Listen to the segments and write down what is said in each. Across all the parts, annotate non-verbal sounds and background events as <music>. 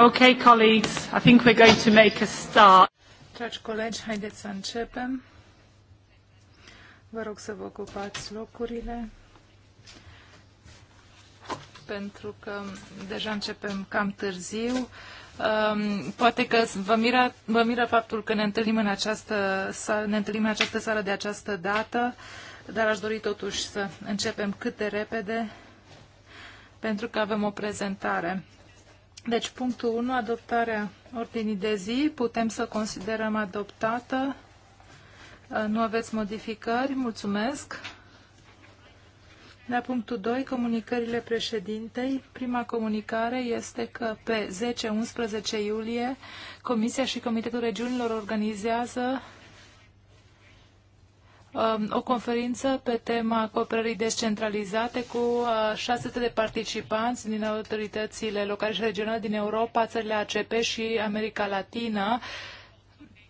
Okay, colleagues, I think we're going to make a start. Dragi colegi, haideți să începem. Vă rog să vă ocupați locurile, pentru că deja începem cam târziu. Um, poate că vă miră, vă miră faptul că ne întâlnim în această, ne întâlnim în această sală de această dată, dar aș dori totuși să începem cât de repede, pentru că avem o prezentare deci, punctul 1, adoptarea ordinii de zi, putem să considerăm adoptată. Uh, nu aveți modificări, mulțumesc. La punctul 2, comunicările președintei. Prima comunicare este că pe 10-11 iulie Comisia și Comitetul Regiunilor organizează Um, o conferință pe tema cooperării descentralizate cu 600 uh, de participanți din autoritățile locale și regionale din Europa, țările ACP și America Latină.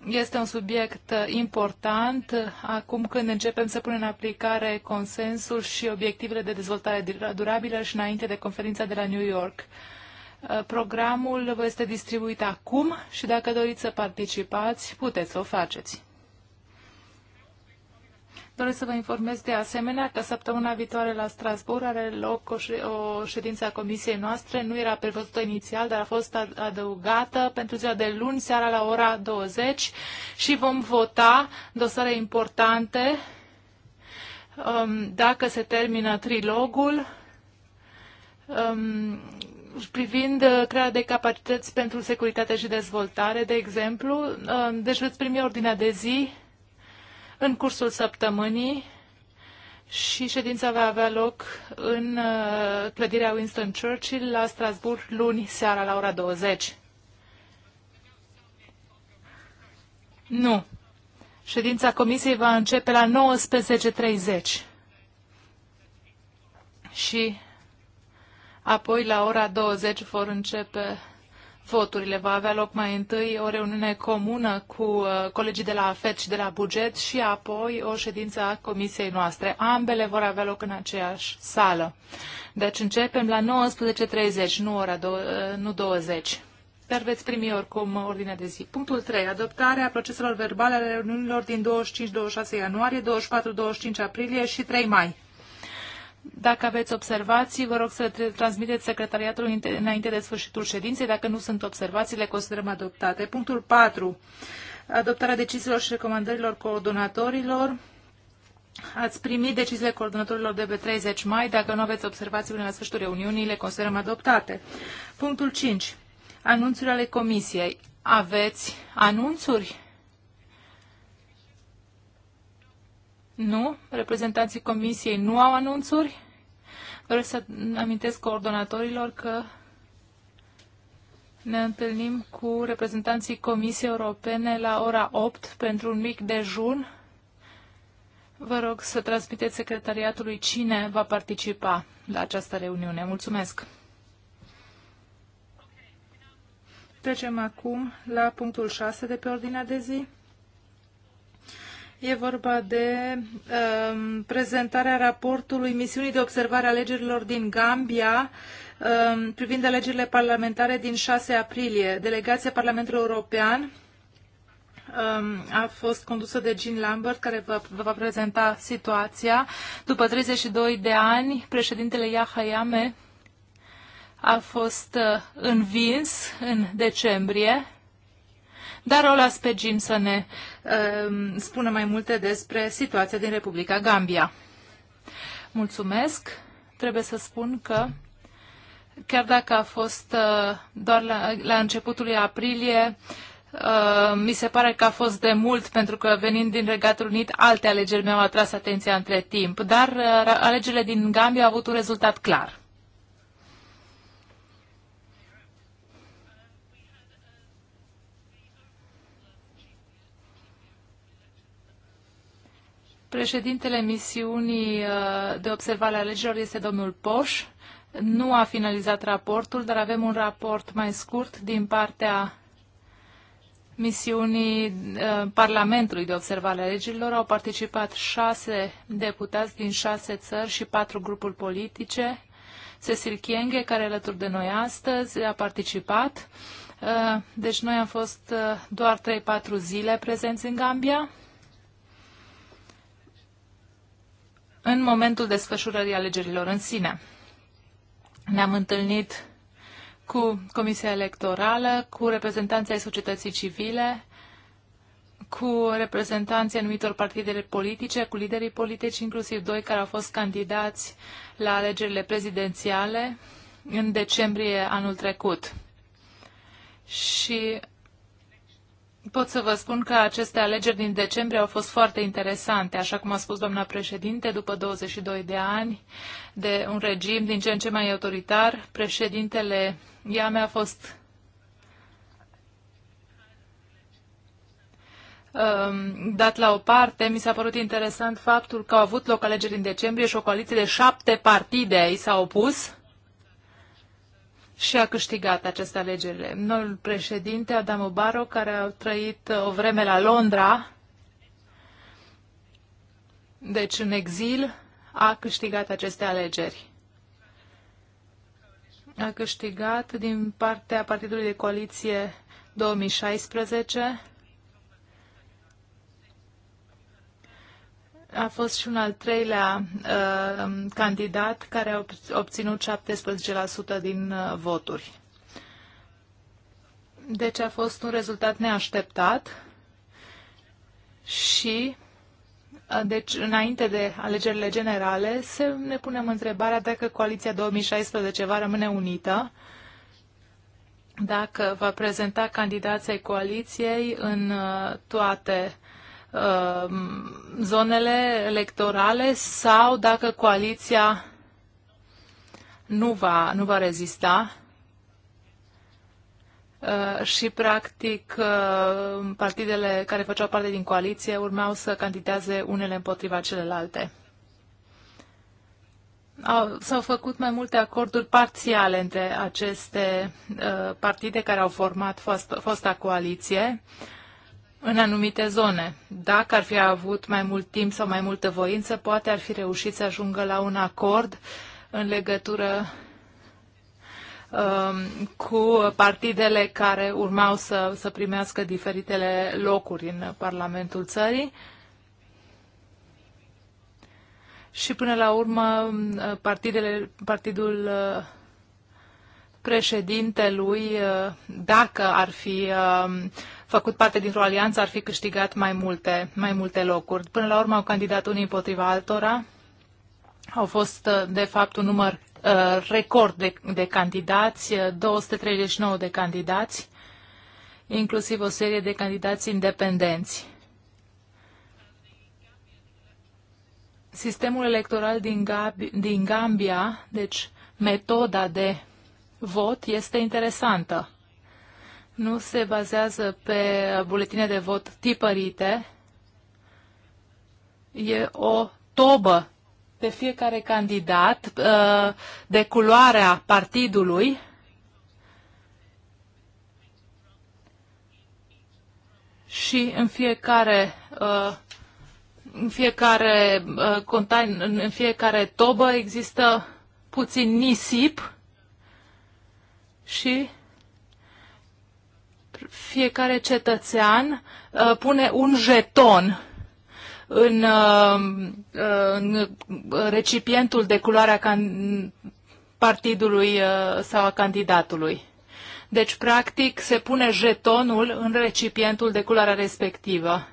Este un subiect uh, important acum când începem să punem în aplicare consensul și obiectivele de dezvoltare durabilă și înainte de conferința de la New York. Uh, programul vă este distribuit acum și dacă doriți să participați, puteți să o faceți. Doresc să vă informez de asemenea că săptămâna viitoare la Strasbourg are loc o ședință a comisiei noastre. Nu era prevăzută inițial, dar a fost adăugată pentru ziua de luni, seara la ora 20 și vom vota dosare importante um, dacă se termină trilogul um, privind uh, crearea de capacități pentru securitate și dezvoltare, de exemplu. Um, deci veți primi ordinea de zi în cursul săptămânii și ședința va avea loc în uh, clădirea Winston Churchill la Strasburg luni seara la ora 20. Nu. Ședința comisiei va începe la 19.30 și apoi la ora 20 vor începe voturile. Va avea loc mai întâi o reuniune comună cu uh, colegii de la AFET și de la buget și apoi o ședință a comisiei noastre. Ambele vor avea loc în aceeași sală. Deci începem la 19.30, nu ora do- uh, nu 20 dar veți primi oricum ordinea de zi. Punctul 3. Adoptarea proceselor verbale ale reuniunilor din 25-26 ianuarie, 24-25 aprilie și 3 mai. Dacă aveți observații, vă rog să transmiteți secretariatul înainte de sfârșitul ședinței. Dacă nu sunt observații, le considerăm adoptate. Punctul 4. Adoptarea deciziilor și recomandărilor coordonatorilor. Ați primit deciziile coordonatorilor de pe 30 mai. Dacă nu aveți observații până la sfârșitul reuniunii, le considerăm adoptate. Punctul 5. Anunțurile ale comisiei. Aveți anunțuri? Nu. Reprezentanții comisiei nu au anunțuri. Doresc să amintesc coordonatorilor că ne întâlnim cu reprezentanții Comisiei Europene la ora 8 pentru un mic dejun. Vă rog să transmiteți secretariatului cine va participa la această reuniune. Mulțumesc! Trecem acum la punctul 6 de pe ordinea de zi. E vorba de um, prezentarea raportului misiunii de observare a alegerilor din Gambia um, privind alegerile parlamentare din 6 aprilie. Delegația Parlamentului European um, a fost condusă de Jean Lambert, care vă, vă va prezenta situația. După 32 de ani, președintele Yahayame a fost uh, învins în decembrie dar o las pe Jim să ne uh, spună mai multe despre situația din Republica Gambia. Mulțumesc. Trebuie să spun că chiar dacă a fost uh, doar la, la începutul lui aprilie, Uh, mi se pare că a fost de mult pentru că venind din Regatul Unit alte alegeri mi-au atras atenția între timp, dar uh, alegerile din Gambia au avut un rezultat clar. Președintele misiunii uh, de observare a legilor este domnul Poș. Nu a finalizat raportul, dar avem un raport mai scurt din partea misiunii uh, Parlamentului de observare a legilor. Au participat șase deputați din șase țări și patru grupuri politice. Cecil Chienghe, care alături de noi astăzi, a participat. Uh, deci noi am fost doar 3-4 zile prezenți în Gambia. în momentul desfășurării alegerilor în sine. Ne-am întâlnit cu Comisia Electorală, cu reprezentanții ai societății civile, cu reprezentanții anumitor partide politice, cu liderii politici, inclusiv doi care au fost candidați la alegerile prezidențiale în decembrie anul trecut. Și pot să vă spun că aceste alegeri din decembrie au fost foarte interesante, așa cum a spus doamna președinte, după 22 de ani de un regim din ce în ce mai autoritar, președintele Iame a fost um, dat la o parte, mi s-a părut interesant faptul că au avut loc alegeri în decembrie și o coaliție de șapte partide i s-a opus și a câștigat aceste alegerile. Noul președinte, Adam Obaro, care a trăit uh, o vreme la Londra, deci în exil, a câștigat aceste alegeri. A câștigat din partea Partidului de Coaliție 2016 a fost și un al treilea uh, candidat care a obținut 17% din uh, voturi. Deci a fost un rezultat neașteptat și uh, deci, înainte de alegerile generale, se ne punem întrebarea dacă coaliția 2016 va rămâne unită, dacă va prezenta candidații coaliției în uh, toate Um, zonele electorale sau dacă coaliția nu va, nu va rezista uh, și, practic, uh, partidele care făceau parte din coaliție urmeau să candideze unele împotriva celelalte. S-au făcut mai multe acorduri parțiale între aceste uh, partide care au format fost, fosta coaliție în anumite zone. Dacă ar fi avut mai mult timp sau mai multă voință, poate ar fi reușit să ajungă la un acord în legătură um, cu partidele care urmau să, să primească diferitele locuri în Parlamentul țării. Și până la urmă, partidele, partidul uh, președintelui, uh, dacă ar fi um, făcut parte dintr-o alianță, ar fi câștigat mai multe, mai multe locuri. Până la urmă au candidat unii împotriva altora. Au fost, uh, de fapt, un număr uh, record de, de candidați, 239 de candidați, inclusiv o serie de candidați independenți. Sistemul electoral din, Gabi, din Gambia, deci metoda de vot este interesantă. Nu se bazează pe buletine de vot tipărite. E o tobă de fiecare candidat, uh, de culoarea partidului. Și în fiecare uh, în fiecare, uh, în fiecare tobă există puțin nisip și fiecare cetățean uh, pune un jeton în, uh, uh, în recipientul de culoare a partidului sau a candidatului. Deci, practic, se pune jetonul în recipientul de culoare respectivă.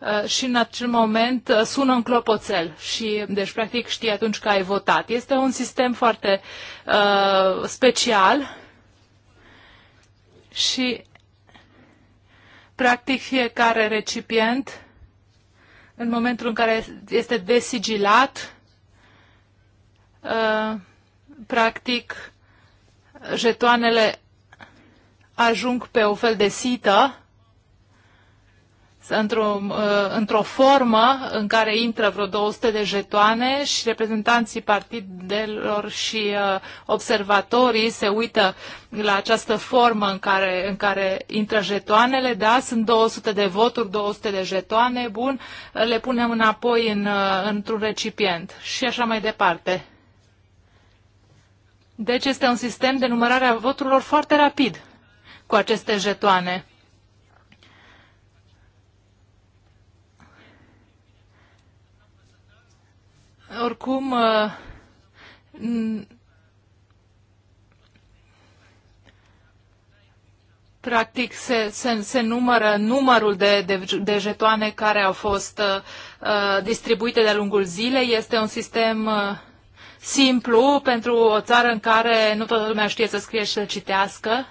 Uh, și în acel moment uh, sună un clopoțel și deci practic știi atunci că ai votat. Este un sistem foarte uh, special și practic fiecare recipient în momentul în care este desigilat uh, practic jetoanele ajung pe o fel de sită într-o, uh, într-o formă în care intră vreo 200 de jetoane și reprezentanții partidelor și uh, observatorii se uită la această formă în care, în care intră jetoanele, da, sunt 200 de voturi, 200 de jetoane, bun, le punem înapoi în, uh, într-un recipient și așa mai departe. Deci este un sistem de numărare a voturilor foarte rapid cu aceste jetoane. Oricum, uh, practic se, se, se numără numărul de, de, de jetoane care au fost uh, uh, distribuite de-a lungul zilei. Este un sistem simplu pentru o țară în care nu toată lumea știe să scrie și să citească.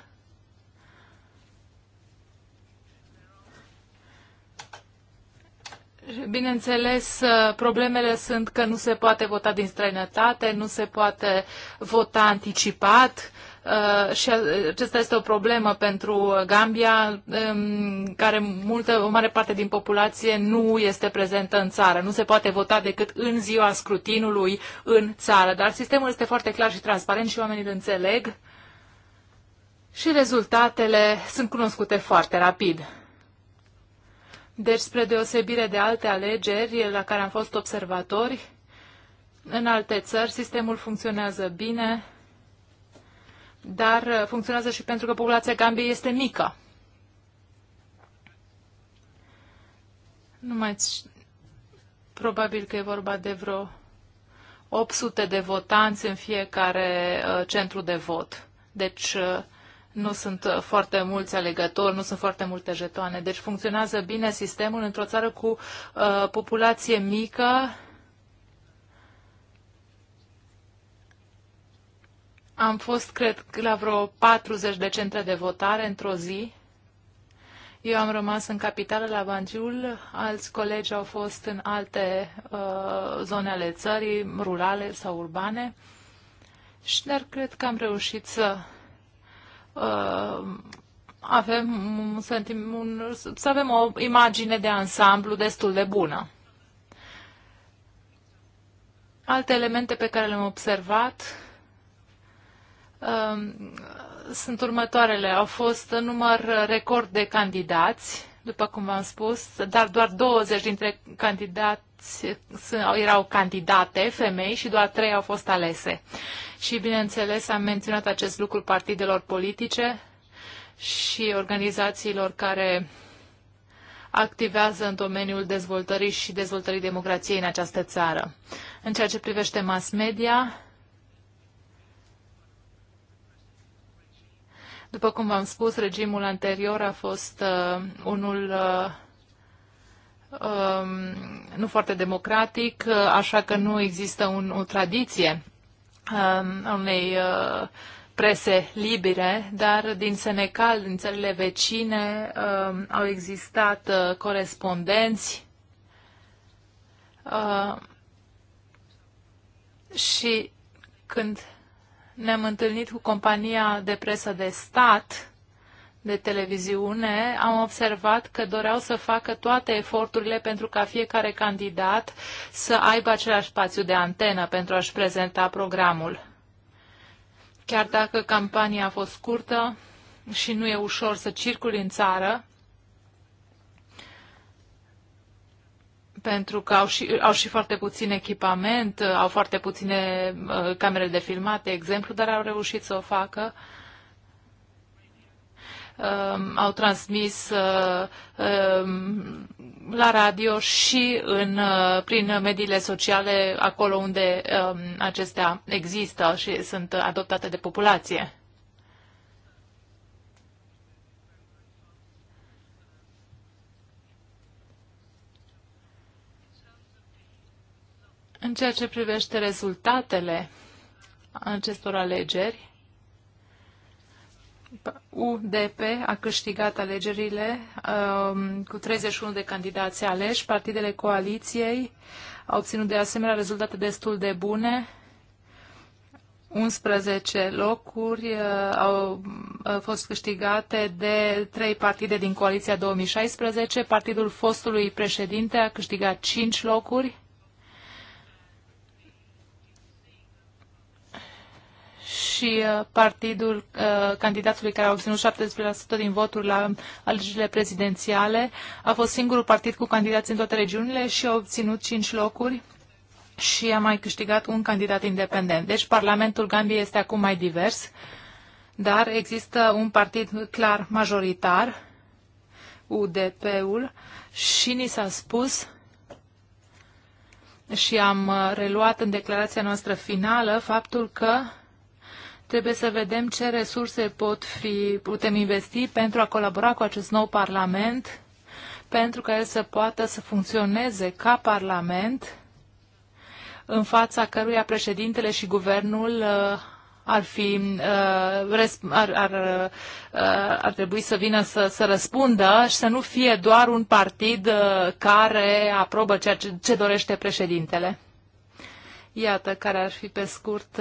Bineînțeles, uh, problemele sunt că nu se poate vota din străinătate, nu se poate vota anticipat uh, și acesta este o problemă pentru Gambia, în um, care multă, o mare parte din populație nu este prezentă în țară. Nu se poate vota decât în ziua scrutinului în țară. Dar sistemul este foarte clar și transparent și oamenii îl înțeleg și rezultatele sunt cunoscute foarte rapid. Deci, spre deosebire de alte alegeri la care am fost observatori, în alte țări sistemul funcționează bine, dar funcționează și pentru că populația Gambiei este mică. Nu mai probabil că e vorba de vreo 800 de votanți în fiecare uh, centru de vot. Deci uh, nu sunt uh, foarte mulți alegători, nu sunt foarte multe jetoane. Deci funcționează bine sistemul într-o țară cu uh, populație mică. Am fost, cred, la vreo 40 de centre de votare într-o zi. Eu am rămas în capitală la Banjul, alți colegi au fost în alte uh, zone ale țării, rurale sau urbane. Și dar cred că am reușit să uh, avem un sentim, un, să avem o imagine de ansamblu destul de bună. Alte elemente pe care le-am observat uh, sunt următoarele. Au fost număr record de candidați după cum v-am spus, dar doar 20 dintre candidați erau candidate femei și doar 3 au fost alese. Și, bineînțeles, am menționat acest lucru partidelor politice și organizațiilor care activează în domeniul dezvoltării și dezvoltării democrației în această țară. În ceea ce privește mass media, După cum v-am spus, regimul anterior a fost uh, unul uh, um, nu foarte democratic, uh, așa că nu există un, o tradiție uh, unei uh, prese libere, dar din Senegal, din țările vecine, uh, au existat uh, corespondenți uh, și când ne-am întâlnit cu compania de presă de stat, de televiziune, am observat că doreau să facă toate eforturile pentru ca fiecare candidat să aibă același spațiu de antenă pentru a-și prezenta programul. Chiar dacă campania a fost scurtă și nu e ușor să circuli în țară, pentru că au și, au și foarte puțin echipament, au foarte puține uh, camere de filmat, de exemplu, dar au reușit să o facă. Um, au transmis uh, um, la radio și în, uh, prin mediile sociale, acolo unde um, acestea există și sunt adoptate de populație. În ceea ce privește rezultatele acestor alegeri, UDP a câștigat alegerile um, cu 31 de candidați aleși. Partidele coaliției au obținut de asemenea rezultate destul de bune. 11 locuri uh, au uh, fost câștigate de trei partide din Coaliția 2016. Partidul fostului președinte a câștigat 5 locuri. și uh, partidul uh, candidatului care a obținut 17% din voturi la alegerile prezidențiale. A fost singurul partid cu candidați în toate regiunile și a obținut 5 locuri și a mai câștigat un candidat independent. Deci Parlamentul Gambiei este acum mai divers, dar există un partid clar majoritar, UDP-ul, și ni s-a spus și am uh, reluat în declarația noastră finală faptul că Trebuie să vedem ce resurse pot fi, putem investi pentru a colabora cu acest nou Parlament, pentru că el să poată să funcționeze ca Parlament în fața căruia președintele și guvernul uh, ar fi uh, ar, ar, uh, ar trebui să vină să, să răspundă și să nu fie doar un partid care aprobă ceea ce, ce dorește președintele. Iată care ar fi pe scurt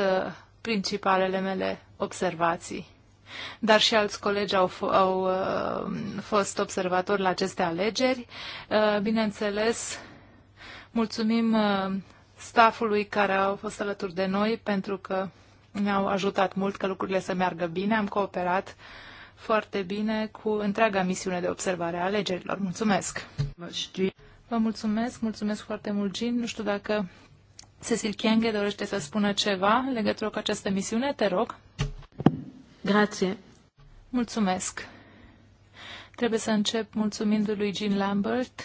principalele mele observații. Dar și alți colegi au, au uh, fost observatori la aceste alegeri. Uh, bineînțeles, mulțumim uh, staffului care au fost alături de noi pentru că ne-au ajutat mult că lucrurile să meargă bine. Am cooperat foarte bine cu întreaga misiune de observare a alegerilor. Mulțumesc! Vă mulțumesc, mulțumesc foarte mult, Jean. Nu știu dacă Cecil Kienge dorește să spună ceva legătură cu această misiune, te rog. Grație. Mulțumesc. Trebuie să încep mulțumindu lui Jean Lambert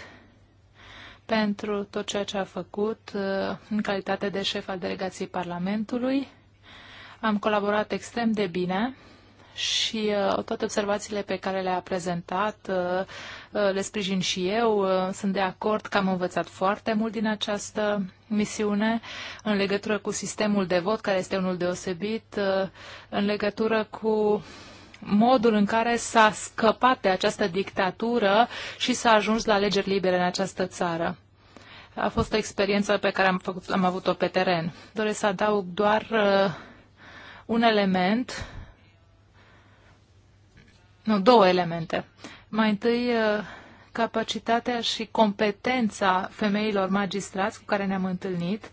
pentru tot ceea ce a făcut uh, în calitate de șef al delegației Parlamentului. Am colaborat extrem de bine și uh, toate observațiile pe care le-a prezentat uh, uh, le sprijin și eu. Sunt de acord că am învățat foarte mult din această misiune în legătură cu sistemul de vot, care este unul deosebit, în legătură cu modul în care s-a scăpat de această dictatură și s-a ajuns la alegeri libere în această țară. A fost o experiență pe care am, făcut, am avut-o pe teren. Doresc să adaug doar uh, un element nu, două elemente. Mai întâi, uh, capacitatea și competența femeilor magistrați cu care ne-am întâlnit,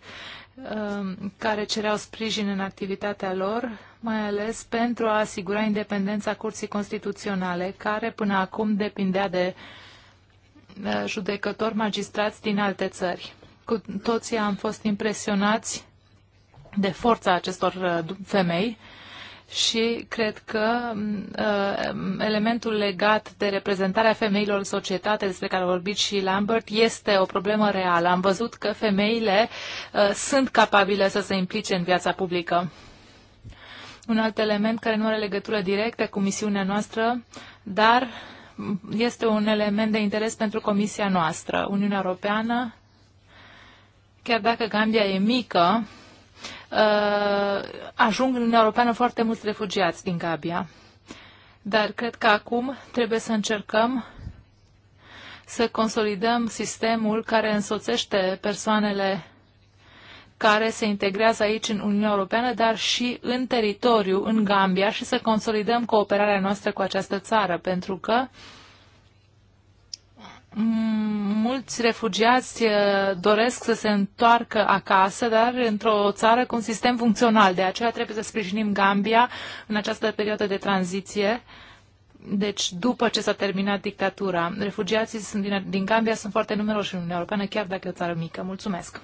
uh, care cereau sprijin în activitatea lor, mai ales pentru a asigura independența Curții Constituționale, care până acum depindea de uh, judecători magistrați din alte țări. Cu toții am fost impresionați de forța acestor femei și cred că uh, elementul legat de reprezentarea femeilor în societate, despre care a vorbit și Lambert, este o problemă reală. Am văzut că femeile uh, sunt capabile să se implice în viața publică. Un alt element care nu are legătură directă cu misiunea noastră, dar este un element de interes pentru comisia noastră. Uniunea Europeană, chiar dacă Gambia e mică, Uh, ajung în Uniunea Europeană foarte mulți refugiați din Gabia. Dar cred că acum trebuie să încercăm să consolidăm sistemul care însoțește persoanele care se integrează aici în Uniunea Europeană, dar și în teritoriu, în Gambia, și să consolidăm cooperarea noastră cu această țară, pentru că uh, mulți refugiați uh, doresc să se întoarcă acasă, dar într-o țară cu un sistem funcțional. De aceea trebuie să sprijinim Gambia în această perioadă de tranziție. Deci, după ce s-a terminat dictatura, refugiații sunt din, din Gambia sunt foarte numeroși în Uniunea Europeană, chiar dacă e o țară mică. Mulțumesc!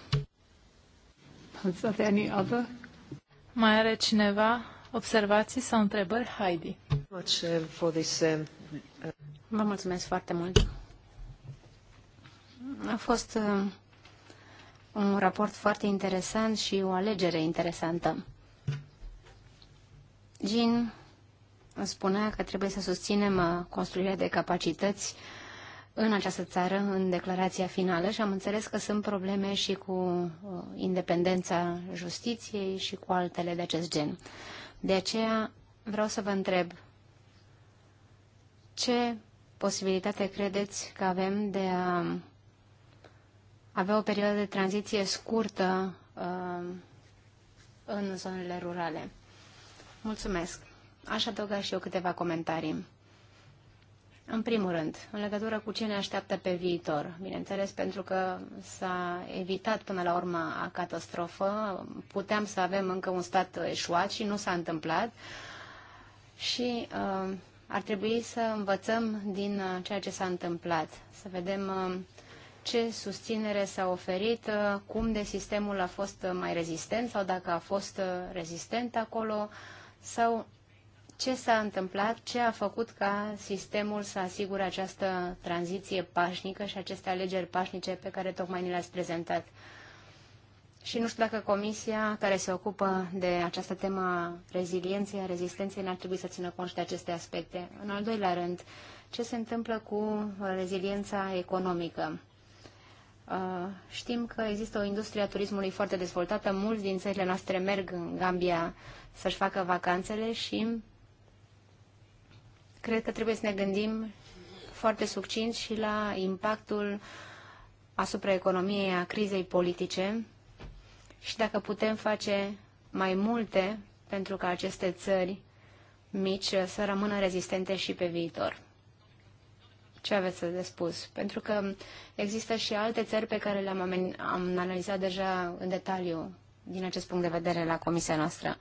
Mai are cineva observații sau întrebări? Heidi. Uh, uh, Vă mulțumesc foarte mult a fost uh, un raport foarte interesant și o alegere interesantă. Jean spunea că trebuie să susținem uh, construirea de capacități în această țară, în declarația finală și am înțeles că sunt probleme și cu uh, independența justiției și cu altele de acest gen. De aceea vreau să vă întreb ce posibilitate credeți că avem de a avea o perioadă de tranziție scurtă uh, în zonele rurale. Mulțumesc. Aș adăuga și eu câteva comentarii. În primul rând, în legătură cu ce ne așteaptă pe viitor, bineînțeles, pentru că s-a evitat până la urmă a catastrofă, puteam să avem încă un stat eșuat și nu s-a întâmplat și uh, ar trebui să învățăm din uh, ceea ce s-a întâmplat, să vedem uh, ce susținere s-a oferit, uh, cum de sistemul a fost mai rezistent sau dacă a fost uh, rezistent acolo sau ce s-a întâmplat, ce a făcut ca sistemul să asigure această tranziție pașnică și aceste alegeri pașnice pe care tocmai ni le-ați prezentat. Și nu știu dacă comisia care se ocupă de această temă a rezilienței, a rezistenței, n-ar trebui să țină cont și de aceste aspecte. În al doilea rând, ce se întâmplă cu reziliența economică? Uh, știm că există o industrie a turismului foarte dezvoltată. Mulți din țările noastre merg în Gambia să-și facă vacanțele și cred că trebuie să ne gândim foarte succint și la impactul asupra economiei a crizei politice și dacă putem face mai multe pentru ca aceste țări mici să rămână rezistente și pe viitor ce aveți de spus, pentru că există și alte țări pe care le-am am analizat deja în detaliu din acest punct de vedere la comisia noastră.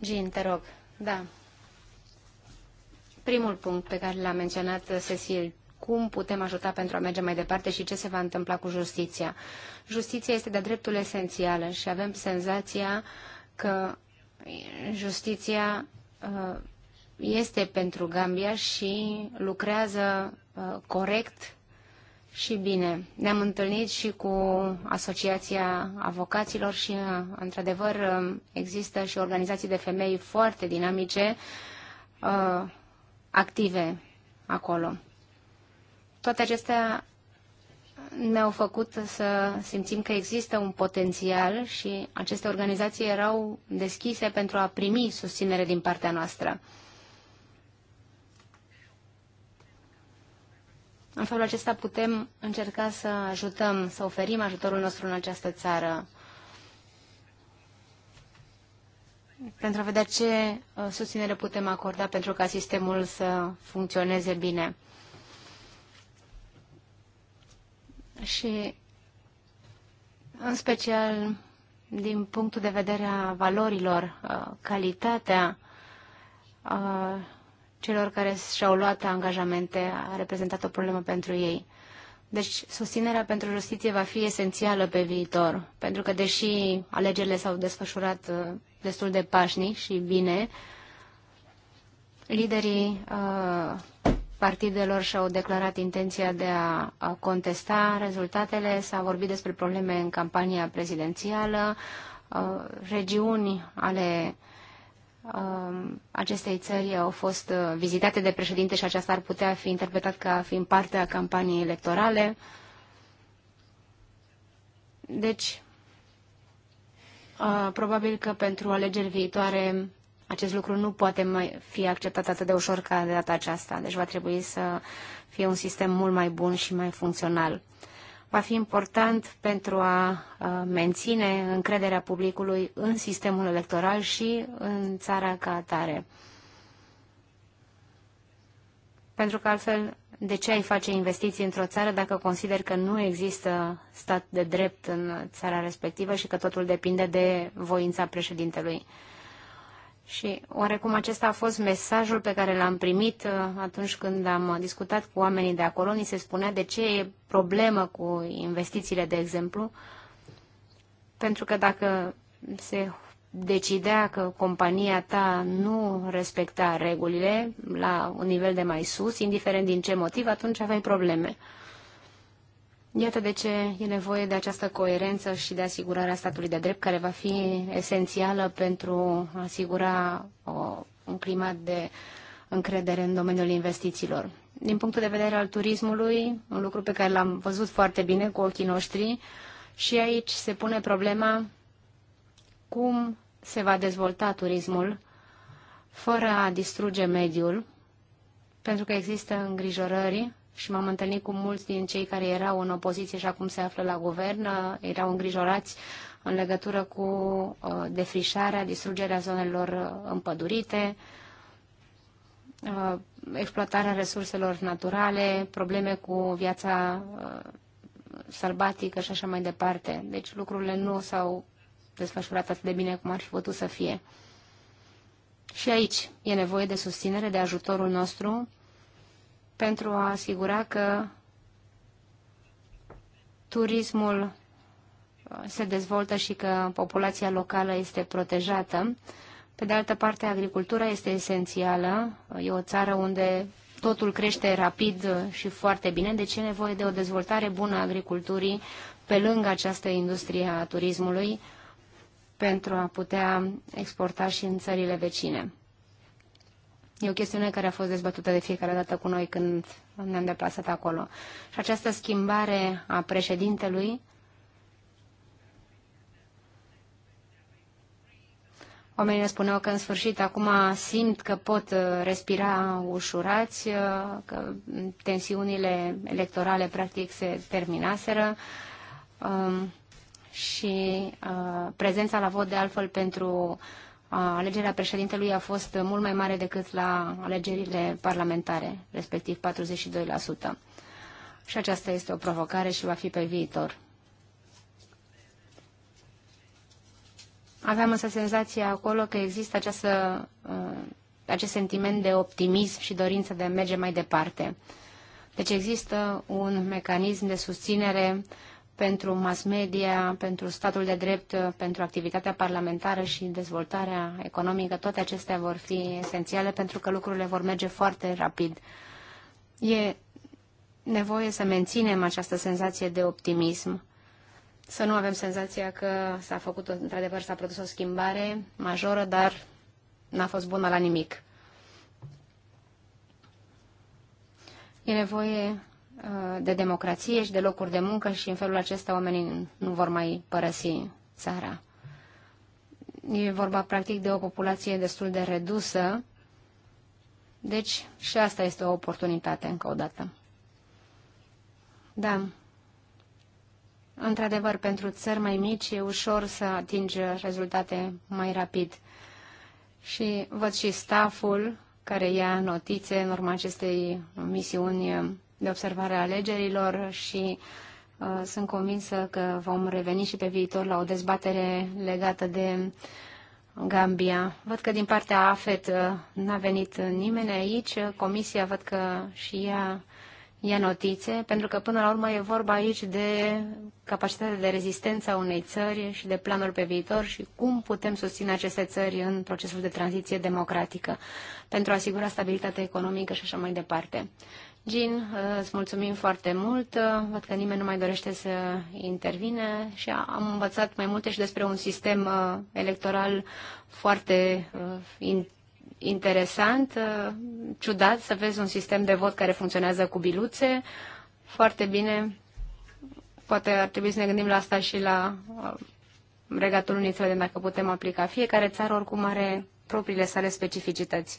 Jean, te rog. Da. Primul punct pe care l-a menționat Cecil, cum putem ajuta pentru a merge mai departe și ce se va întâmpla cu justiția. Justiția este de dreptul esențială și avem senzația că justiția uh, este pentru Gambia și lucrează uh, corect și bine. Ne-am întâlnit și cu Asociația Avocaților și, uh, într-adevăr, um, există și organizații de femei foarte dinamice, uh, active acolo. Toate acestea ne-au făcut să simțim că există un potențial și aceste organizații erau deschise pentru a primi susținere din partea noastră. În felul acesta putem încerca să ajutăm, să oferim ajutorul nostru în această țară pentru a vedea ce uh, susținere putem acorda pentru ca sistemul să funcționeze bine. Și în special din punctul de vedere a valorilor, uh, calitatea uh, celor care și-au luat angajamente a reprezentat o problemă pentru ei. Deci susținerea pentru justiție va fi esențială pe viitor, pentru că deși alegerile s-au desfășurat uh, destul de pașnic și bine, liderii uh, partidelor și-au declarat intenția de a, contesta rezultatele, s-a vorbit despre probleme în campania prezidențială, uh, regiuni ale Um, acestei țări au fost uh, vizitate de președinte și aceasta ar putea fi interpretat ca fiind parte a campaniei electorale. Deci, uh, probabil că pentru alegeri viitoare acest lucru nu poate mai fi acceptat atât de ușor ca de data aceasta. Deci va trebui să fie un sistem mult mai bun și mai funcțional va fi important pentru a menține încrederea publicului în sistemul electoral și în țara ca atare. Pentru că altfel, de ce ai face investiții într-o țară dacă consider că nu există stat de drept în țara respectivă și că totul depinde de voința președintelui? Și oarecum acesta a fost mesajul pe care l-am primit uh, atunci când am discutat cu oamenii de acolo. Ni se spunea de ce e problemă cu investițiile, de exemplu. Pentru că dacă se decidea că compania ta nu respecta regulile la un nivel de mai sus, indiferent din ce motiv, atunci aveai probleme. Uh, Iată de ce e nevoie de această coerență și de asigurarea statului de drept, care va fi esențială pentru a asigura o, un climat de încredere în domeniul investițiilor. Din punctul de vedere al turismului, un lucru pe care l-am văzut foarte bine cu ochii noștri, și aici se pune problema cum se va dezvolta turismul fără a distruge mediul, pentru că există îngrijorări și m-am întâlnit cu mulți din cei care erau în opoziție și acum se află la guvern, uh, erau îngrijorați în legătură cu uh, defrișarea, distrugerea zonelor uh, împădurite, exploatarea resurselor naturale, probleme cu viața sălbatică și așa mai departe. Deci lucrurile nu s-au desfășurat atât de bine cum ar fi putut să fie. Și aici e nevoie de susținere, de ajutorul nostru pentru a asigura că turismul uh, se dezvoltă și că populația locală este protejată. Pe de altă parte, agricultura este esențială. E o țară unde totul crește rapid și foarte bine, deci e nevoie de o dezvoltare bună a agriculturii pe lângă această industrie a turismului pentru a putea exporta și în țările vecine. E o chestiune care a fost dezbătută de fiecare dată cu noi când ne-am deplasat acolo. Și această schimbare a președintelui Oamenii ne spuneau că în sfârșit acum simt că pot uh, respira ușurați, uh, că tensiunile electorale practic se terminaseră um, și uh, prezența la vot de altfel pentru alegerea președintelui a fost mult mai mare decât la alegerile parlamentare, respectiv 42%. Și aceasta este o provocare și va fi pe viitor. Aveam însă senzația acolo că există această, uh, acest sentiment de optimism și dorință de a merge mai departe. Deci există un mecanism de susținere pentru mass media, pentru statul de drept, pentru activitatea parlamentară și dezvoltarea economică, toate acestea vor fi esențiale pentru că lucrurile vor merge foarte rapid. E nevoie să menținem această senzație de optimism, să nu avem senzația că s-a făcut, într-adevăr, s-a produs o schimbare majoră, dar n-a fost bună la nimic. E nevoie Uh, de democrație și de locuri de muncă și în felul acesta oamenii nu vor mai părăsi țara. E vorba practic de o populație destul de redusă, deci și asta este o oportunitate încă o dată. Da. Într-adevăr, pentru țări mai mici e ușor să atingi rezultate mai rapid. Și văd și staful care ia notițe în urma acestei misiuni de observare a alegerilor și uh, sunt convinsă că vom reveni și pe viitor la o dezbatere legată de Gambia. Văd că din partea AFET uh, n-a venit nimeni aici. Comisia văd că și ea ia notițe, pentru că până la urmă e vorba aici de capacitatea de rezistență a unei țări și de planul pe viitor și cum putem susține aceste țări în procesul de tranziție democratică pentru a asigura stabilitatea economică și așa mai departe. Jean, uh, îți mulțumim foarte mult. Uh, văd că nimeni nu mai dorește să intervine și am învățat mai multe și despre un sistem uh, electoral foarte interesant, ciudat să vezi un sistem de vot care funcționează cu biluțe. Foarte bine. Poate ar trebui să ne gândim la asta și la Regatul Unit de dacă putem aplica. Fiecare țară oricum are propriile sale specificități.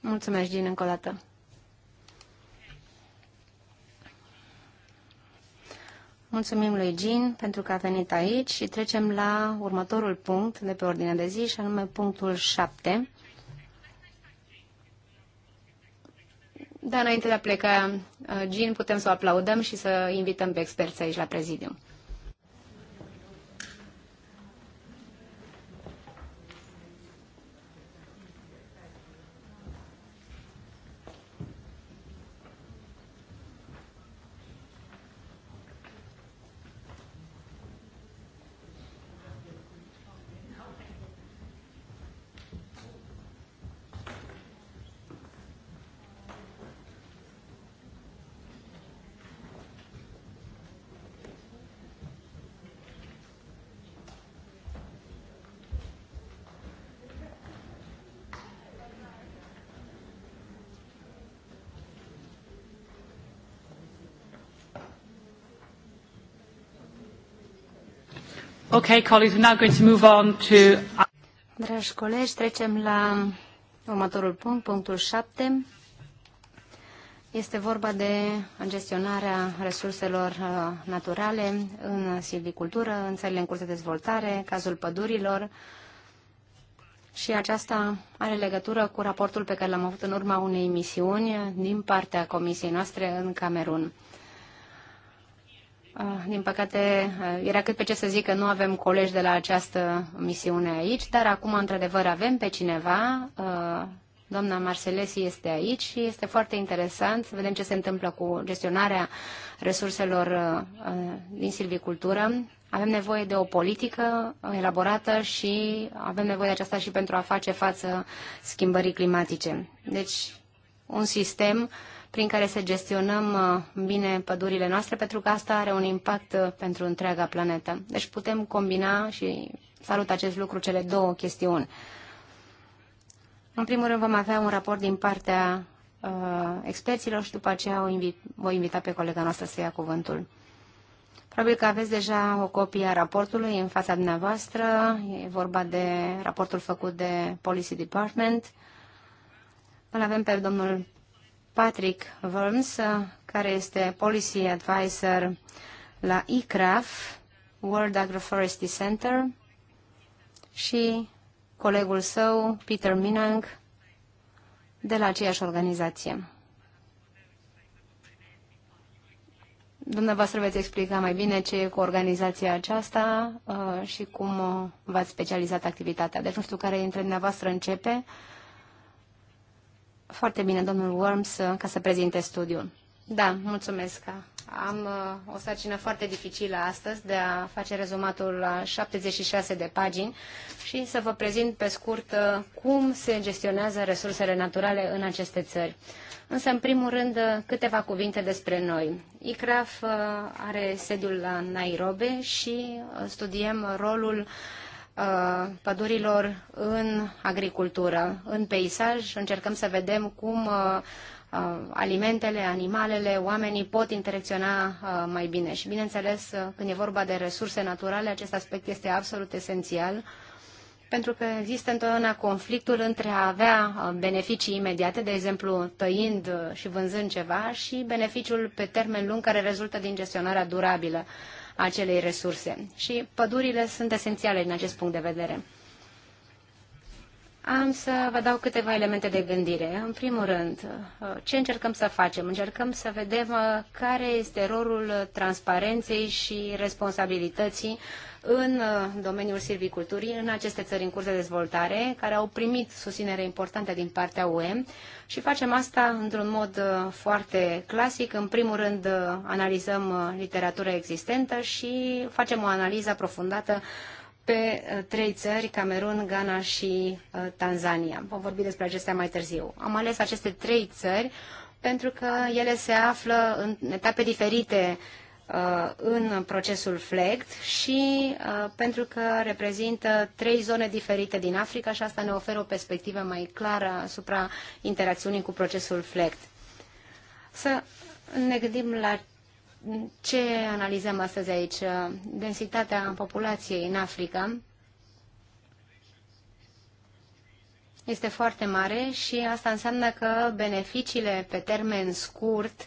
Mulțumesc, Jean, încă o dată. Mulțumim lui Jean pentru că a venit aici și trecem la următorul punct de pe ordine de zi și anume punctul 7. Dar înainte de a pleca, uh, Jean, putem să o aplaudăm și să invităm pe experți aici la prezidiu. Okay, colleagues, we're now going to move on to... Dragi colegi, trecem la următorul punct, punctul 7. Este vorba de gestionarea resurselor uh, naturale în silvicultură, în țările în curs de dezvoltare, cazul pădurilor, și aceasta are legătură cu raportul pe care l-am avut în urma unei misiuni din partea comisiei noastre în Camerun. Ah, din păcate, eh, era cât pe ce să zic că nu avem colegi de la această misiune aici, dar acum, într-adevăr, avem pe cineva. Eh, doamna Marcelesi este aici și este foarte interesant să vedem ce se întâmplă cu gestionarea resurselor eh, din silvicultură. Avem nevoie de o politică elaborată și avem nevoie de aceasta și pentru a face față schimbării climatice. Deci, un sistem uh, prin care să gestionăm uh, bine pădurile noastre, pentru că asta are un impact uh, pentru întreaga planetă. Deci putem combina și salut acest lucru, cele două chestiuni. În primul rând vom avea un raport din partea uh, experților și după aceea o invit, voi invita pe colega noastră să ia cuvântul. Probabil că aveți deja o copie a raportului în fața dumneavoastră. E vorba de raportul făcut de Policy Department. Îl avem pe domnul Patrick Worms, care este Policy Advisor la ICRAF, World Agroforestry Center, și colegul său, Peter Minang, de la aceeași organizație. Dumneavoastră veți explica mai bine ce e cu organizația aceasta uh, și cum uh, v-ați specializat activitatea. Deci nu știu care dintre dumneavoastră începe. Uh, foarte bine domnul Worms uh, ca să prezinte studiul. Da, mulțumesc. Am uh, o sarcină foarte dificilă astăzi de a face rezumatul la 76 de pagini și să vă prezint pe scurt uh, cum se gestionează resursele naturale în aceste țări. Însă, în primul rând, câteva cuvinte despre noi. ICRAF are sediul la Nairobi și studiem rolul uh, Uh, pădurilor în agricultură, în peisaj. Încercăm să vedem cum uh, uh, alimentele, animalele, oamenii pot interacționa mai bine. Și bineînțeles, când e vorba de resurse naturale, acest aspect este absolut esențial pentru că există întotdeauna conflictul între a avea beneficii imediate, de exemplu tăind și vânzând ceva, și beneficiul pe termen lung care rezultă din gestionarea durabilă acelei resurse. Și pădurile sunt esențiale din acest punct de vedere am să vă dau câteva elemente de gândire. În primul rând, ce încercăm să facem? Încercăm să vedem uh, care este rolul transparenței și responsabilității în uh, domeniul silviculturii, în aceste țări în curs de dezvoltare, care au primit susținere importantă din partea UE și facem asta într-un mod uh, foarte clasic. În primul rând, analizăm literatura existentă și facem o analiză aprofundată pe uh, trei țări, Camerun, Ghana și uh, Tanzania. Vom vorbi despre acestea mai târziu. Am ales aceste trei țări pentru că ele se află în etape diferite uh, în procesul FLEGT și pentru că reprezintă trei zone diferite din Africa și asta ne oferă o perspectivă mai clară asupra interacțiunii cu procesul FLEGT. Să ne gândim la ce analizăm astăzi aici? Densitatea populației în Africa este foarte mare și asta înseamnă că beneficiile pe termen scurt uh,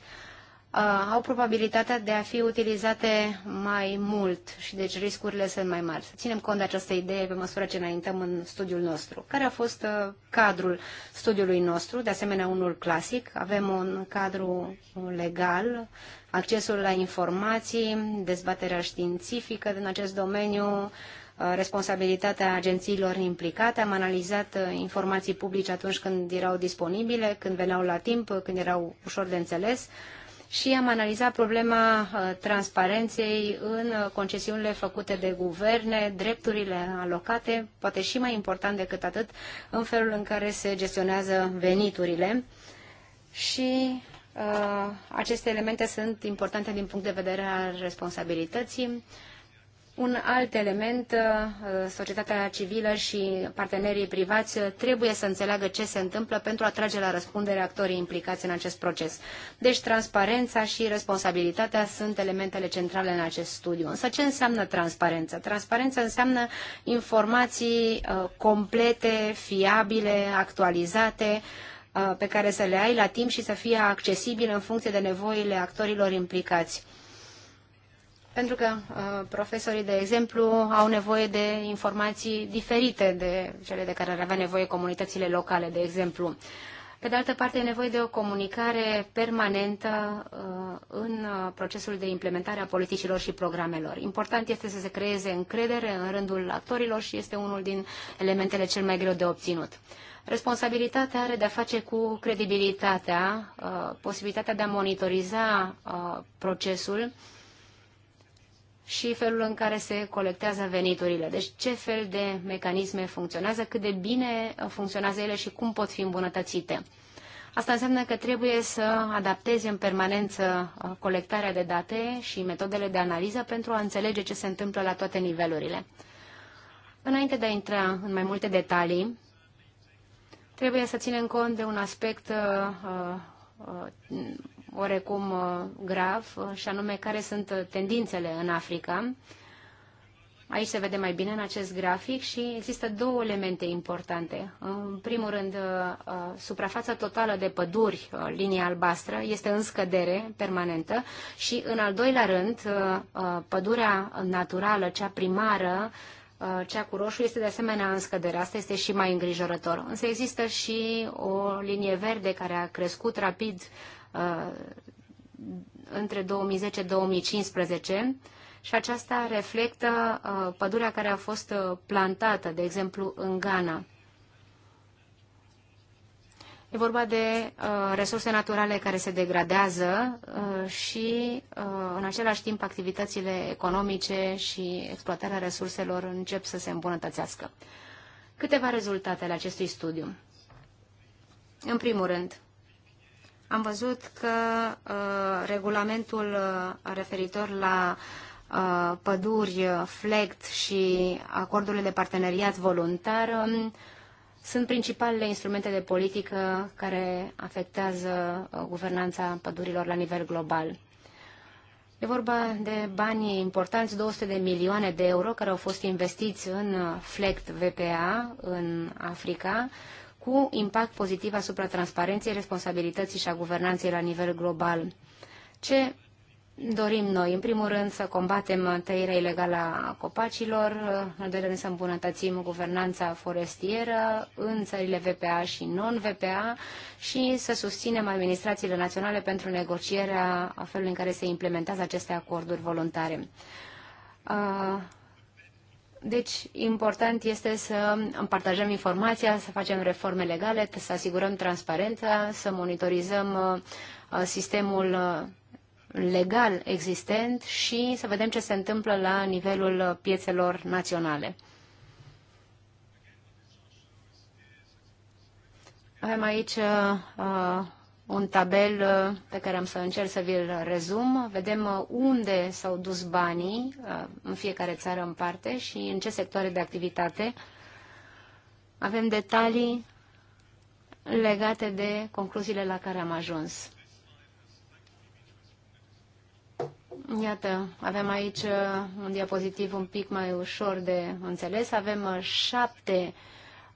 Uh, au probabilitatea de a fi utilizate mai mult și deci riscurile sunt mai mari. Să ținem cont de această idee pe măsură ce înaintăm în studiul nostru. Care a fost uh, cadrul studiului nostru? De asemenea, unul clasic. Avem un cadru legal, accesul la informații, dezbaterea științifică din acest domeniu, uh, responsabilitatea agențiilor implicate. Am analizat informații publice atunci când erau disponibile, când veneau la timp, când erau ușor de înțeles și am analizat problema uh, transparenței în uh, concesiunile făcute de guverne, drepturile alocate, poate și mai important decât atât, în felul în care se gestionează veniturile. Și uh, aceste elemente sunt importante din punct de vedere al responsabilității. Uh, un alt element, uh, societatea civilă și partenerii privați uh, trebuie să înțeleagă ce se întâmplă pentru a trage la răspundere actorii implicați în acest proces. Deci transparența și responsabilitatea sunt elementele centrale în acest studiu. Însă ce înseamnă transparența? Transparența înseamnă informații uh, complete, fiabile, actualizate, pe care să le ai la timp și să fie accesibile în funcție de nevoile actorilor implicați. Pentru că uh, profesorii, de exemplu, au nevoie de informații diferite de cele de care ar avea nevoie comunitățile locale, de exemplu. Pe de altă parte, e nevoie de o comunicare permanentă uh, în uh, procesul de implementare a politicilor și programelor. Important este să se creeze încredere în rândul actorilor și este unul din elementele cel mai greu de obținut. Responsabilitatea are de-a face cu credibilitatea, uh, posibilitatea de a monitoriza uh, procesul și felul în care se colectează veniturile. Deci ce fel de mecanisme funcționează, cât de bine funcționează ele și cum pot fi îmbunătățite. Asta înseamnă că trebuie să adaptezi în permanență uh, colectarea de date și metodele de analiză pentru a înțelege ce se întâmplă la toate nivelurile. Înainte de a intra în mai multe detalii, trebuie să ținem cont de un aspect uh, uh, oarecum uh, grav, uh, și anume care sunt uh, tendințele în Africa. Aici se vede mai bine în acest grafic și există două elemente importante. În primul rând, suprafața totală de păduri, linia albastră, este în scădere permanentă și, în al doilea rând, pădurea naturală, cea primară, cea cu roșu este de asemenea în scădere. Asta este și mai îngrijorător. Însă există și o linie verde care a crescut rapid Uh, între 2010-2015 și aceasta reflectă uh, pădurea care a fost uh, plantată, de exemplu, în Ghana. E vorba de resurse naturale care se degradează și, în același timp, activitățile economice și exploatarea resurselor încep să se îmbunătățească. Câteva rezultate ale acestui studiu. În primul rând, am văzut că uh, regulamentul uh, referitor la uh, păduri, uh, FLECT și acordurile de parteneriat voluntar um, sunt principalele instrumente de politică care afectează uh, guvernanța pădurilor la nivel global. E vorba de bani importanți, 200 de milioane de euro care au fost investiți în uh, FLECT VPA în Africa, cu impact pozitiv asupra transparenței, responsabilității și a guvernanței la nivel global. Ce dorim noi? În primul rând să combatem tăierea ilegală a copacilor, în al doilea rând să îmbunătățim guvernanța forestieră în țările VPA și non-VPA și să susținem administrațiile naționale pentru negocierea a felului în care se implementează aceste acorduri voluntare. Uh, deci, important este să împartajăm informația, să facem reforme legale, să asigurăm transparența, să monitorizăm uh, sistemul uh, legal existent și să vedem ce se întâmplă la nivelul uh, piețelor naționale. Avem aici uh, un tabel uh, pe care am să încerc să vi-l rezum. Vedem uh, unde s-au dus banii uh, în fiecare țară în parte și în ce sectoare de activitate. Avem detalii legate de concluziile la care am ajuns. Iată, avem aici un diapozitiv un pic mai ușor de înțeles. Avem șapte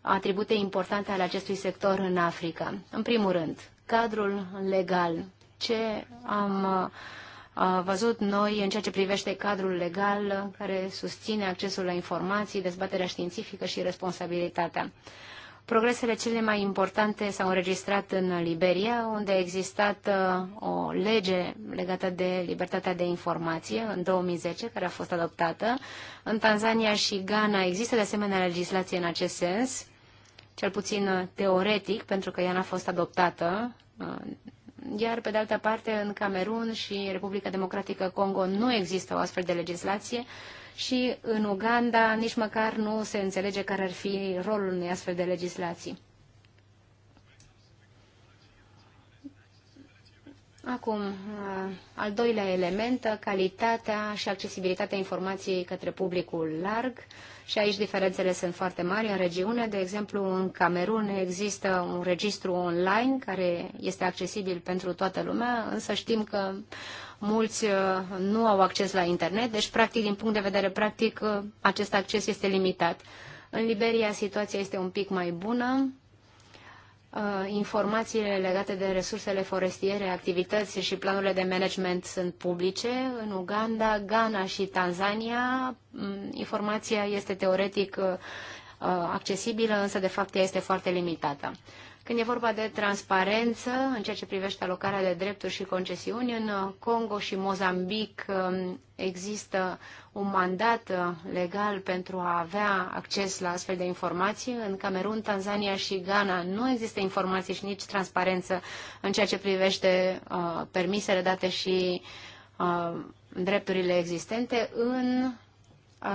atribute importante ale acestui sector în Africa. În primul rând, cadrul legal. Ce am uh, uh, văzut noi în ceea ce privește cadrul legal care susține accesul la informații, dezbaterea științifică și responsabilitatea. Progresele cele mai importante s-au înregistrat în Liberia, unde a existat uh, o lege legată de libertatea de informație în 2010, care a fost adoptată. În Tanzania și Ghana există de asemenea legislație în acest sens cel puțin uh, teoretic, pentru că ea n-a fost adoptată, uh, iar pe de altă parte în Camerun și Republica Democratică Congo nu există o astfel de legislație și în Uganda nici măcar nu se înțelege care ar fi rolul unei astfel de legislații. Acum, uh, al doilea element, calitatea și accesibilitatea informației către publicul larg. Și aici diferențele sunt foarte mari în regiune. De exemplu, în Camerun există un registru online care este accesibil pentru toată lumea, însă știm că mulți uh, nu au acces la internet, deci, practic, din punct de vedere practic, uh, acest acces este limitat. În Liberia situația este un pic mai bună Uh, informațiile legate de resursele forestiere, activități și planurile de management sunt publice. În Uganda, Ghana și Tanzania, mm, informația este teoretic uh, uh, accesibilă, însă de fapt ea este foarte limitată. Când e vorba de transparență, în ceea ce privește alocarea de drepturi și concesiuni, în Congo și Mozambic um, există un mandat uh, legal pentru a avea acces la astfel de informații. În Camerun, Tanzania și Ghana nu există informații și nici transparență în ceea ce privește uh, permisele date și uh, drepturile existente. În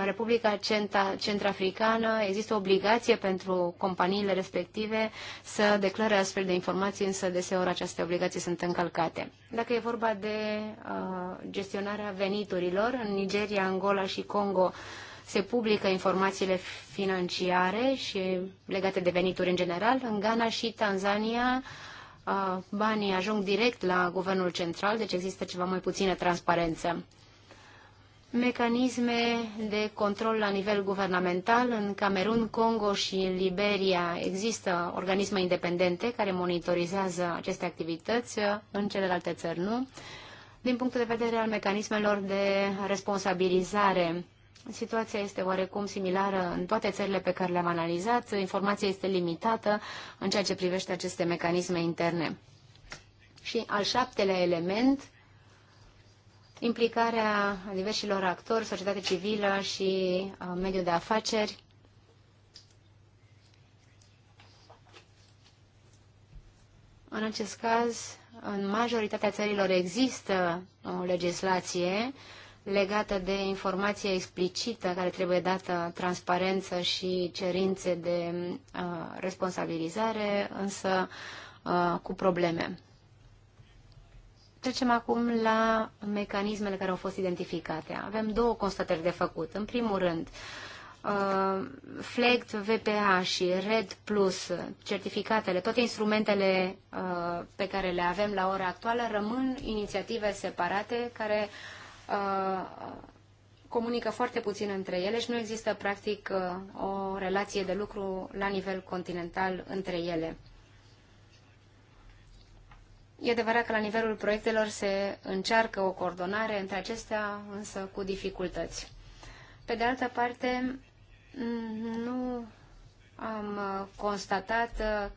Republica Centra, Centrafricană există obligație pentru companiile respective să declare astfel de informații, însă deseori aceste obligații sunt încălcate. Dacă e vorba de uh, gestionarea veniturilor, în Nigeria, Angola și Congo se publică informațiile financiare și legate de venituri în general. În Ghana și Tanzania uh, banii ajung direct la guvernul central, deci există ceva mai puțină transparență mecanisme de control la nivel guvernamental. În Camerun, Congo și Liberia există organisme independente care monitorizează aceste activități, în celelalte țări nu. Din punctul de vedere al mecanismelor de responsabilizare, situația este oarecum similară în toate țările pe care le-am analizat. Informația este limitată în ceea ce privește aceste mecanisme interne. Și al șaptelea element implicarea diversilor actori, societate civilă și uh, mediul de afaceri. În acest caz, în majoritatea țărilor există o uh, legislație legată de informație explicită care trebuie dată transparență și cerințe de uh, responsabilizare, însă uh, cu probleme. Trecem acum la mecanismele care au fost identificate. Avem două constatări de făcut. În primul rând, uh, FLECT, VPA și RED Plus, certificatele, toate instrumentele uh, pe care le avem la ora actuală, rămân inițiative separate care uh, comunică foarte puțin între ele și nu există practic o relație de lucru la nivel continental între ele. E adevărat că la nivelul proiectelor se încearcă o coordonare între acestea, însă cu dificultăți. Pe de altă parte, nu am constatat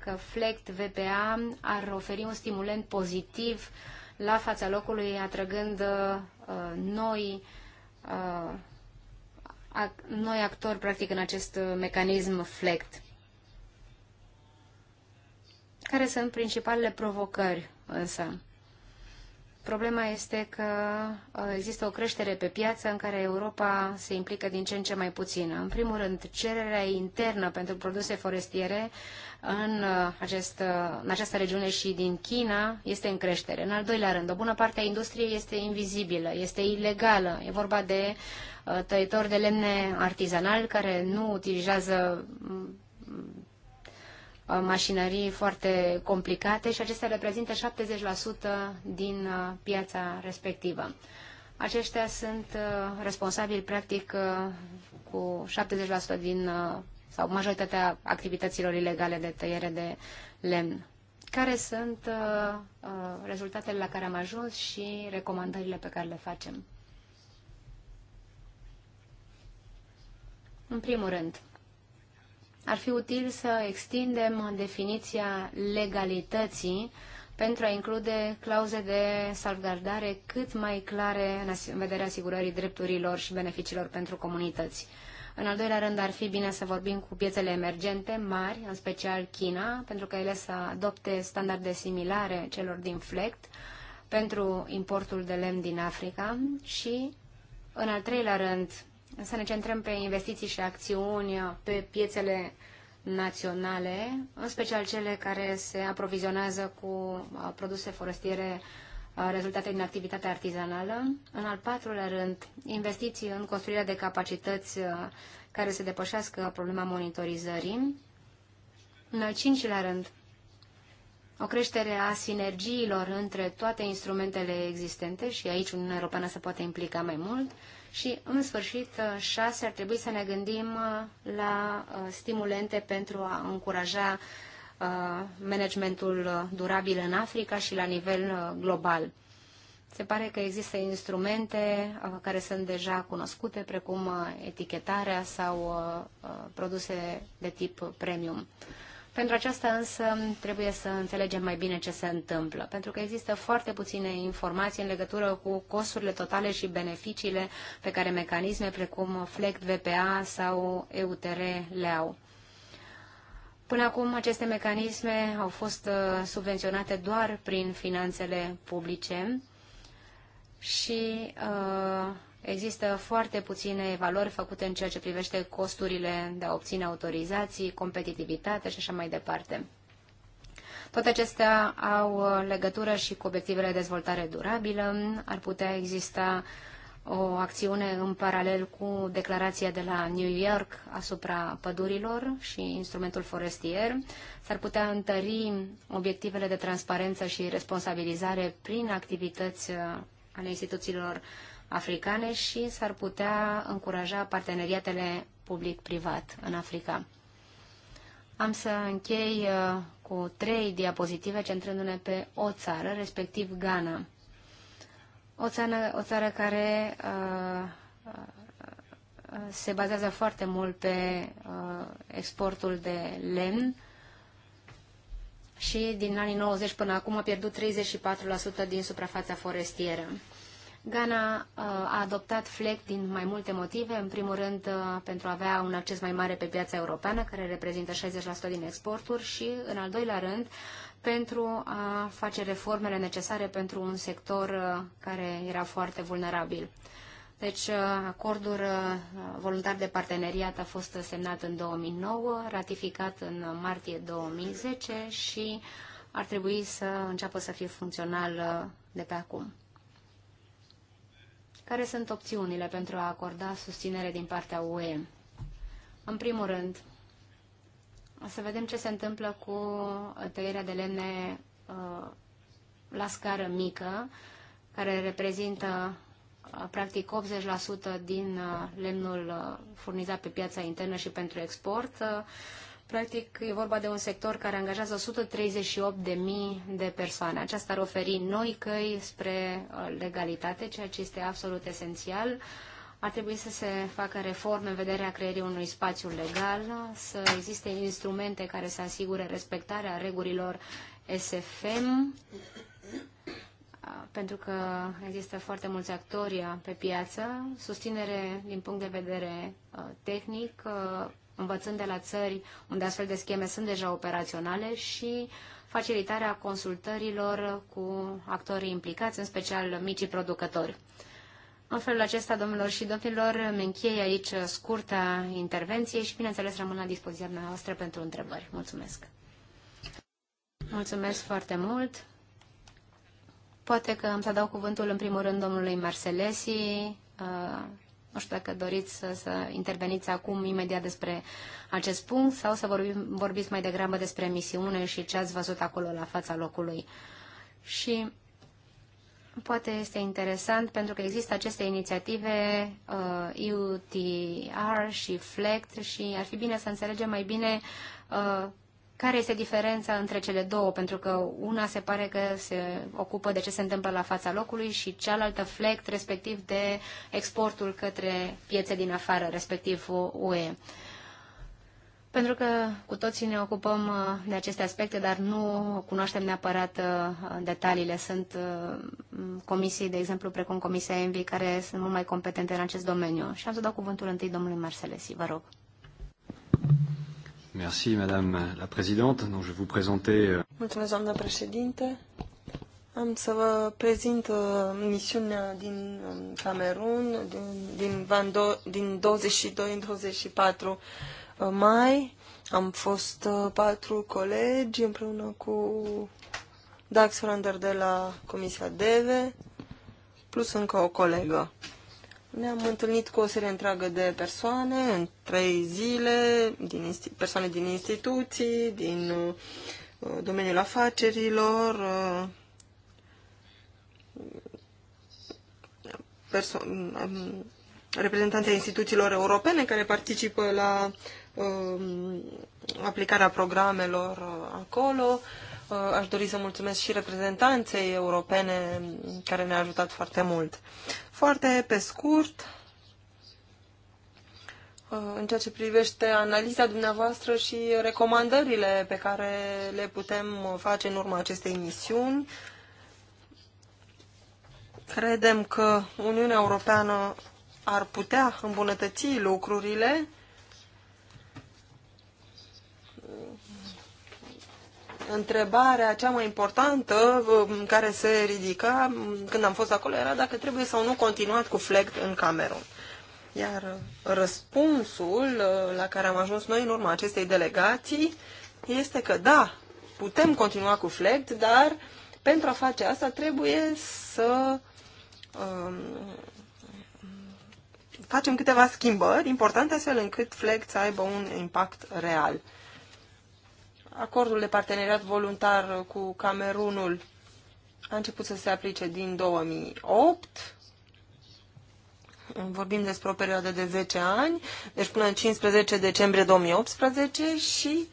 că FLECT VPA ar oferi un stimulent pozitiv la fața locului, atrăgând uh, noi, uh, ac noi actori, practic, în acest mecanism FLECT. Care sunt principalele provocări însă. Problema este că uh, există o creștere pe piață în care Europa se implică din ce în ce mai puțin. În primul rând, cererea internă pentru produse forestiere în, uh, acest, uh, în această regiune și din China este în creștere. În al doilea rând, o bună parte a industriei este invizibilă, este ilegală. E vorba de tăietori de lemne artizanal care nu utilizează Uh, mașinării foarte complicate și acestea reprezintă 70% din uh, piața respectivă. Aceștia sunt uh, responsabili practic cu 70% din sau majoritatea activităților ilegale de tăiere de lemn. Care sunt rezultatele la care am ajuns și recomandările pe care le facem? În primul rând, ar fi util să extindem definiția legalității pentru a include clauze de salvgardare cât mai clare în vederea asigurării drepturilor și beneficiilor pentru comunități. În al doilea rând, ar fi bine să vorbim cu piețele emergente mari, în special China, pentru că ele să adopte standarde similare celor din FLECT pentru importul de lemn din Africa și, în al treilea rând, să ne centrăm pe investiții și acțiuni pe piețele naționale, în special cele care se aprovizionează cu uh, produse forestiere uh, rezultate din activitatea artizanală. În al patrulea rând, investiții în construirea de capacități uh, care să depășească problema monitorizării. În al cincilea rând, o creștere a sinergiilor între toate instrumentele existente și aici Uniunea Europeană se poate implica mai mult. Și, în sfârșit, uh, șase, ar trebui să ne gândim uh, la uh, stimulente pentru a încuraja managementul durabil în Africa și la nivel global. Se pare că există instrumente care sunt deja cunoscute, precum etichetarea sau produse de tip premium. Pentru aceasta însă trebuie să înțelegem mai bine ce se întâmplă, pentru că există foarte puține informații în legătură cu costurile totale și beneficiile pe care mecanisme precum FLECT, VPA sau EUTR le au. Până acum, aceste mecanisme au fost uh, subvenționate doar prin finanțele publice și uh, Există foarte puține evaluări făcute în ceea ce privește costurile de a obține autorizații, competitivitate și așa mai departe. Toate acestea au legătură și cu obiectivele de dezvoltare durabilă. Ar putea exista o acțiune în paralel cu declarația de la New York asupra pădurilor și instrumentul forestier. S-ar putea întări obiectivele de transparență și responsabilizare prin activități ale instituțiilor uh, africane și s-ar putea încuraja parteneriatele public-privat în Africa. Am să închei uh, cu trei diapozitive centrându-ne pe o țară, respectiv Ghana. O țară, o țară care uh, uh se bazează foarte mult pe uh, exportul de lemn și din anii 90 până acum a pierdut 34% din suprafața forestieră. Ghana uh, a adoptat FLEC din mai multe motive. În primul rând, uh, pentru a avea un acces mai mare pe piața europeană, care reprezintă 60% din exporturi și, în al doilea rând, pentru a face reformele necesare pentru un sector uh, care era foarte vulnerabil. Deci, acordul voluntar de parteneriat a fost semnat în 2009, ratificat în martie 2010 și ar trebui să înceapă să fie funcțional de pe acum. Care sunt opțiunile pentru a acorda susținere din partea UE? În primul rând, să vedem ce se întâmplă cu tăierea de lemne uh, la scară mică, care reprezintă uh, practic 80% din uh, lemnul uh, furnizat pe piața internă și pentru export. Uh, Practic, e vorba de un sector care angajează 138.000 de persoane. Aceasta ar oferi noi căi spre uh, legalitate, ceea ce este absolut esențial. Ar trebui să se facă reforme în vederea creierii unui spațiu legal, să existe instrumente care să asigure respectarea regulilor SFM, uh, pentru că există foarte mulți actori uh, pe piață, susținere din punct de vedere tehnic, învățând de la țări unde astfel de scheme sunt deja operaționale și facilitarea consultărilor cu actorii implicați, în special micii producători. În felul acesta, domnilor și domnilor, mi închei aici scurta intervenție și, bineînțeles, rămân la dispoziția noastră pentru întrebări. Mulțumesc! Mulțumesc foarte mult! Poate că am să dau cuvântul în primul rând domnului Marcelesi, uh, nu știu dacă doriți să, să interveniți acum imediat despre acest punct sau să vorbim, vorbiți mai degrabă despre misiune și ce ați văzut acolo la fața locului. Și poate este interesant pentru că există aceste inițiative uh, UTR și FLECT și ar fi bine să înțelegem mai bine uh, care este diferența între cele două? Pentru că una se pare că se ocupă de ce se întâmplă la fața locului și cealaltă flect, respectiv de exportul către piețe din afară, respectiv UE. Pentru că cu toții ne ocupăm uh, de aceste aspecte, dar nu cunoaștem neapărat uh, detaliile. Sunt uh, comisii, de exemplu, precum Comisia ENVI, care sunt mult mai competente în acest domeniu. Și am să dau cuvântul întâi domnului Marcelesi. vă rog. Merci, Madame la Présidente. Donc, je vous présenter... Euh, Mulțumesc, doamnă președinte. Am să vă prezint uh, misiunea din um, Camerun, din, din, din 22 în 24 uh, mai. Am fost uh, patru colegi împreună cu Dax Frander de la Comisia DEVE, plus încă o colegă. Ne-am întâlnit cu o serie întreagă de persoane în trei zile, din persoane din instituții, din uh, domeniul afacerilor, uh, perso- um, reprezentanții instituțiilor europene care participă la uh, aplicarea programelor uh, acolo. Uh, aș dori să mulțumesc și reprezentanței europene care ne-a ajutat foarte mult. Foarte pe scurt, uh, în ceea ce privește analiza dumneavoastră și recomandările pe care le putem face în urma acestei misiuni, credem că Uniunea Europeană ar putea îmbunătăți lucrurile întrebarea cea mai importantă um, care se ridica um, când am fost acolo era dacă trebuie sau nu continuat cu FLECT în Camerun. Iar uh, răspunsul uh, la care am ajuns noi în urma acestei delegații este că da, putem continua cu FLECT, dar pentru a face asta trebuie să um, facem câteva schimbări importante astfel încât FLECT să aibă un impact real. Acordul de parteneriat voluntar cu Camerunul a început să se aplice din 2008. Vorbim despre o perioadă de 10 ani, deci până în 15 decembrie 2018 și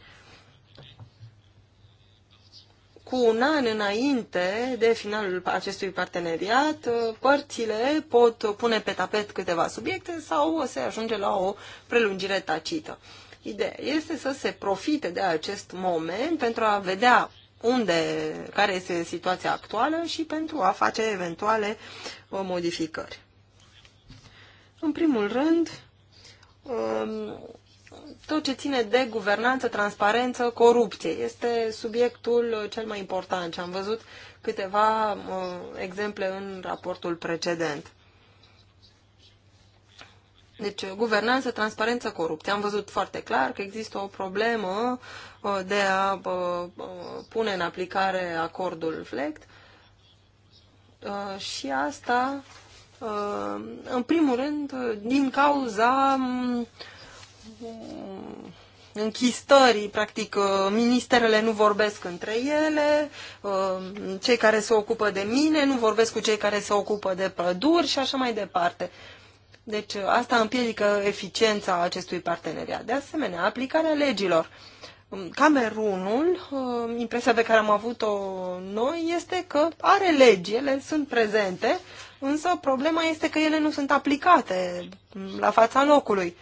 cu un an înainte de finalul acestui parteneriat, părțile pot pune pe tapet câteva subiecte sau se ajunge la o prelungire tacită. Ideea este să se profite de acest moment pentru a vedea unde, care este situația actuală și pentru a face eventuale uh, modificări. În primul rând, um, tot ce ține de guvernanță, transparență, corupție este subiectul cel mai important și am văzut câteva uh, exemple în raportul precedent. Deci, uh, guvernanță, transparență, corupție. Am văzut foarte clar că există o problemă uh, de a uh, pune în aplicare acordul FLECT și asta, în primul rând, din cauza um, închistării, practic, ministerele nu vorbesc între ele, cei care se ocupă de mine nu vorbesc cu cei care se ocupă de păduri și așa mai departe. Deci ă, asta împiedică eficiența acestui parteneriat. De asemenea, aplicarea legilor. Camerunul, ă, impresia pe care am avut-o noi este că are legi, ele sunt prezente, însă problema este că ele nu sunt aplicate la fața locului.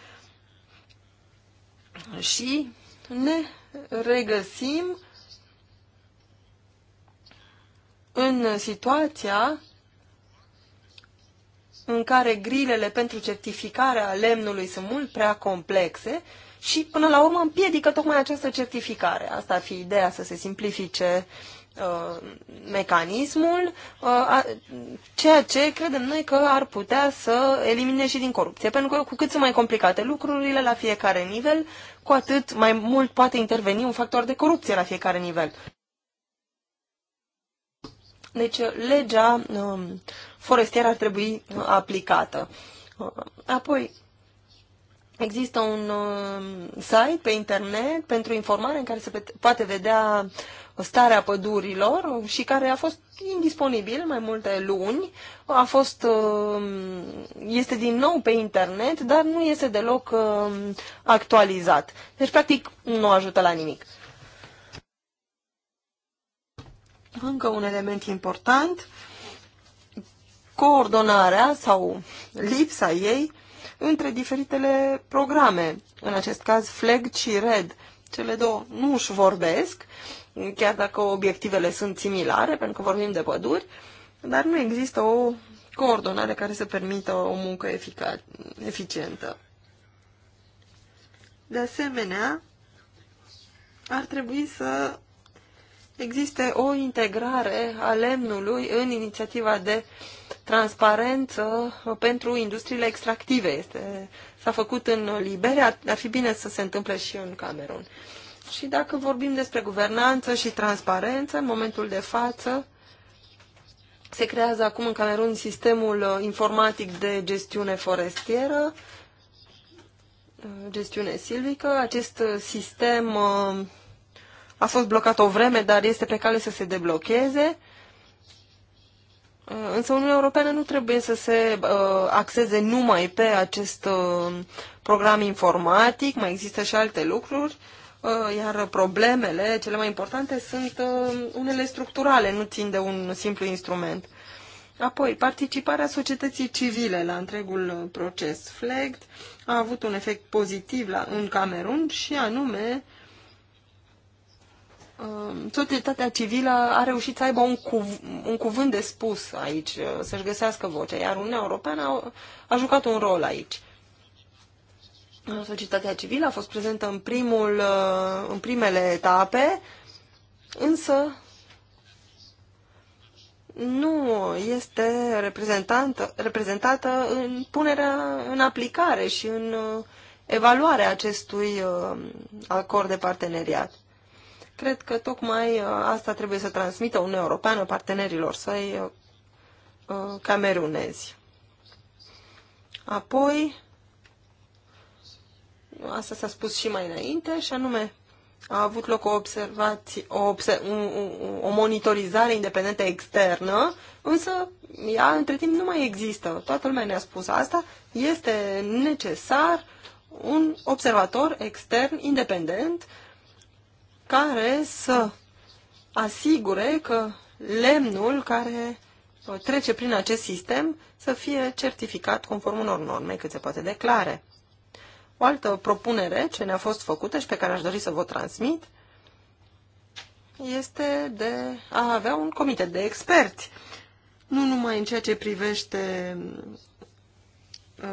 Și ne regăsim în situația în care grilele pentru certificarea lemnului sunt mult prea complexe și până la urmă împiedică tocmai această certificare. Asta ar fi ideea să se simplifice uh, mecanismul, uh, ceea ce credem noi că ar putea să elimine și din corupție. Pentru că cu cât sunt mai complicate lucrurile la fiecare nivel, cu atât mai mult poate interveni un factor de corupție la fiecare nivel. Deci legea um, forestieră ar trebui uh, aplicată. Uh, apoi, există un uh, site pe internet pentru informare în care se poate vedea starea pădurilor și care a fost indisponibil mai multe luni, a fost, este din nou pe internet, dar nu este deloc actualizat. Deci, practic, nu ajută la nimic. Încă un element important coordonarea sau lipsa ei între diferitele programe, în acest caz FLEG și RED. Cele două nu își vorbesc, chiar dacă obiectivele sunt similare, pentru că vorbim de păduri, dar nu există o coordonare care să permită o muncă eficientă. De asemenea, ar trebui să existe o integrare a lemnului în inițiativa de uh, transparență pentru industriile extractive. Este, s-a făcut în Liberia, ar fi bine să se întâmple și în Camerun. Și dacă vorbim despre guvernanță și transparență, în momentul de față se creează acum în Camerun sistemul informatic de gestiune forestieră, gestiune silvică. Acest sistem uh, a fost blocat o vreme, dar este pe cale să se deblocheze Uh, însă Uniunea Europeană nu trebuie să se uh, axeze numai pe acest uh, program informatic, mai există și alte lucruri, uh, iar problemele cele mai importante sunt uh, unele structurale, nu țin de un simplu instrument. Apoi, participarea societății civile la întregul uh, proces FLEGT a avut un efect pozitiv la, în Camerun și anume uh, Um, societatea civilă a reușit să aibă un, cuv- un cuvânt de spus aici, uh, să-și găsească vocea, iar Uniunea Europeană a, a jucat un rol aici. Uh, societatea civilă a fost prezentă în, primul, uh, în primele etape, însă nu este reprezentată, reprezentată în punerea în aplicare și în evaluarea acestui acord de parteneriat. Cred că tocmai uh, asta trebuie să transmită Uniunea Europeană partenerilor săi uh, uh, camerunezi. Apoi, asta s-a spus și mai înainte, și anume a avut loc o, observație, o, obser, o monitorizare independentă externă, însă ea între timp nu mai există. Toată lumea ne-a spus asta. Este necesar un observator extern independent care să asigure că lemnul care uh, trece prin acest sistem să fie certificat conform unor norme cât se poate declare. O altă propunere ce ne-a fost făcută și pe care aș dori să vă transmit este de a avea un comitet de experți, nu numai în ceea ce privește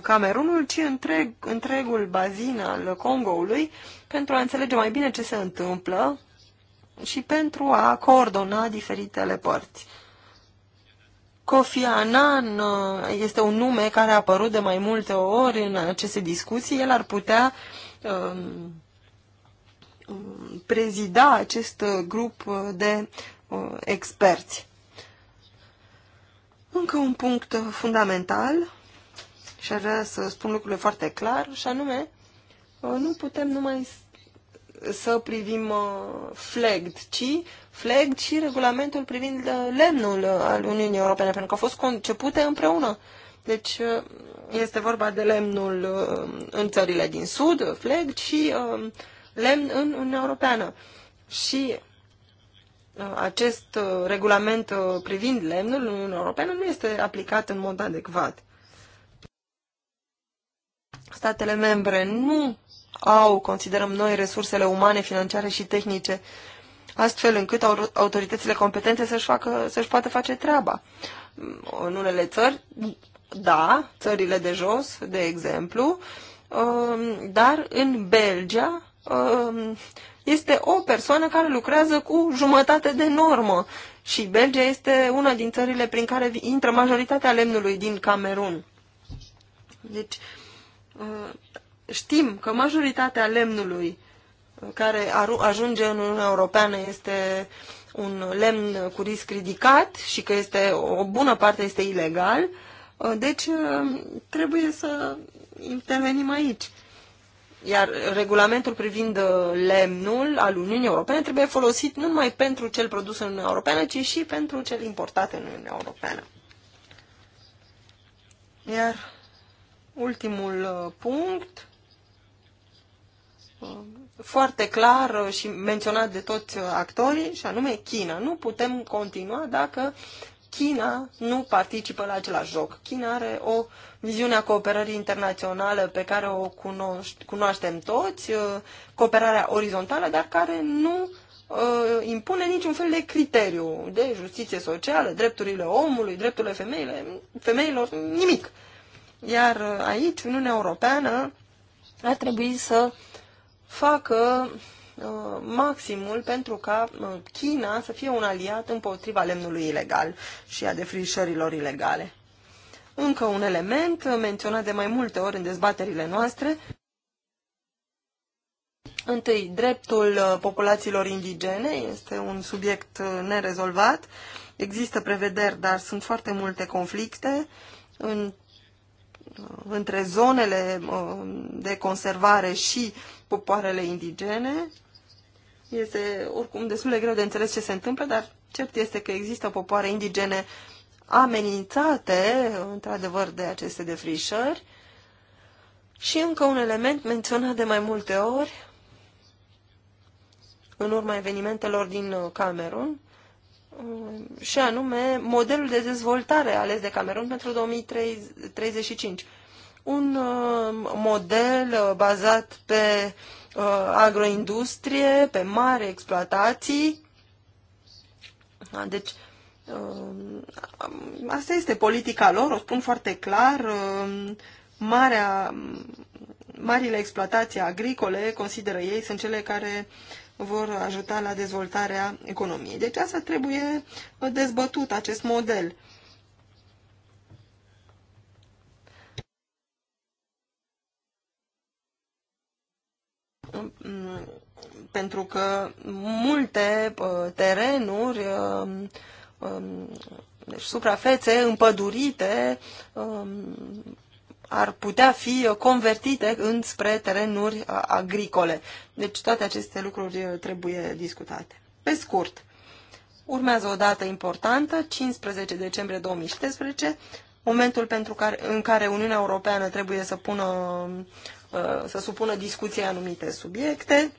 Camerunul, ci întreg, întregul bazin al Congoului, pentru a înțelege mai bine ce se întâmplă și pentru a coordona diferitele părți. Kofi Annan uh, este un nume care a apărut de mai multe ori în aceste discuții. El ar putea um, prezida acest grup de uh, experți. Încă un punct uh, fundamental și aș vrea să spun lucrurile foarte clar, și anume, uh, nu putem numai să privim uh, flagged, ci flagged și regulamentul privind uh, lemnul al Uniunii Europene, pentru că au fost concepute împreună. Deci este vorba de lemnul în țările din Sud, flagged și lemn în Uniunea Europeană. Și acest regulament privind lemnul în Uniunea Europeană nu este aplicat în mod adecvat statele membre nu au, considerăm noi, resursele umane, financiare și tehnice, astfel încât autoritățile competente să-și, facă, să-și poată face treaba. Mm, în unele țări, da, țările de jos, de exemplu, um, dar în Belgia um, este o persoană care lucrează cu jumătate de normă și Belgia este una din țările prin care intră majoritatea lemnului din Camerun. Deci, uh, Uh, știm că majoritatea lemnului care ajunge în Uniunea Europeană este un lemn cu risc ridicat și că este o bună parte este ilegal, uh, deci uh, trebuie să intervenim aici. Iar regulamentul privind lemnul al Uniunii Europene trebuie folosit nu numai pentru cel produs în Uniunea Europeană, ci și pentru cel importat în Uniunea Europeană. Iar Ultimul uh, punct, uh, foarte clar uh, și menționat de toți actorii, și anume China. Nu putem continua dacă China nu participă la același joc. China are o viziune a cooperării internaționale pe care o cunoaștem toți, cooperarea orizontală, dar care nu impune niciun fel de criteriu de justiție socială, drepturile omului, drepturile femeilor, femeilor, nimic. Iar aici Uniunea Europeană ar trebui să facă uh, maximul pentru ca uh, China să fie un aliat împotriva lemnului ilegal și a defrișărilor ilegale. Încă un element menționat de mai multe ori în dezbaterile noastre. Întâi, dreptul uh, populațiilor indigene este un subiect nerezolvat. Există prevederi, dar sunt foarte multe conflicte în între zonele uh, de conservare și popoarele indigene. Este oricum destul de greu de înțeles ce se întâmplă, dar cert este că există popoare indigene amenințate, într-adevăr, de aceste defrișări. Și încă un element menționat de mai multe ori, în urma evenimentelor din Camerun, Um, și anume modelul de dezvoltare ales de Camerun pentru 2035. Un um, model uh, bazat pe uh, agroindustrie, pe mare exploatații. Deci, um, asta este politica lor, o spun foarte clar. Marea, marile exploatații agricole, consideră ei, sunt cele care uh, vor ajuta la dezvoltarea economiei. Deci asta trebuie dezbătut, acest model. Pentru că multe uh, terenuri, uh, um, deci suprafețe împădurite, um, ar putea fi convertite înspre terenuri uh, agricole. Deci toate aceste lucruri uh, trebuie discutate. Pe scurt, urmează o dată importantă, 15 decembrie 2016, momentul pentru care, în care Uniunea Europeană trebuie să, pună, uh, să supună discuția anumite subiecte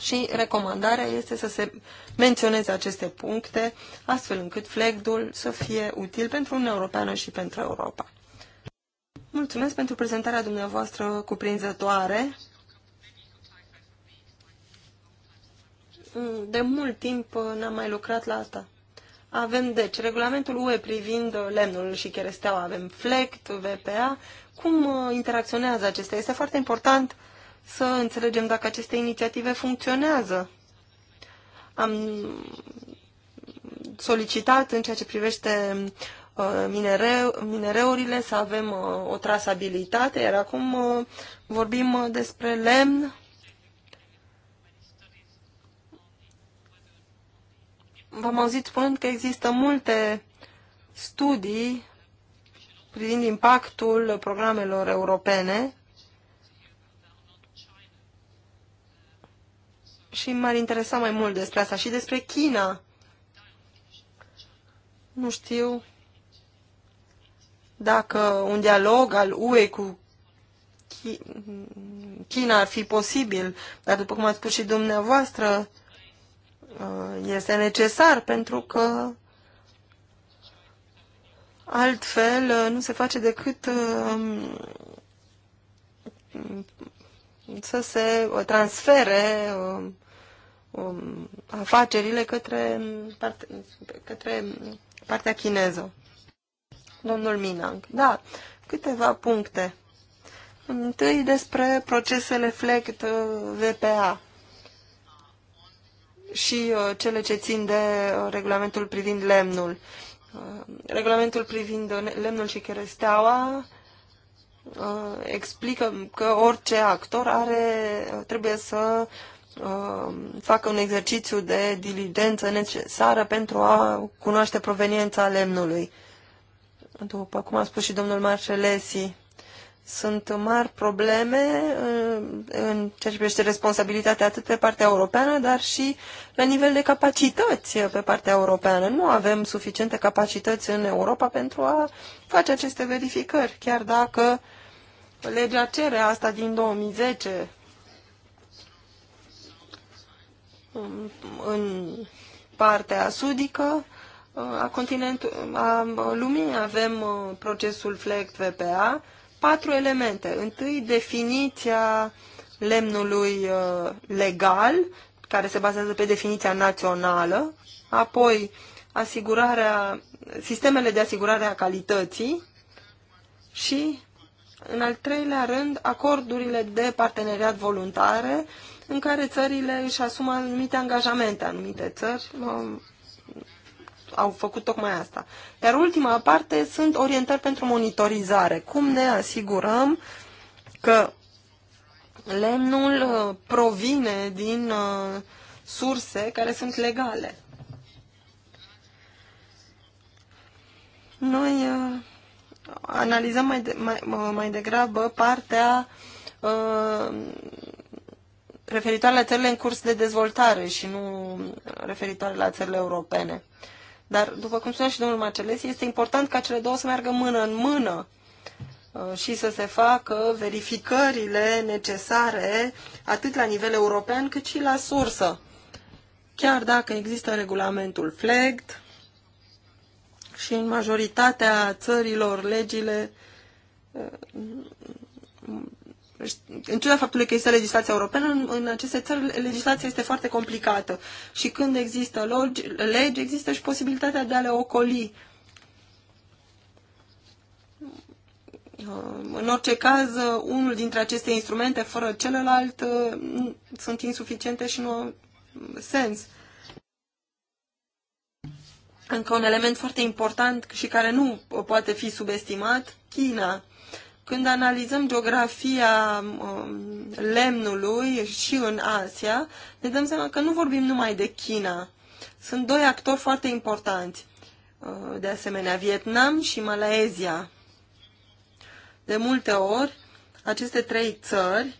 și recomandarea este să se menționeze aceste puncte, astfel încât flegdul să fie util pentru Uniunea Europeană și pentru Europa. Mulțumesc pentru prezentarea dumneavoastră cuprinzătoare. De mult timp n-am mai lucrat la asta. Avem, deci, regulamentul UE privind lemnul și cheresteaua. Avem FLECT, VPA. Cum uh, interacționează acestea? Este foarte important să înțelegem dacă aceste inițiative funcționează. Am solicitat în ceea ce privește Uh, minereurile, să avem uh, o trasabilitate, iar acum uh, vorbim despre lemn. V-am auzit spunând că există multe studii privind impactul programelor europene și m-ar interesa mai mult despre asta și despre China. Nu știu dacă un dialog al UE cu China ar fi posibil, dar după cum ați spus și dumneavoastră, uh, este necesar pentru că altfel uh, nu se face decât uh, să se transfere um, afacerile către, către partea chineză. Domnul Minang. Da, câteva puncte. Întâi despre procesele FLECT uh, VPA și uh, cele ce țin de uh, regulamentul privind lemnul. Regulamentul privind lemnul și cheresteaua explică că orice actor are, trebuie să facă un exercițiu de diligență necesară pentru a cunoaște proveniența lemnului după cum a spus și domnul Marcelesi, sunt mari probleme uh, în ceea ce privește responsabilitatea atât pe partea europeană, dar și la nivel de capacități pe partea europeană. Nu avem suficiente capacități în Europa pentru a face aceste verificări, chiar dacă legea cere asta din 2010. În partea sudică a, continent, a lumii avem uh, procesul FLECT-VPA, patru elemente. Întâi, definiția lemnului uh, legal, care se bazează pe definiția națională, apoi asigurarea, sistemele de asigurare a calității și, în al treilea rând, acordurile de parteneriat voluntare, în care țările își asumă anumite angajamente. Anumite țări um, au făcut tocmai asta. Iar ultima parte sunt orientări pentru monitorizare. Cum ne asigurăm că lemnul uh, provine din uh, surse care sunt legale. Noi uh, analizăm mai, de, mai, mai degrabă partea uh, referitoare la țările în curs de dezvoltare și nu referitoare la țările europene. Dar, după cum spunea și domnul Marcelesi, este important ca cele două să meargă mână în mână uh, și să se facă verificările necesare atât la nivel european cât și la sursă. Chiar dacă există regulamentul FLEGT și în majoritatea țărilor legile uh, în ciuda faptului că există legislația europeană, în, în aceste țări legislația este foarte complicată. Și când există legi, există și posibilitatea de a le ocoli. Uh, în orice caz, uh, unul dintre aceste instrumente, fără celălalt, uh, sunt insuficiente și nu au mm, sens. Încă un element foarte important și care nu poate fi subestimat, China când analizăm geografia um, lemnului și în Asia, ne dăm seama că nu vorbim numai de China. Sunt doi actori foarte importanți. Uh, de asemenea, Vietnam și Malaezia. De multe ori, aceste trei țări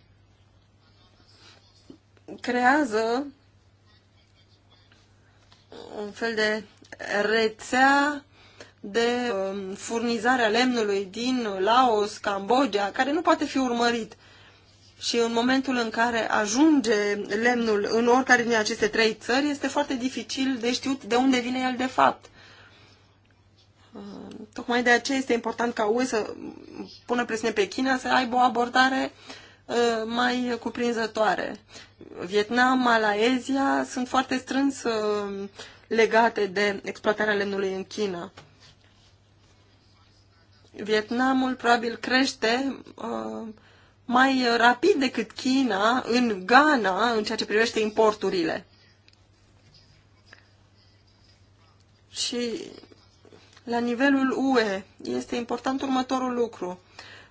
creează un fel de rețea de um, furnizarea lemnului din Laos, Cambodgia, care nu poate fi urmărit. Și în momentul în care ajunge lemnul în oricare din aceste trei țări, este foarte dificil de știut de unde vine el de fapt. Uh, tocmai de aceea este important ca UE să pună presiune pe China să aibă o abordare uh, mai cuprinzătoare. Vietnam, Malaezia sunt foarte strâns uh, legate de exploatarea lemnului în China. Vietnamul probabil crește uh, mai rapid decât China în Ghana în ceea ce privește importurile. Și la nivelul UE este important următorul lucru.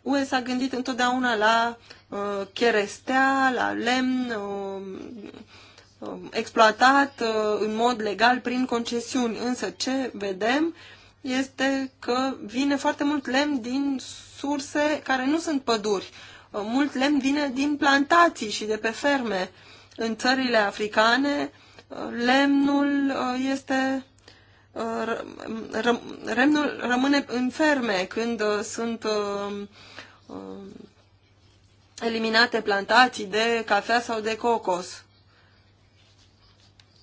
UE s-a gândit întotdeauna la uh, cherestea, la lemn uh, um, exploatat uh, în mod legal prin concesiuni. Însă ce vedem este că vine foarte mult lemn din surse care nu sunt păduri. Uh, mult lemn vine din plantații și de pe ferme. În țările africane, uh, lemnul uh, este lemnul rămâne în ferme când sunt eliminate plantații de cafea sau de cocos.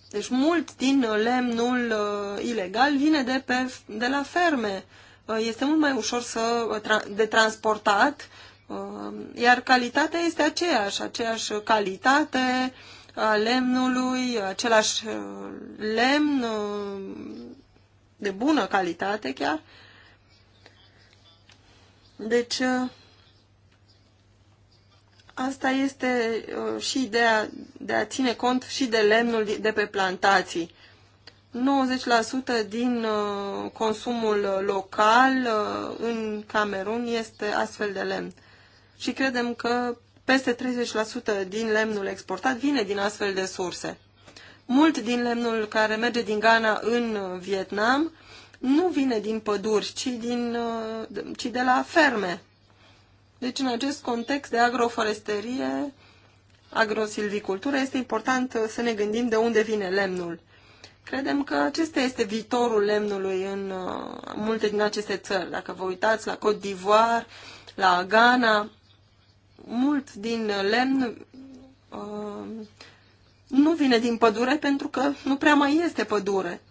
Deci mult din lemnul uh, ilegal vine de, pe, de la ferme. Uh, este mult mai ușor să, uh, de transportat, uh, iar calitatea este aceeași, aceeași calitate a lemnului, același uh, lemn uh, de bună calitate chiar. Deci, uh, Asta este uh, și ideea de a ține cont și de lemnul de pe plantații. 90% din uh, consumul local uh, în Camerun este astfel de lemn. Și credem că peste 30% din lemnul exportat vine din astfel de surse. Mult din lemnul care merge din Ghana în Vietnam nu vine din păduri, ci, din, ci de la ferme. Deci, în acest context de agroforesterie, agrosilvicultură, este important uh, să ne gândim de unde vine lemnul. Credem că acesta este viitorul lemnului în uh, multe din aceste țări. Dacă vă uitați la Côte d'Ivoire, la Ghana, mult din lemn uh, nu vine din pădure pentru că nu prea mai este pădure.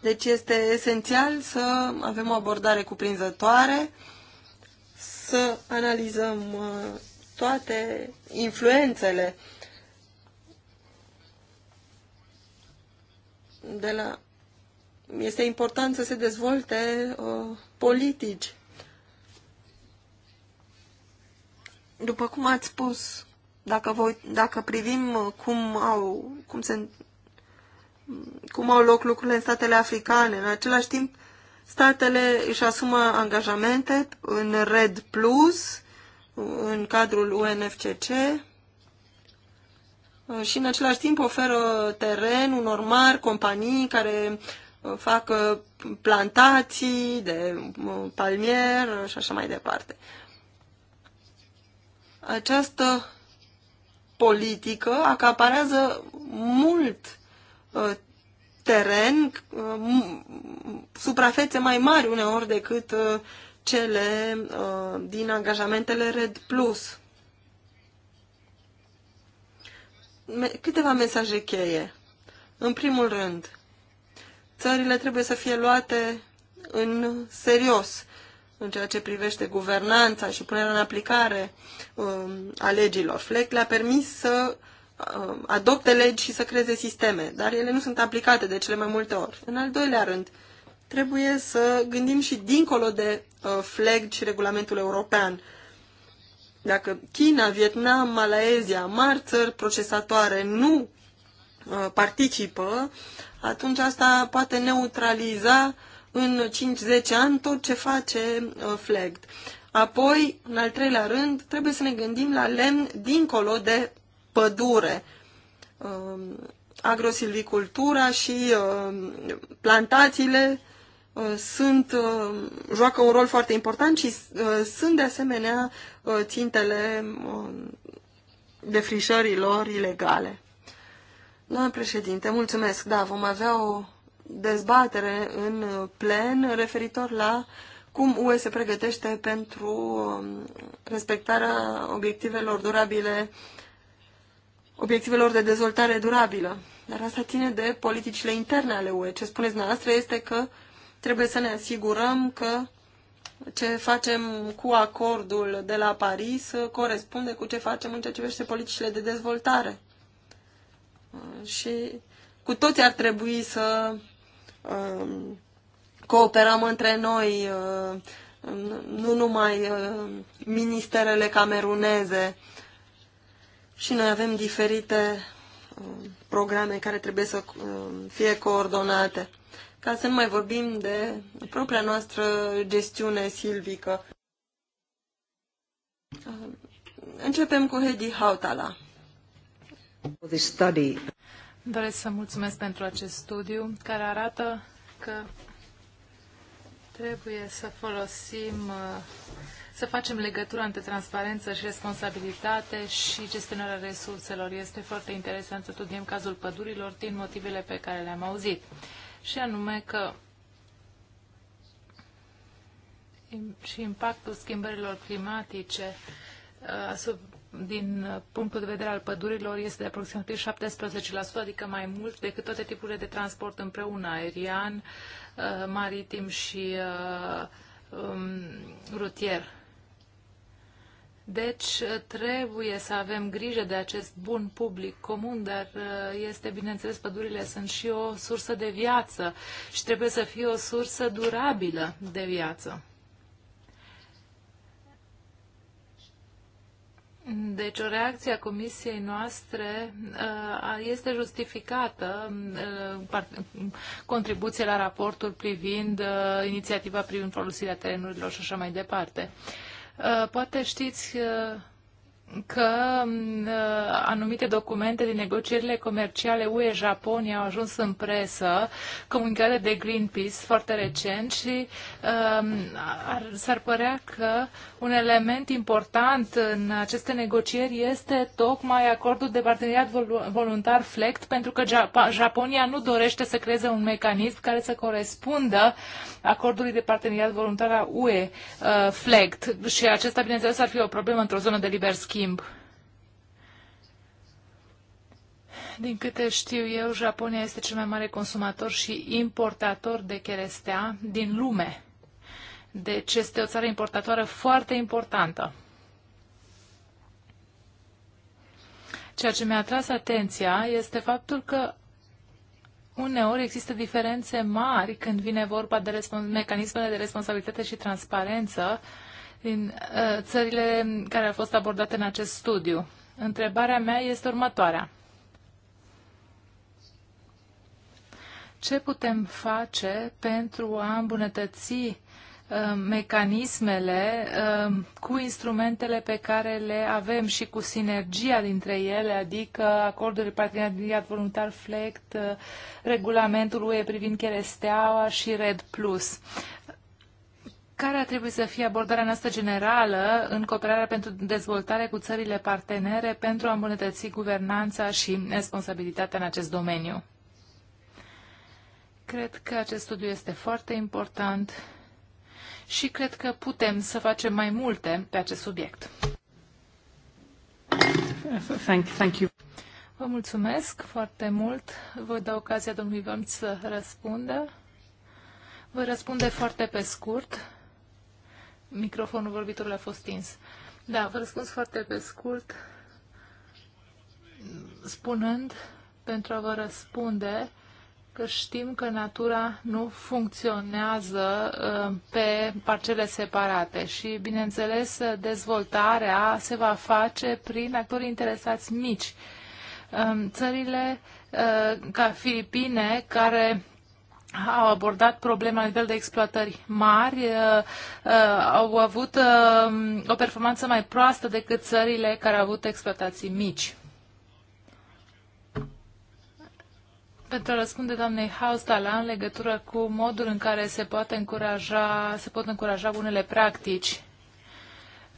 Deci este esențial să avem o abordare cuprinzătoare să analizăm uh, toate influențele de la... Este important să se dezvolte uh, politici. După cum ați spus, dacă, voi, dacă privim uh, cum au, cum, se, cum au loc lucrurile în statele africane, în același timp Statele își asumă angajamente în RED Plus, în cadrul UNFCC și în același timp oferă teren unor mari companii care uh, fac uh, plantații de uh, palmier și așa mai departe. Această politică acaparează mult teren, uh, suprafețe mai mari uneori decât uh, cele uh, din angajamentele Red Plus. Câteva mesaje cheie. În primul rând, țările trebuie să fie luate în serios în ceea ce privește guvernanța și punerea în aplicare um, a legilor. FLEC le-a permis să Uh, adopte legi și să creeze sisteme, dar ele nu sunt aplicate de cele mai multe ori. În al doilea rând, trebuie să gândim și dincolo de uh, FLEG și regulamentul european. Dacă China, Vietnam, Malaezia, mari țări procesatoare nu uh, participă, atunci asta poate neutraliza în 5-10 ani tot ce face FLEG. Apoi, în al treilea rând, trebuie să ne gândim la lemn dincolo de pădure. Um, Agrosilvicultura și um, plantațiile uh, sunt, um, joacă un rol foarte important și uh, sunt de asemenea uh, țintele defrișărilor ilegale. Doamne președinte, mulțumesc. Da, vom avea o dezbatere în plen referitor la cum UE se pregătește pentru respectarea obiectivelor durabile obiectivelor de dezvoltare durabilă. Dar asta ține de politicile interne ale UE. Ce spuneți dumneavoastră este că trebuie să ne asigurăm că ce facem cu acordul de la Paris corespunde cu ce facem în ceea ce privește politicile de dezvoltare. Și cu toți ar trebui să um, cooperăm între noi, uh, nu numai uh, ministerele cameruneze, și noi avem diferite um, programe care trebuie să um, fie coordonate, ca să nu mai vorbim de propria noastră gestiune silvică. Um, începem cu Hedi Hautala. Doresc să mulțumesc pentru acest studiu care arată că trebuie să folosim uh, să facem legătura între transparență și responsabilitate și gestionarea resurselor. Este foarte interesant să studiem cazul pădurilor din motivele pe care le-am auzit. Și anume că și impactul schimbărilor climatice uh, din punctul de vedere al pădurilor este de aproximativ 17%, adică mai mult decât toate tipurile de transport împreună, aerian, uh, maritim și uh, um, rutier. Deci trebuie să avem grijă de acest bun public comun, dar uh, este bineînțeles, pădurile sunt și o sursă de viață și trebuie să fie o sursă durabilă de viață. Deci o reacție a comisiei noastre uh, este justificată um, uh, um, contribuție la raportul privind inițiativa privind folosirea terenurilor și așa mai departe. Uh, poate știți uh, că mm, uh, anumite documente din negocierile comerciale UE-Japonia au ajuns în presă, comunicate de Greenpeace foarte recent și um, s-ar părea că un element important în aceste negocieri este tocmai acordul de parteneriat voluntar FLECT, pentru că Japonia nu dorește să creeze un mecanism care să corespundă acordului de parteneriat voluntar a UE uh, FLECT și acesta, bineînțeles, ar fi o problemă într-o zonă de liber schimb schimb. Din câte știu eu, Japonia este cel mai mare consumator și importator de cherestea din lume. Deci este o țară importatoare foarte importantă. Ceea ce mi-a atras atenția este faptul că uneori există diferențe mari când vine vorba de mecanismele de responsabilitate și transparență uh, din uh, țările care au fost abordate în acest studiu. Întrebarea mea este următoarea. Ce putem face pentru a îmbunătăți uh, mecanismele uh, cu instrumentele pe care le avem și cu sinergia dintre ele, adică acordul de parteneriat voluntar FLECT, uh, regulamentul UE privind cheresteaua și RED+. Plus care ar trebui să fie abordarea noastră generală în cooperarea pentru dezvoltare cu țările partenere pentru a îmbunătăți guvernanța și responsabilitatea în acest domeniu? Cred că acest studiu este foarte important și cred că putem să facem mai multe pe acest subiect. Thank, thank you. Vă mulțumesc foarte mult. Vă dau ocazia domnului Vămț să răspundă. Vă răspunde foarte pe scurt. Microfonul vorbitorului a fost stins. Da, vă răspuns foarte pe scurt, spunând, pentru a vă răspunde, că știm că natura nu funcționează uh, pe parcele separate și, bineînțeles, dezvoltarea se va face prin actori interesați mici. Um, țările uh, ca Filipine, care au abordat probleme la nivel de exploatări mari, uh, uh, au avut uh, o performanță mai proastă decât țările care au avut exploatații mici. Pentru a răspunde doamnei Haustala în legătură cu modul în care se, poate încuraja, se pot încuraja unele practici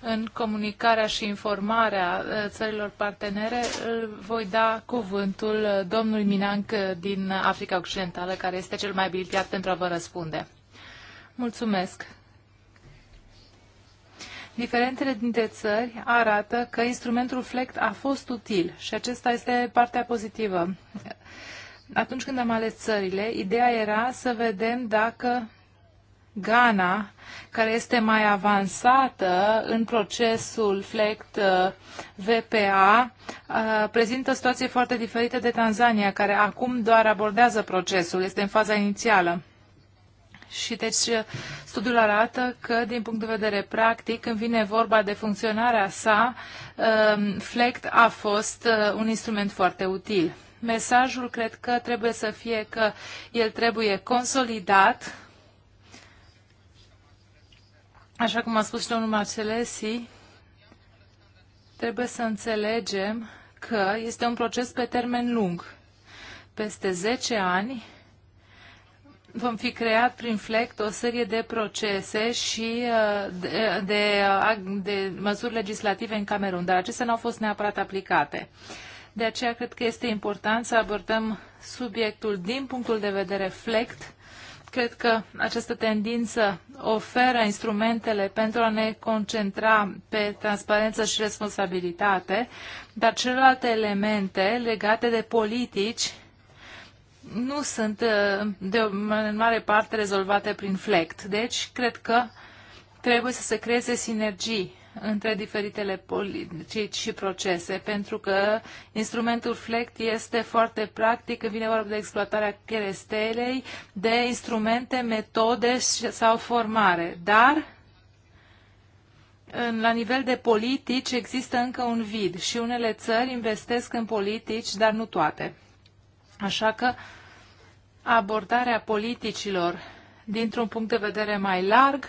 în comunicarea și informarea uh, țărilor partenere, voi da cuvântul uh, domnului Minanc uh, din Africa Occidentală, care este cel mai abilitat pentru a vă răspunde. Mulțumesc! Diferențele dintre țări arată că instrumentul FLECT a fost util și acesta este partea pozitivă. Atunci când am ales țările, ideea era să vedem dacă Ghana, care este mai avansată în procesul FLECT uh, VPA, uh, prezintă situație foarte diferită de Tanzania, care acum doar abordează procesul, este în faza inițială. Și deci uh, studiul arată că, din punct de vedere practic, când vine vorba de funcționarea sa, um, FLECT a fost un instrument foarte util. Mesajul cred că trebuie să fie că el trebuie consolidat așa cum a spus și domnul Marcelesi, trebuie să înțelegem că este un proces pe termen lung. Peste 10 ani vom fi creat prin FLECT o serie de procese și uh, de, de, uh, de măsuri legislative în Camerun, dar acestea nu au fost neapărat aplicate. De aceea cred că este important să abordăm subiectul din punctul de vedere FLECT Cred că această tendință oferă instrumentele pentru a ne concentra pe transparență și responsabilitate, dar celelalte elemente legate de politici nu sunt uh, de, o mare parte rezolvate prin FLECT. Deci, cred că trebuie să se creeze sinergii între diferitele politici și procese, pentru că instrumentul FLECT este foarte practic când vine vorba de exploatarea cherestelei, de instrumente, metode sau formare. Dar, în, la nivel de politici, există încă un vid și unele țări investesc în politici, dar nu toate. Așa că abordarea politicilor dintr-un punct de vedere mai larg,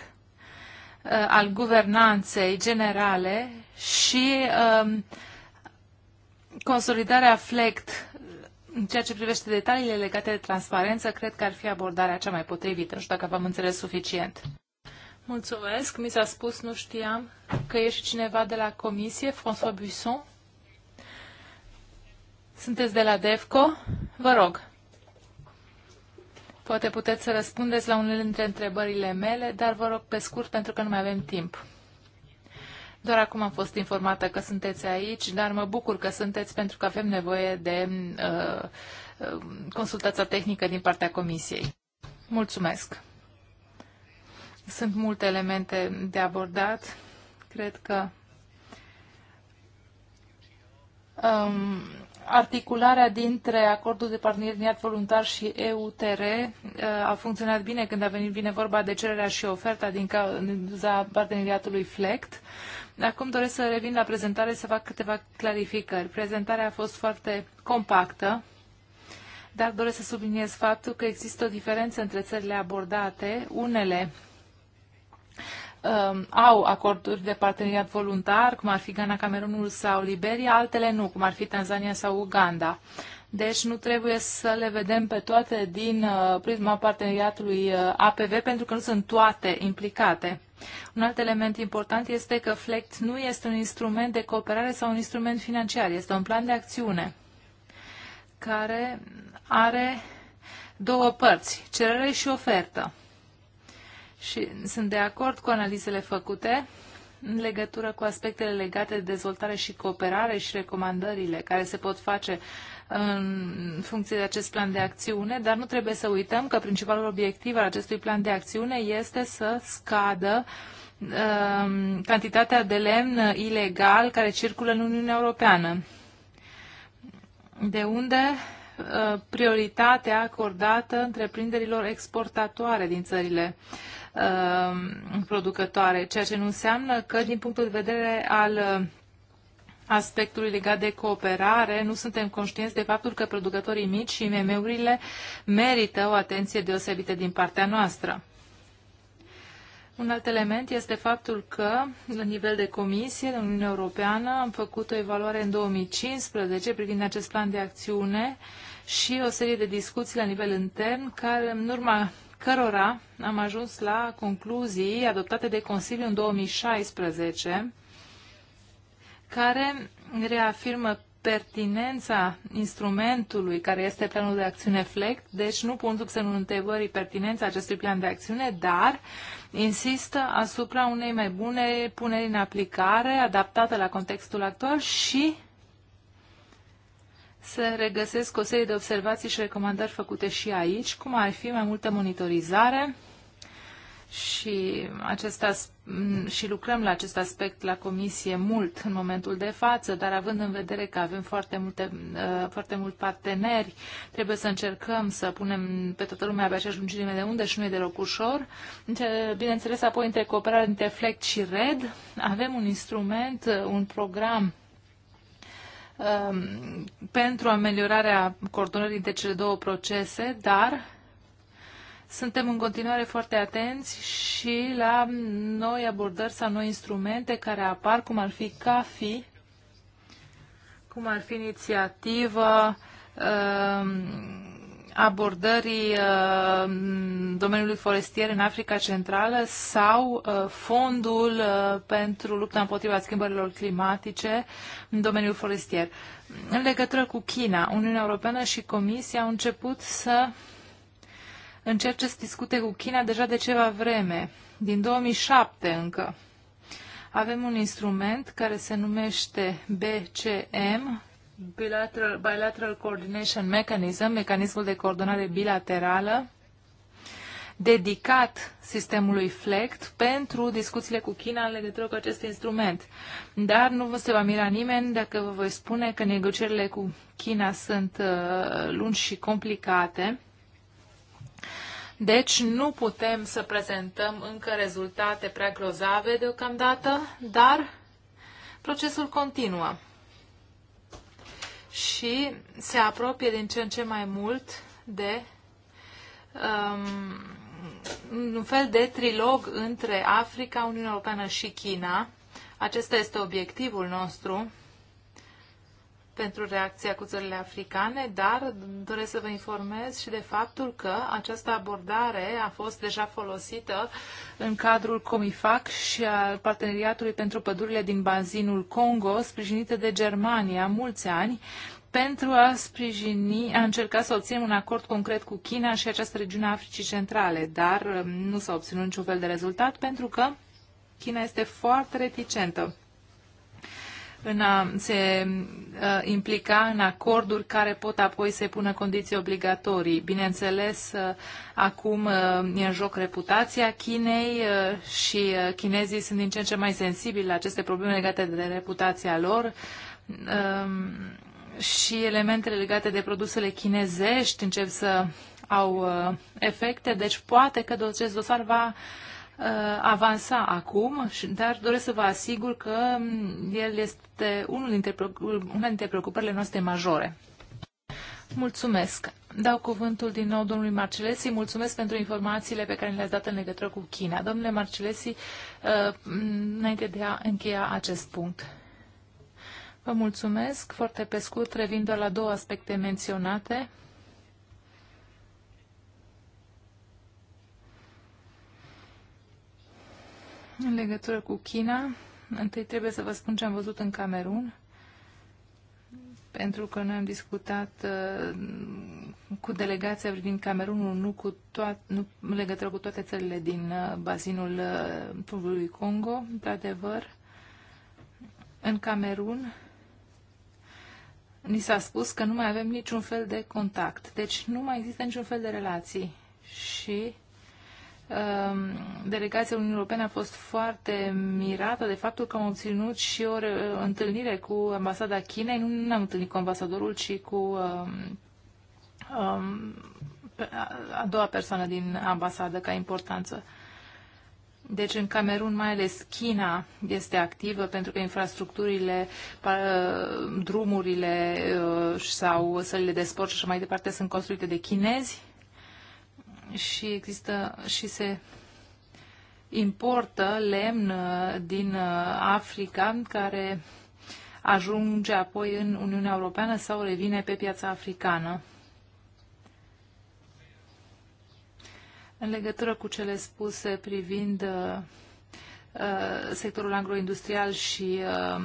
Uh, al guvernanței generale și um, consolidarea FLECT în ceea ce privește detaliile legate de transparență, cred că ar fi abordarea cea mai potrivită. Nu știu dacă v-am înțeles suficient. Mulțumesc. Mi s-a spus, nu știam, că e și cineva de la comisie, François Buisson. Sunteți de la DEFCO? Vă rog. Poate puteți să răspundeți la unele dintre întrebările mele, dar vă rog pe scurt pentru că nu mai avem timp. Doar acum am fost informată că sunteți aici, dar mă bucur că sunteți pentru că avem nevoie de uh, uh, consultația tehnică din partea Comisiei. Mulțumesc! Sunt multe elemente de abordat. Cred că um, articularea dintre acordul de parteneriat voluntar și EUTR eh, a funcționat bine când a venit bine vorba de cererea și oferta din cauza parteneriatului FLECT. Acum doresc să revin la prezentare să fac câteva clarificări. Prezentarea a fost foarte compactă, dar doresc să subliniez faptul că există o diferență între țările abordate. Unele um, au acorduri de parteneriat voluntar, cum ar fi Ghana, Camerunul sau Liberia, altele nu, cum ar fi Tanzania sau Uganda. Deci nu trebuie să le vedem pe toate din uh, prisma parteneriatului uh, APV, pentru că nu sunt toate implicate. Un alt element important este că FLECT nu este un instrument de cooperare sau un instrument financiar, este un plan de acțiune care are două părți, cerere și ofertă și sunt de acord cu analizele făcute în legătură cu aspectele legate de dezvoltare și cooperare și recomandările care se pot face în funcție de acest plan de acțiune, dar nu trebuie să uităm că principalul obiectiv al acestui plan de acțiune este să scadă um, cantitatea de lemn ilegal care circulă în Uniunea Europeană. De unde uh, prioritatea acordată întreprinderilor exportatoare din țările Um, producătoare, ceea ce nu înseamnă că din punctul de vedere al um, aspectului legat de cooperare, nu suntem conștienți de faptul că producătorii mici și MM-urile merită o atenție deosebită din partea noastră. Un alt element este faptul că, la nivel de comisie, în Uniunea Europeană, am făcut o evaluare în 2015 privind acest plan de acțiune și o serie de discuții la nivel intern, care, în urma cărora am ajuns la concluzii adoptate de Consiliu în 2016, care reafirmă pertinența instrumentului care este planul de acțiune FLECT, deci nu pun sub semnul întrebării pertinența acestui plan de acțiune, dar insistă asupra unei mai bune puneri în aplicare, adaptată la contextul actual și se regăsesc o serie de observații și recomandări făcute și aici, cum ar fi mai multă monitorizare și, acest as- și lucrăm la acest aspect la comisie mult în momentul de față, dar având în vedere că avem foarte, multe, uh, foarte mult parteneri, trebuie să încercăm să punem pe toată lumea pe aceeași lungime de unde și nu e deloc ușor. Bineînțeles, apoi între cooperare între FLECT și RED avem un instrument, uh, un program Um, pentru ameliorarea coordonării de cele două procese, dar suntem în continuare foarte atenți și la noi abordări sau noi instrumente care apar, cum ar fi CAFI, cum ar fi inițiativă, um, abordării uh, domeniului forestier în Africa Centrală sau uh, fondul uh, pentru lupta împotriva schimbărilor climatice în domeniul forestier. În legătură cu China, Uniunea Europeană și Comisia au început să încerce să discute cu China deja de ceva vreme, din 2007 încă. Avem un instrument care se numește BCM, Bilateral, bilateral Coordination Mechanism, mecanismul de coordonare bilaterală, dedicat sistemului FLECT pentru discuțiile cu China în legătură cu acest instrument. Dar nu vă se va mira nimeni dacă vă voi spune că negocierile cu China sunt uh, lungi și complicate. Deci nu putem să prezentăm încă rezultate prea grozave deocamdată, dar procesul continuă și se apropie din ce în ce mai mult de um, un fel de trilog între Africa, Uniunea Europeană și China. Acesta este obiectivul nostru pentru reacția cu țările africane, dar doresc să vă informez și de faptul că această abordare a fost deja folosită în cadrul Comifac și al Parteneriatului pentru Pădurile din Bazinul Congo, sprijinită de Germania mulți ani, pentru a sprijini, a încerca să obținem un acord concret cu China și această regiune a Africii Centrale, dar um, nu s-a obținut niciun fel de rezultat pentru că China este foarte reticentă în a se uh, implica în acorduri care pot apoi să pună condiții obligatorii. Bineînțeles, uh, acum uh, e în joc reputația Chinei și chinezii sunt din ce în ce mai sensibili la aceste probleme legate de reputația lor um, și elementele legate de produsele chinezești încep să au efecte, deci poate că acest dosar va uh, Uh, avansa acum, dar doresc să vă asigur că mm, el este unul dintre, una dintre preocupările noastre majore. Mulțumesc. Dau cuvântul din nou domnului Marcelesi. Mulțumesc pentru informațiile pe care le-ați dat în legătură cu China. Domnule Marcelesi, uh, înainte de a încheia acest punct. Vă mulțumesc. Foarte pe scurt, revin doar la două aspecte menționate. În legătură cu China, întâi trebuie să vă spun ce am văzut în Camerun, pentru că noi am discutat uh, cu delegația din Camerunul, nu, cu toat, nu în legătură cu toate țările din uh, bazinul uh, Congo, într-adevăr. În Camerun ni s-a spus că nu mai avem niciun fel de contact, deci nu mai există niciun fel de relații și Ehm, delegația Uniunii Europene a fost foarte mirată de faptul că am obținut și o întâlnire cu ambasada Chinei. Nu ne-am întâlnit cu ambasadorul, ci cu um, a doua persoană din ambasadă ca importanță. Deci în Camerun mai ales China este activă pentru că infrastructurile, drumurile sau sălile de sport și așa mai departe sunt construite de chinezi și există și se importă lemn uh, din uh, Africa care ajunge apoi în Uniunea Europeană sau revine pe piața africană. În legătură cu cele spuse privind uh, sectorul agroindustrial și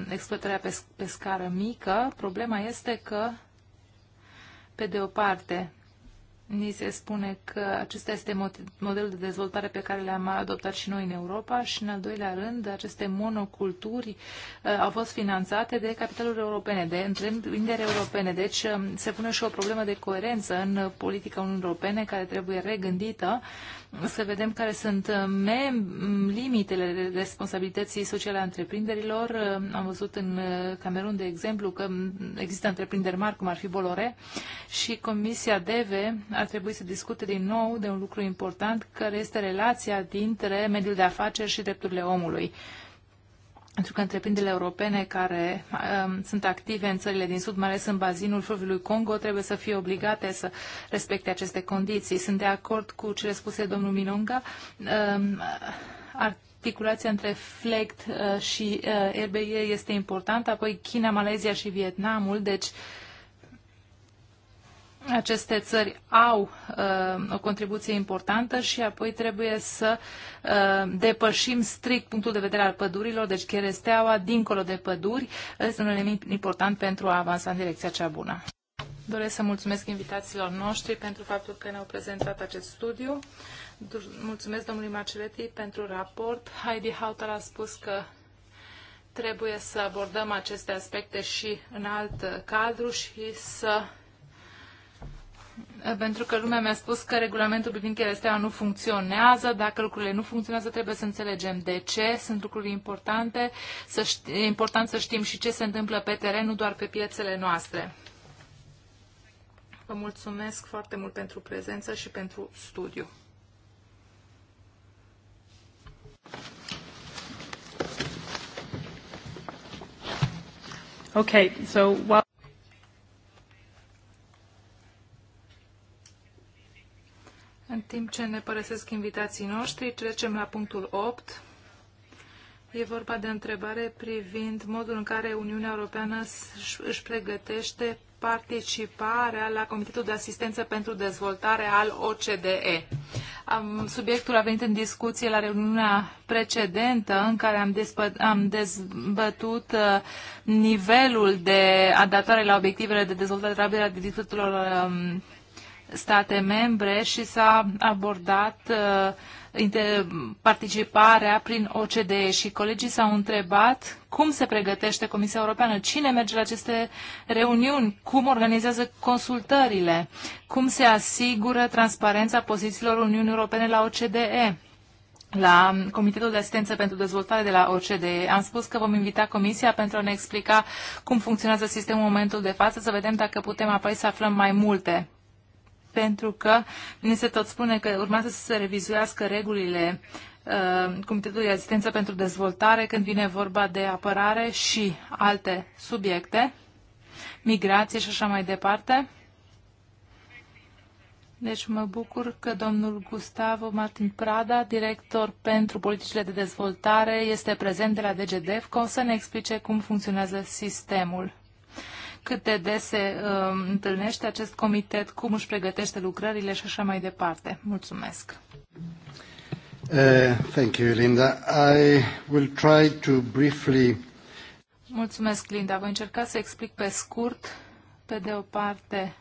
exploatarea pe, scară mică, problema este că, pe de o parte, ni se spune că acesta este modelul de dezvoltare pe care le-am adoptat și noi în Europa și, în al doilea rând, aceste monoculturi uh, au fost finanțate de capitaluri europene, de întreprinderi europene. Deci um, se pune și o problemă de coerență în politica Uniunii Europene care trebuie regândită să vedem care sunt uh, limitele responsabilității sociale a întreprinderilor. Uh, am văzut în uh, Camerun, de exemplu, că există întreprinderi mari, cum ar fi Bolore, și Comisia DEVE ar trebui să discute din nou de un lucru important, care este relația dintre mediul de afaceri și drepturile omului pentru că întreprinderile europene care um, sunt active în țările din Sud, mai ales în bazinul fluviului Congo, trebuie să fie obligate să respecte aceste condiții. Sunt de acord cu cele spuse domnul Minonga. Um, articulația între FLECT uh, și uh, RBE este importantă, apoi China, Malezia și Vietnamul, deci uh, aceste țări au uh, o contribuție importantă și apoi trebuie să uh, depășim strict punctul de vedere al pădurilor, deci cheresteaua dincolo de păduri este un element important pentru a avansa în direcția cea bună. Doresc să mulțumesc invitațiilor noștri pentru faptul că ne-au prezentat acest studiu. Mulțumesc domnului Marceletti pentru raport. Heidi Hauter a spus că trebuie să abordăm aceste aspecte și în alt uh, cadru și să pentru că lumea mi-a spus că regulamentul privind chelesteaua nu funcționează. Dacă lucrurile nu funcționează, trebuie să înțelegem de ce. Sunt lucruri importante. Să ști, e important să știm și ce se întâmplă pe teren, nu doar pe piețele noastre. Vă mulțumesc foarte mult pentru prezență și pentru studiu. Okay, so while În timp ce ne părăsesc invitații noștri, trecem la punctul 8. E vorba de întrebare privind modul în care Uniunea Europeană își pregătește participarea la Comitetul de Asistență pentru Dezvoltare al OCDE. Subiectul a venit în discuție la reuniunea precedentă în care am, am dezbătut uh, nivelul de adaptare la obiectivele de dezvoltare rapidă a diferitelor um, state membre și s-a abordat uh, participarea prin OCDE și colegii s-au întrebat cum se pregătește Comisia Europeană, cine merge la aceste reuniuni, cum organizează consultările, cum se asigură transparența pozițiilor Uniunii Europene la OCDE la Comitetul de Asistență pentru Dezvoltare de la OCDE. Am spus că vom invita Comisia pentru a ne explica cum funcționează sistemul în momentul de față, să vedem dacă putem apoi să aflăm mai multe pentru că ni se tot spune că urmează să se revizuiască regulile uh, Comitetului Asistență pentru Dezvoltare când vine vorba de apărare și alte subiecte, migrație și așa mai departe. Deci mă bucur că domnul Gustavo Martin Prada, director pentru politicile de dezvoltare, este prezent de la DGDEF, ca să ne explice cum funcționează sistemul cât de des se uh, întâlnește acest comitet, cum își pregătește lucrările și așa mai departe. Mulțumesc. Uh, thank you, Linda. I will try to briefly... Mulțumesc, Linda. Voi încerca să explic pe scurt, pe de o parte,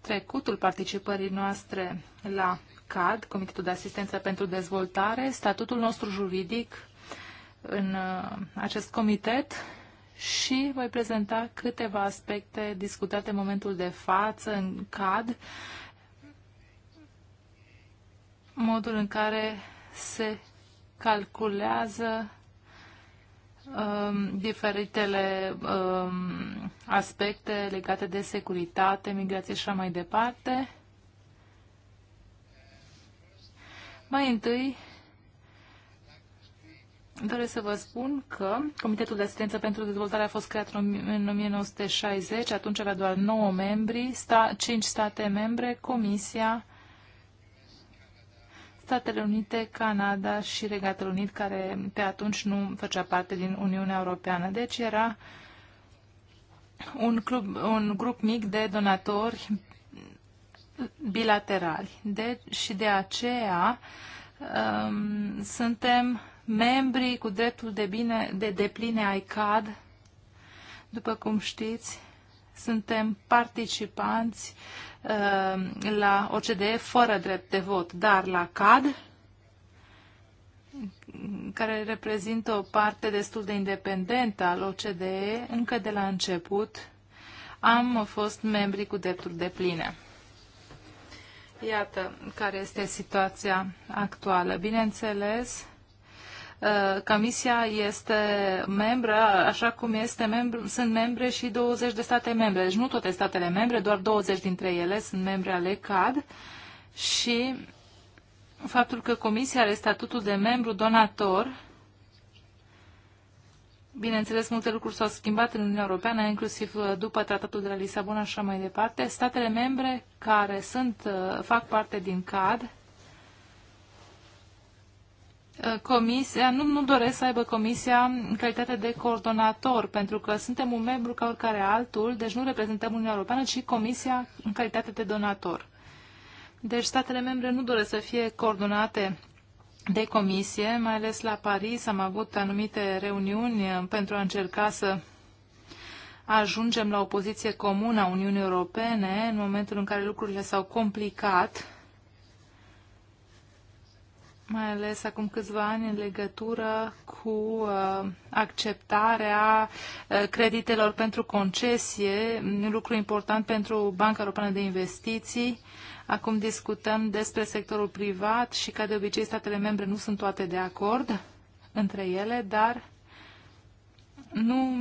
trecutul participării noastre la CAD, Comitetul de Asistență pentru Dezvoltare, statutul nostru juridic în uh, acest comitet și voi prezenta câteva aspecte discutate în momentul de față, în CAD, modul în care se calculează um, diferitele um, aspecte legate de securitate, migrație și așa mai departe. Mai întâi Doresc să vă spun că Comitetul de Asistență pentru Dezvoltare a fost creat în 1960, atunci avea doar 9 membri, sta, 5 state membre, Comisia, Statele Unite, Canada și Regatul Unit, care pe atunci nu făcea parte din Uniunea Europeană. Deci era un, club, un grup mic de donatori bilaterali. De, și de aceea um, suntem membrii cu dreptul de, bine, de depline ai CAD. După cum știți, suntem participanți uh, la OCDE fără drept de vot, dar la CAD, care reprezintă o parte destul de independentă al OCDE, încă de la început am fost membri cu drepturi de pline. Iată care este situația actuală. Bineînțeles, Uh, comisia este membră, așa cum este membru, sunt membre și 20 de state membre. Deci nu toate statele membre, doar 20 dintre ele sunt membre ale CAD și faptul că Comisia are statutul de membru donator, bineînțeles, multe lucruri s-au schimbat în Uniunea Europeană, inclusiv uh, după tratatul de la Lisabona și așa mai departe. Statele membre care sunt, uh, fac parte din CAD, Uh, comisia, nu, nu doresc să aibă comisia în calitate de coordonator, pentru că suntem un membru ca oricare altul, deci nu reprezentăm Uniunea Europeană, ci comisia în calitate de donator. Deci statele membre nu doresc să fie coordonate de comisie, mai ales la Paris am avut anumite reuniuni uh, pentru a încerca să ajungem la o poziție comună a Uniunii Europene în momentul în care lucrurile s-au complicat mai ales acum câțiva ani, în legătură cu uh, acceptarea uh, creditelor pentru concesie, un lucru important pentru Banca Europeană de Investiții. Acum discutăm despre sectorul privat și, ca de obicei, statele membre nu sunt toate de acord între ele, dar nu,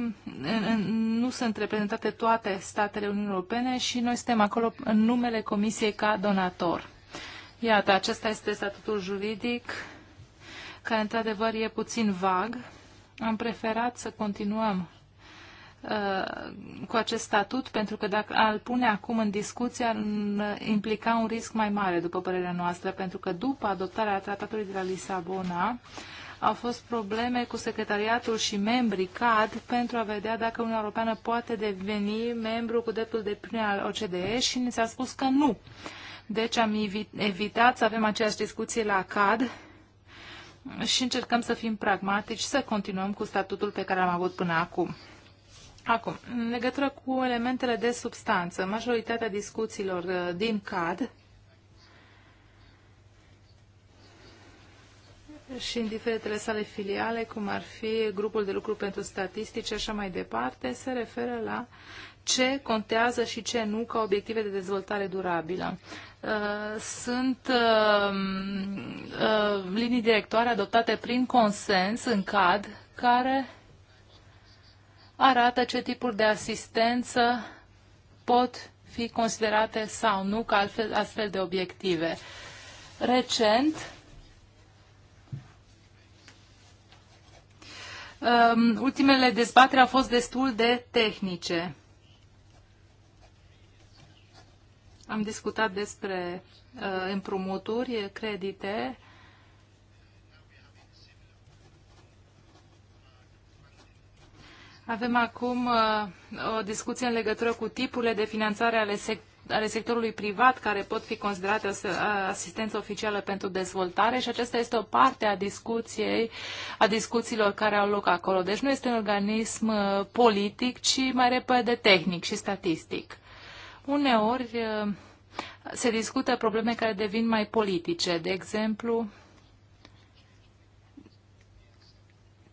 nu sunt reprezentate toate statele Uniunii Europene și noi suntem acolo în numele Comisiei ca donator. Iată, acesta este statutul juridic, care într-adevăr e puțin vag. Am preferat să continuăm uh, cu acest statut, pentru că dacă îl pune acum în discuție, ar uh, implica un risc mai mare, după părerea noastră, pentru că după adoptarea tratatului de la Lisabona, au fost probleme cu secretariatul și membrii CAD pentru a vedea dacă Uniunea Europeană poate deveni membru cu dreptul de plin al OCDE și ni s-a spus că nu. Uh, deci am evitat să avem aceeași discuție la CAD și încercăm să fim pragmatici, să continuăm cu statutul pe care l-am avut până acum. Acum, în legătură cu elementele de substanță, majoritatea discuțiilor uh, din CAD și în diferitele sale filiale, cum ar fi grupul de lucru pentru statistici și așa mai departe, se referă la ce contează și ce nu ca obiective de dezvoltare durabilă. Uh, sunt uh, uh, linii directoare adoptate prin consens în CAD care arată ce tipuri de asistență pot fi considerate sau nu ca altfel, astfel de obiective. Recent, um, ultimele dezbatere au fost destul de tehnice. Am discutat despre uh, împrumuturi, credite. Avem acum uh, o discuție în legătură cu tipurile de finanțare ale, sec- ale sectorului privat care pot fi considerate uh, asistență oficială pentru dezvoltare și aceasta este o parte a discuției, a discuțiilor care au loc acolo. Deci nu este un organism uh, politic, ci mai repede tehnic și statistic. Uneori eh, se discută probleme care devin mai politice, de exemplu,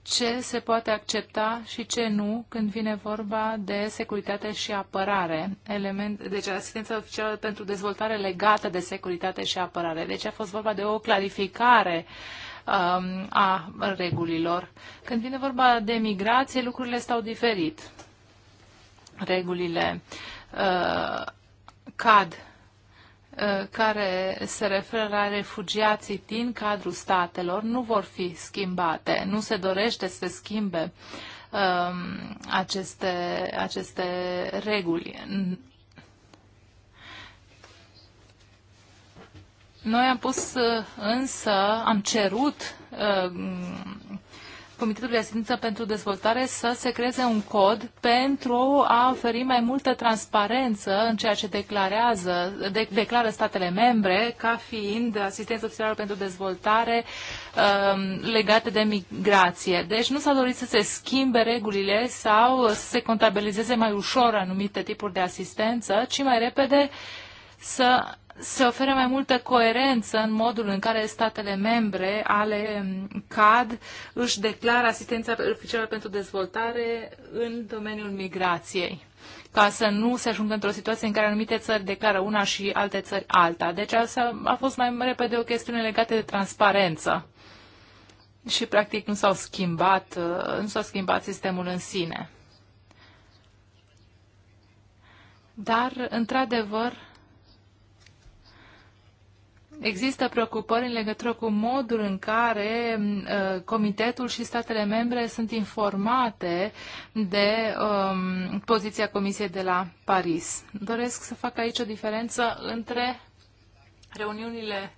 ce se poate accepta și ce nu când vine vorba de securitate și apărare. Element, deci asistența oficială pentru dezvoltare legată de securitate și apărare. Deci a fost vorba de o clarificare um, a regulilor. Când vine vorba de migrație, lucrurile stau diferit. Regulile uh, uh, CAD uh, care se referă la refugiații din cadrul statelor nu vor fi schimbate. Nu se dorește să se schimbe uh, aceste, aceste reguli. Noi am pus uh, însă, am cerut uh, Comitetul de Asistență pentru Dezvoltare să se creeze un cod pentru a oferi mai multă transparență în ceea ce declarează, de, declară statele membre ca fiind asistență oficială pentru dezvoltare um, legate de migrație. Deci nu s-a dorit să se schimbe regulile sau să se contabilizeze mai ușor anumite tipuri de asistență, ci mai repede să să ofere mai multă coerență în modul în care statele membre ale mm, CAD își declară asistența oficială pentru dezvoltare în domeniul migrației ca să nu se ajungă într-o situație în care anumite țări declară una și alte țări alta. Deci asta a fost mai repede o chestiune legată de transparență. Și practic nu s-au schimbat, uh, nu s a schimbat sistemul în sine. Dar, într-adevăr, Există preocupări în legătură cu modul în care uh, Comitetul și statele membre sunt informate de um, poziția Comisiei de la Paris. Doresc să fac aici o diferență între reuniunile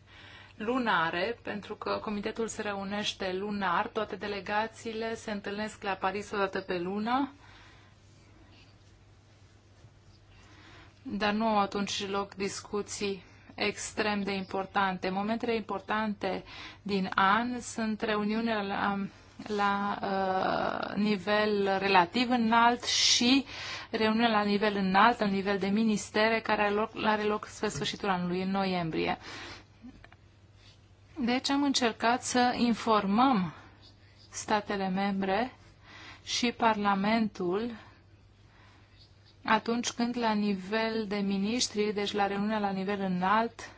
lunare, pentru că comitetul se reunește lunar, toate delegațiile se întâlnesc la Paris o dată pe lună, dar nu au atunci loc discuții extrem de importante. Momentele importante din an sunt reuniunile la, la uh, nivel relativ înalt și reuniunea la nivel înalt, la nivel de ministere, care are loc, are loc spre sfârșitul anului, în noiembrie. Deci am încercat să informăm statele membre și Parlamentul atunci când la nivel de miniștri, deci la reuniunea la nivel înalt,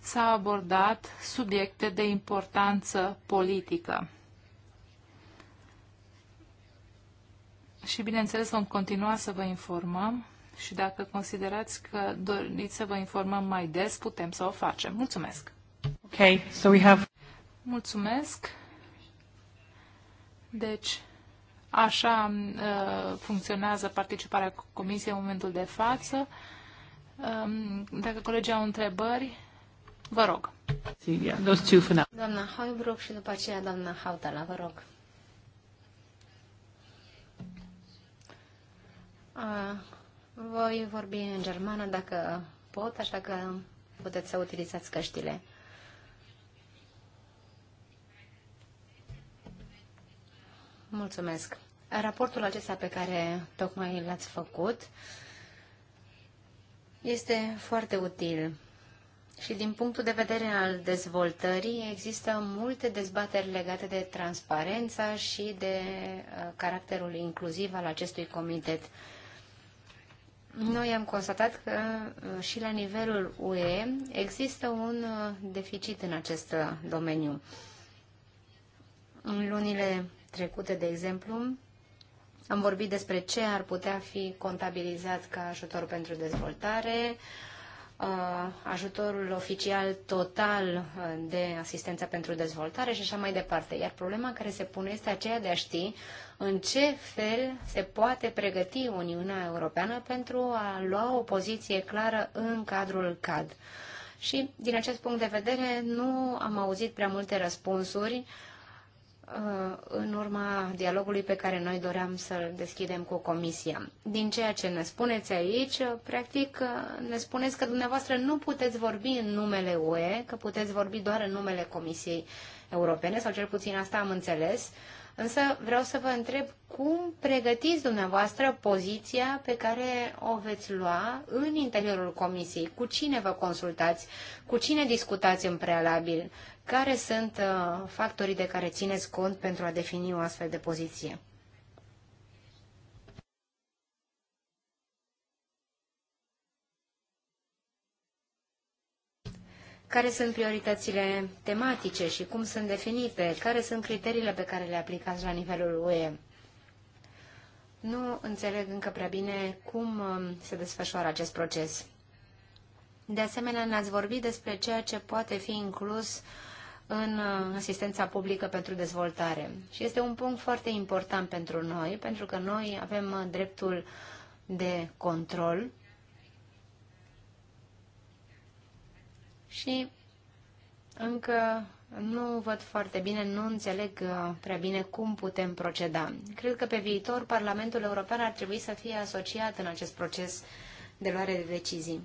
s-a abordat subiecte de importanță politică. Și bineînțeles vom continua să vă informăm și dacă considerați că doriți să vă informăm mai des, putem să o facem. Mulțumesc! Okay, so we have... Mulțumesc! Deci, Așa uh, funcționează participarea comisiei în momentul de față. Um, dacă colegii au întrebări, vă rog. Doamna Hoibruc și după aceea doamna Hautala, vă rog. voi vorbi în germană dacă pot, așa că puteți să utilizați căștile. Mulțumesc. Raportul acesta pe care tocmai l-ați făcut este foarte util. Și din punctul de vedere al dezvoltării, există multe dezbateri legate de transparența și de uh, caracterul inclusiv al acestui comitet. Noi am constatat că uh, și la nivelul UE există un uh, deficit în acest domeniu. În lunile trecute, de exemplu, am vorbit despre ce ar putea fi contabilizat ca ajutor pentru dezvoltare, uh, ajutorul oficial total uh, de asistență pentru dezvoltare și așa mai departe. Iar problema care se pune este aceea de a ști în ce fel se poate pregăti Uniunea Europeană pentru a lua o poziție clară în cadrul CAD. Și din acest punct de vedere nu am auzit prea multe răspunsuri uh, Uh, în urma dialogului pe care noi doream să-l deschidem cu Comisia. Din ceea ce ne spuneți aici, uh, practic uh, ne spuneți că dumneavoastră nu puteți vorbi în numele UE, că puteți vorbi doar în numele Comisiei Europene, sau cel puțin asta am înțeles, însă vreau să vă întreb cum pregătiți dumneavoastră poziția pe care o veți lua în interiorul Comisiei, cu cine vă consultați, cu cine discutați în prealabil, care sunt uh, factorii de care țineți cont pentru a defini o astfel de poziție? care sunt prioritățile tematice și cum sunt definite, care sunt criteriile pe care le aplicați la nivelul UE. Nu înțeleg încă prea bine cum um, se desfășoară acest proces. De asemenea, ne-ați vorbit despre ceea ce poate fi inclus în uh, asistența publică pentru dezvoltare. Și este un punct foarte important pentru noi, pentru că noi avem uh, dreptul de control și încă nu văd foarte bine, nu înțeleg uh, prea bine cum putem proceda. Cred că pe viitor Parlamentul European ar trebui să fie asociat în acest proces de luare de decizii.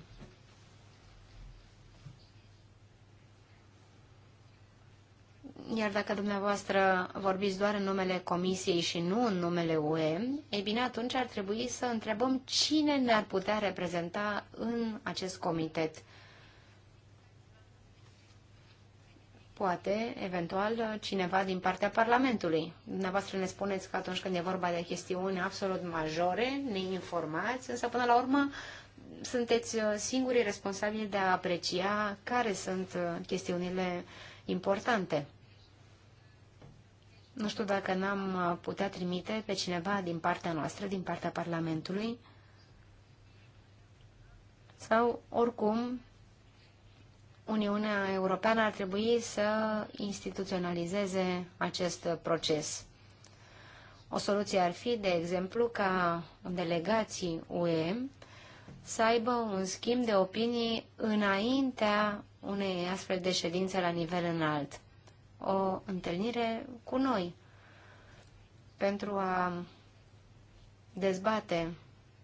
Iar dacă dumneavoastră vorbiți doar în numele Comisiei și nu în numele UE, e bine, atunci ar trebui să întrebăm cine ne-ar putea reprezenta în acest comitet. Poate, eventual, cineva din partea Parlamentului. Dumneavoastră ne spuneți că atunci când e vorba de chestiuni absolut majore, ne informați, însă până la urmă sunteți uh, singurii responsabili de a aprecia care sunt uh, chestiunile importante. Nu știu dacă n-am uh, putea trimite pe cineva din partea noastră, din partea Parlamentului, sau, oricum, Uniunea Europeană ar trebui să instituționalizeze acest proces. O soluție ar fi, de exemplu, ca delegații UE să aibă un schimb de opinii înaintea unei astfel de ședințe la nivel înalt o întâlnire cu noi pentru a dezbate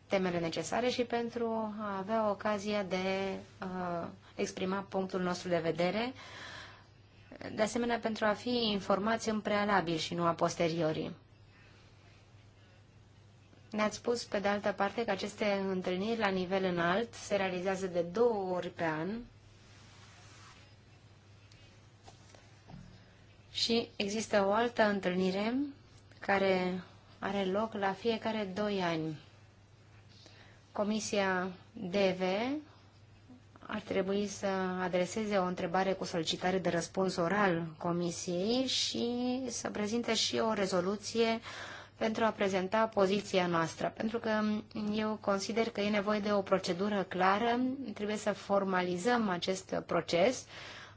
temele necesare și pentru a avea ocazia de a uh, exprima punctul nostru de vedere, de asemenea pentru a fi informați în prealabil și nu a posteriori. Ne-ați spus, pe de altă parte, că aceste întâlniri la nivel înalt se realizează de două ori pe an, Și există o altă întâlnire care are loc la fiecare doi ani. Comisia DV ar trebui să adreseze o întrebare cu solicitare de răspuns oral Comisiei și să prezinte și o rezoluție pentru a prezenta poziția noastră, pentru că eu consider că e nevoie de o procedură clară, trebuie să formalizăm acest proces, uh,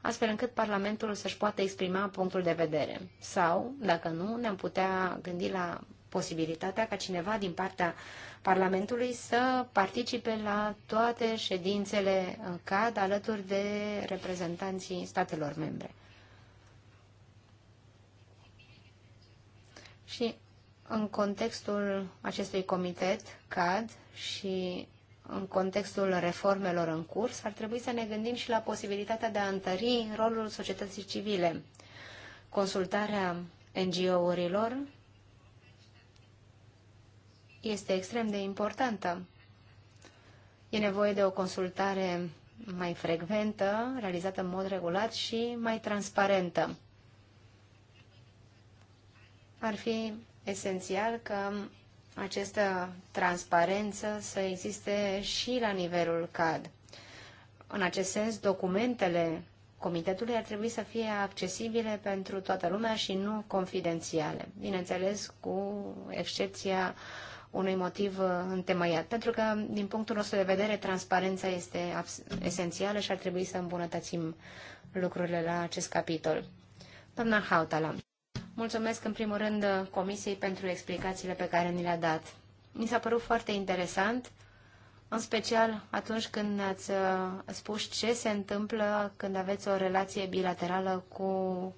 astfel încât Parlamentul să-și poată exprima punctul de vedere. Sau, dacă nu, ne-am putea gândi la posibilitatea ca cineva din partea Parlamentului să participe la toate ședințele în CAD alături de reprezentanții statelor membre. Și în contextul acestui comitet CAD și în contextul reformelor în curs, ar trebui să ne gândim și la posibilitatea de a întări rolul societății civile, consultarea NGO-urilor este extrem de importantă. E nevoie de o consultare mai frecventă, realizată în mod regulat și mai transparentă. Ar fi esențial că această transparență să existe și la nivelul CAD. În acest sens, documentele comitetului ar trebui să fie accesibile pentru toată lumea și nu confidențiale, bineînțeles cu excepția unui motiv întemeiat, pentru că, din punctul nostru de vedere, transparența este esențială și ar trebui să îmbunătățim lucrurile la acest capitol. Doamna Hautala. Mulțumesc în primul rând Comisiei pentru explicațiile pe care ni le-a dat. Mi s-a părut foarte interesant, în special atunci când ați uh, spus ce se întâmplă când aveți o relație bilaterală cu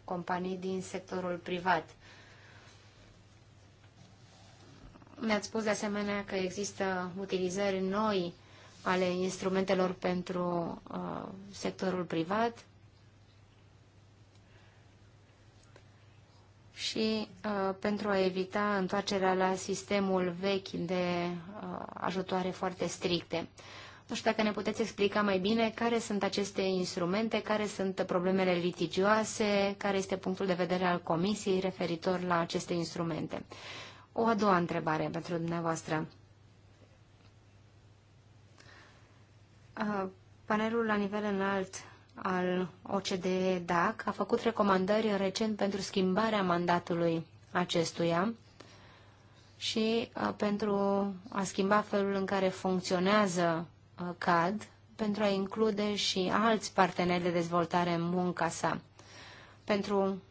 companii din sectorul privat. Mi-ați spus de asemenea că există utilizări noi ale instrumentelor pentru uh, sectorul privat și uh, pentru a evita întoarcerea la sistemul vechi de uh, ajutoare foarte stricte. Nu știu dacă ne puteți explica mai bine care sunt aceste instrumente, care sunt problemele litigioase, care este punctul de vedere al Comisiei referitor la aceste instrumente. O a doua întrebare pentru dumneavoastră. Uh, panelul la nivel înalt al OCDE-DAC a făcut recomandări recent pentru schimbarea mandatului acestuia și uh, pentru a schimba felul în care funcționează uh, CAD, pentru a include și alți parteneri de dezvoltare în munca sa, pentru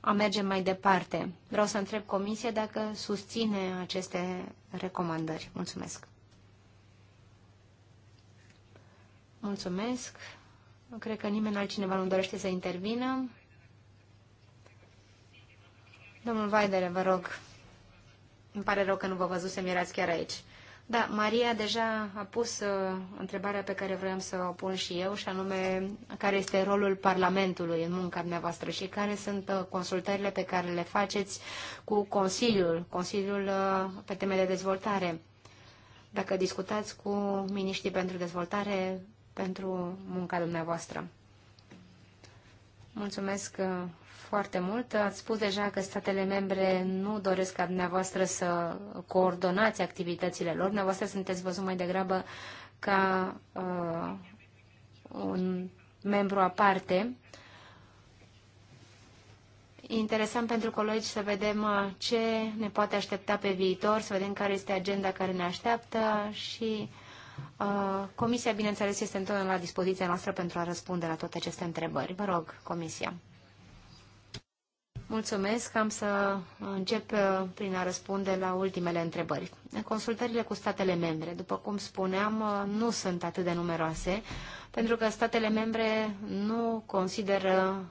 a merge mai departe. Vreau să întreb Comisia dacă susține aceste recomandări. Mulțumesc! Mulțumesc! Nu Cred că nimeni altcineva nu dorește să intervină. Domnul Vaidere, vă rog. Îmi pare rău că nu vă văzusem, erați chiar aici. Da, Maria deja a pus uh, întrebarea pe care vreau să o pun și eu, și anume care este rolul Parlamentului în munca dumneavoastră și care sunt uh, consultările pe care le faceți cu Consiliul, Consiliul uh, pe teme de dezvoltare. Dacă discutați cu miniștrii pentru dezvoltare, pentru munca dumneavoastră. Mulțumesc uh, foarte mult. Ați spus deja că statele membre nu doresc ca dumneavoastră să coordonați activitățile lor. Dumneavoastră sunteți văzut mai degrabă ca uh, un membru aparte. Interesant pentru colegi să vedem uh, ce ne poate aștepta pe viitor, să vedem care este agenda care ne așteaptă și Uh, comisia, bineînțeles, este întotdeauna la dispoziția noastră pentru a răspunde la toate aceste întrebări. Vă rog, Comisia. Mulțumesc. Am să încep uh, prin a răspunde la ultimele întrebări. Consultările cu statele membre, după cum spuneam, uh, nu sunt atât de numeroase, pentru că statele membre nu consideră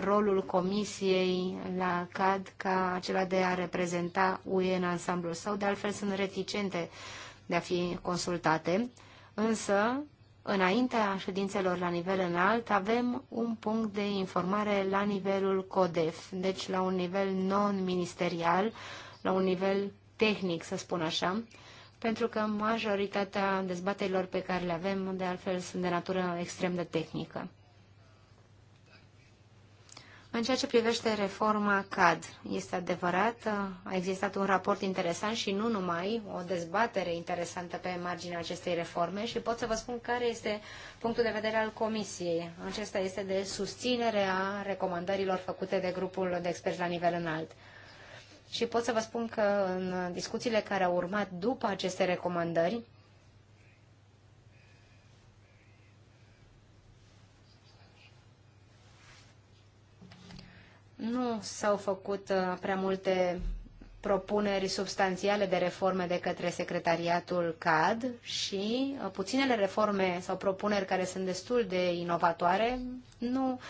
rolul Comisiei la CAD ca acela de a reprezenta UE în ansamblul sau de altfel sunt reticente de a fi consultate, însă, înaintea ședințelor la nivel înalt, avem un punct de informare la nivelul CODEF, deci la un nivel non-ministerial, la un nivel tehnic, să spun așa, pentru că majoritatea dezbaterilor pe care le avem, de altfel, sunt de natură extrem de tehnică. În ceea ce privește reforma CAD, este adevărat, a existat un raport interesant și nu numai, o dezbatere interesantă pe marginea acestei reforme și pot să vă spun care este punctul de vedere al Comisiei. Acesta este de susținere a recomandărilor făcute de grupul de experți la nivel înalt. Și pot să vă spun că în discuțiile care au urmat după aceste recomandări, nu s-au făcut uh, prea multe propuneri substanțiale de reforme de către secretariatul CAD și uh, puținele reforme sau propuneri care sunt destul de inovatoare nu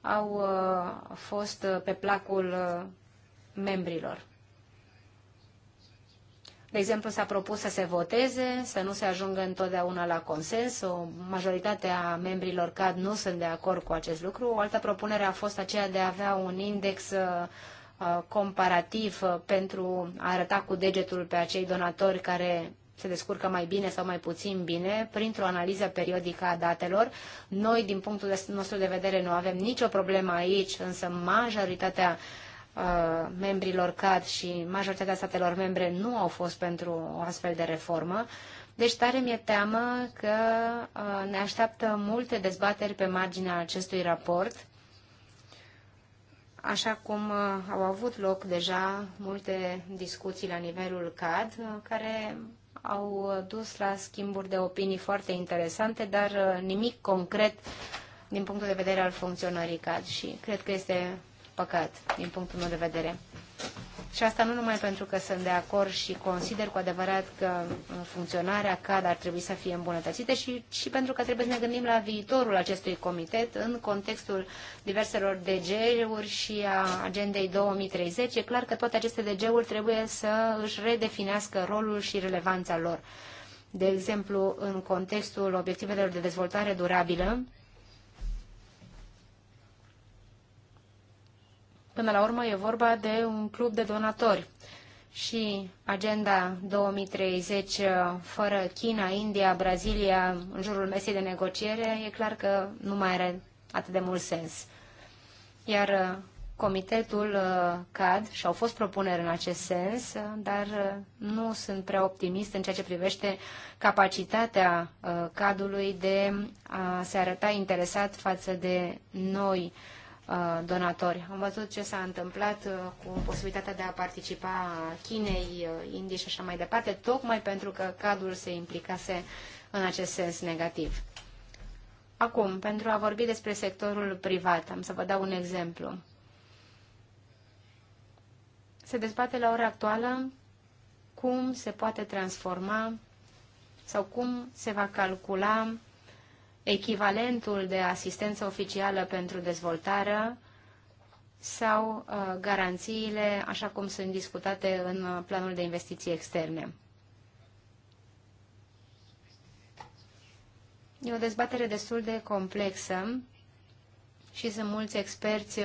au uh, fost pe placul membrilor. De exemplu, s-a propus să se voteze, să nu se ajungă întotdeauna la consens. O majoritate a membrilor CAD nu sunt de acord cu acest lucru. O altă propunere a fost aceea de a avea un index uh, comparativ uh, pentru a arăta cu degetul pe acei donatori care se descurcă mai bine sau mai puțin bine printr-o analiză periodică a datelor. Noi, din punctul nostru de vedere, nu avem nicio problemă aici, însă majoritatea uh, Uh, membrilor CAD și majoritatea statelor membre nu au fost pentru o astfel de reformă. Deci tare mi-e teamă că uh, ne așteaptă multe dezbateri pe marginea acestui raport, așa cum uh, au avut loc deja multe discuții la nivelul CAD, care au dus la schimburi de opinii foarte interesante, dar nimic concret din punctul de vedere al funcționării CAD și cred că este păcat, din punctul meu de vedere. Și asta nu numai pentru că sunt de acord și consider cu adevărat că uh, funcționarea CAD ar trebui să fie îmbunătățită, și, și pentru că trebuie să ne gândim la viitorul acestui comitet în contextul diverselor DG-uri și a agendei 2030. E clar că toate aceste DG-uri trebuie să își redefinească rolul și relevanța lor. De exemplu, în contextul obiectivelor de dezvoltare durabilă, Până la urmă e vorba de un club de donatori și Agenda 2030 uh, fără China, India, Brazilia în jurul mesei de negociere, e clar că nu mai are atât de mult sens. Iar uh, comitetul uh, CAD și au fost propuneri în acest sens, dar nu sunt prea optimist în ceea ce privește capacitatea CAD-ului de a se arăta interesat față de noi Uh, donatori. Am văzut ce s-a întâmplat uh, cu posibilitatea de a participa Chinei, uh, Indiei și așa mai departe, tocmai pentru că cadrul se implicase în acest sens negativ. Acum, pentru a vorbi despre sectorul privat, am să vă dau un exemplu. Se dezbate la ora actuală cum se poate transforma sau cum se va calcula echivalentul de asistență oficială pentru dezvoltare sau uh, garanțiile, așa cum sunt discutate în uh, planul de investiții externe. E o dezbatere destul de complexă și sunt mulți experți uh,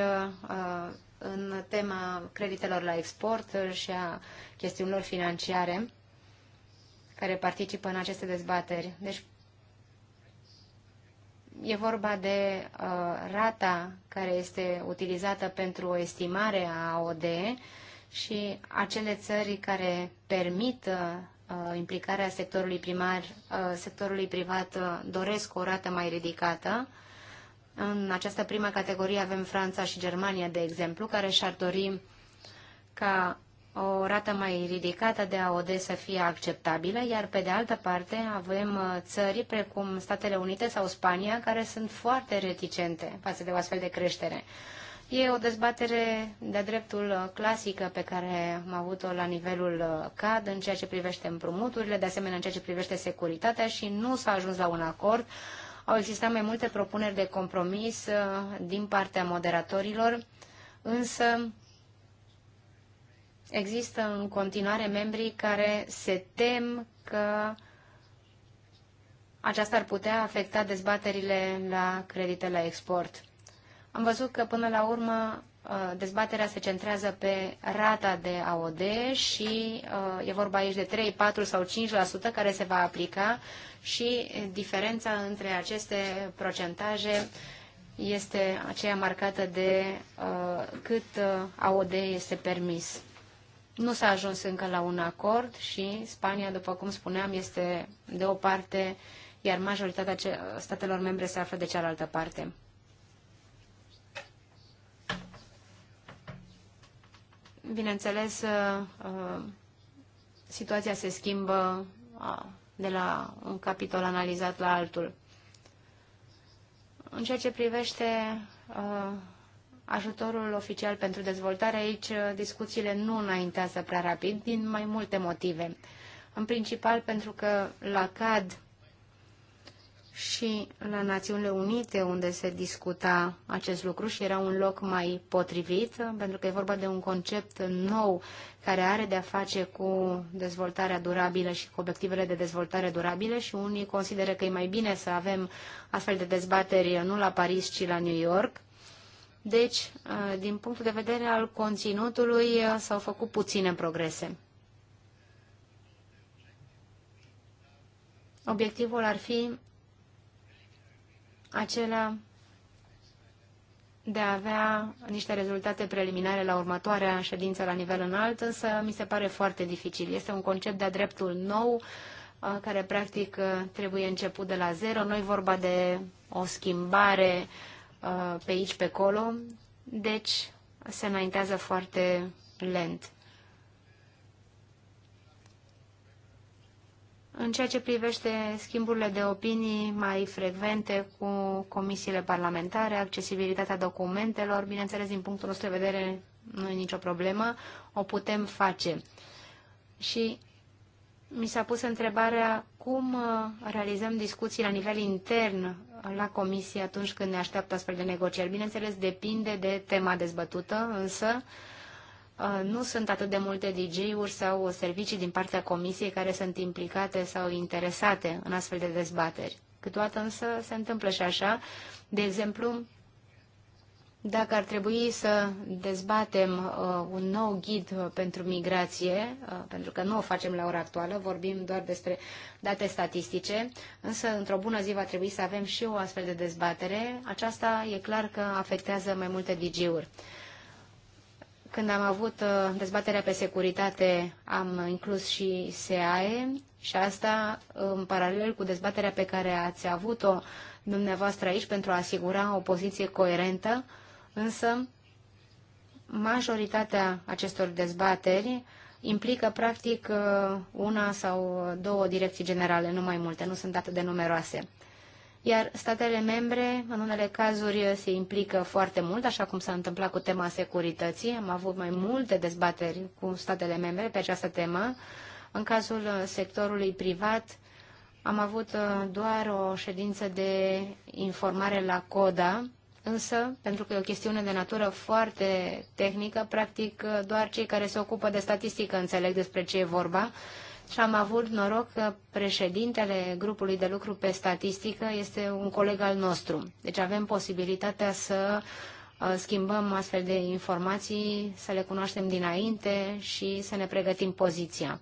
uh, în tema creditelor la export și a chestiunilor financiare care participă în aceste dezbateri. Deci E vorba de uh, rata care este utilizată pentru o estimare a ODE și acele țări care permit uh, implicarea sectorului primar, uh, sectorului privat uh, doresc o rată mai ridicată. În această prima categorie avem Franța și Germania, de exemplu, care și-ar dori ca o rată mai ridicată de AOD să fie acceptabilă, iar pe de altă parte avem uh, țări precum Statele Unite sau Spania care sunt foarte reticente față de o astfel de creștere. E o dezbatere de dreptul uh, clasică pe care am avut-o la nivelul uh, CAD în ceea ce privește împrumuturile, de asemenea în ceea ce privește securitatea și nu s-a ajuns la un acord. Au existat mai multe propuneri de compromis din partea moderatorilor, însă există în continuare membrii care se tem că aceasta ar putea afecta dezbaterile la credite la export. Am văzut că până la urmă uh, dezbaterea se centrează pe rata de AOD și uh, e vorba aici de 3, 4 sau 5% care se va aplica și diferența între aceste procentaje este aceea marcată de uh, cât AOD este permis. Nu s-a ajuns încă la un acord și Spania, după cum spuneam, este de o parte, iar majoritatea statelor membre se află de cealaltă parte. Bineînțeles, uh, uh, situația se schimbă de la un capitol analizat la altul. În ceea ce privește uh, ajutorul oficial pentru dezvoltare, aici uh, discuțiile nu înaintează prea rapid din mai multe motive. În principal pentru că la CAD și la Națiunile Unite, unde se discuta acest lucru și era un loc mai potrivit, uh, pentru că e vorba de un concept nou care are de-a face cu dezvoltarea durabilă și cu obiectivele de dezvoltare durabile și unii consideră că e mai bine să avem astfel de dezbateri nu la Paris, ci la New York. Deci, uh, din punct de vedere al conținutului, uh, s-au făcut puține progrese. Obiectivul ar fi acela de a avea niște rezultate preliminare la următoarea ședință la nivel înalt, însă mi se pare foarte dificil. Este un concept de-a dreptul nou, uh, care practic trebuie început de la zero. Noi vorba de o schimbare uh, Uh, pe aici, pe acolo, deci se înaintează foarte lent. În ceea ce privește schimburile de opinii mai frecvente cu comisiile parlamentare, accesibilitatea documentelor, bineînțeles, din punctul nostru de vedere, nu e nicio problemă, o putem face. Și mi s-a pus întrebarea cum uh, realizăm discuții la nivel intern la comisie atunci când ne așteaptă astfel de negocieri. Bineînțeles, depinde de tema dezbătută, însă uh, nu sunt atât de multe dj uri sau servicii din partea comisiei care sunt implicate sau interesate în astfel de dezbateri. Câteodată însă se întâmplă și așa. De exemplu, dacă ar trebui să dezbatem uh, un nou ghid uh, pentru migrație, uh, pentru că nu o facem la ora actuală, vorbim doar despre date statistice, însă într-o bună zi va trebui să avem și o astfel de dezbatere. Aceasta e clar că afectează mai multe DG-uri. Când am avut uh, dezbaterea pe securitate, am inclus și SAE și asta în paralel cu dezbaterea pe care ați avut-o dumneavoastră aici pentru a asigura o poziție coerentă uh, însă majoritatea acestor dezbateri implică practic uh, una sau două direcții generale, nu mai multe, nu sunt atât de numeroase. Iar statele membre, în unele cazuri, se implică foarte mult, așa cum s-a întâmplat cu tema securității. Am avut mai multe dezbateri cu statele membre pe această temă. În cazul sectorului privat, am avut uh, doar o ședință de informare la CODA, însă, pentru că e o chestiune de natură foarte tehnică, practic doar cei care se ocupă de statistică înțeleg despre ce e vorba și am avut noroc că președintele grupului de lucru pe statistică este un coleg al nostru. Deci avem posibilitatea să uh, schimbăm astfel de informații, să le cunoaștem dinainte și să ne pregătim poziția.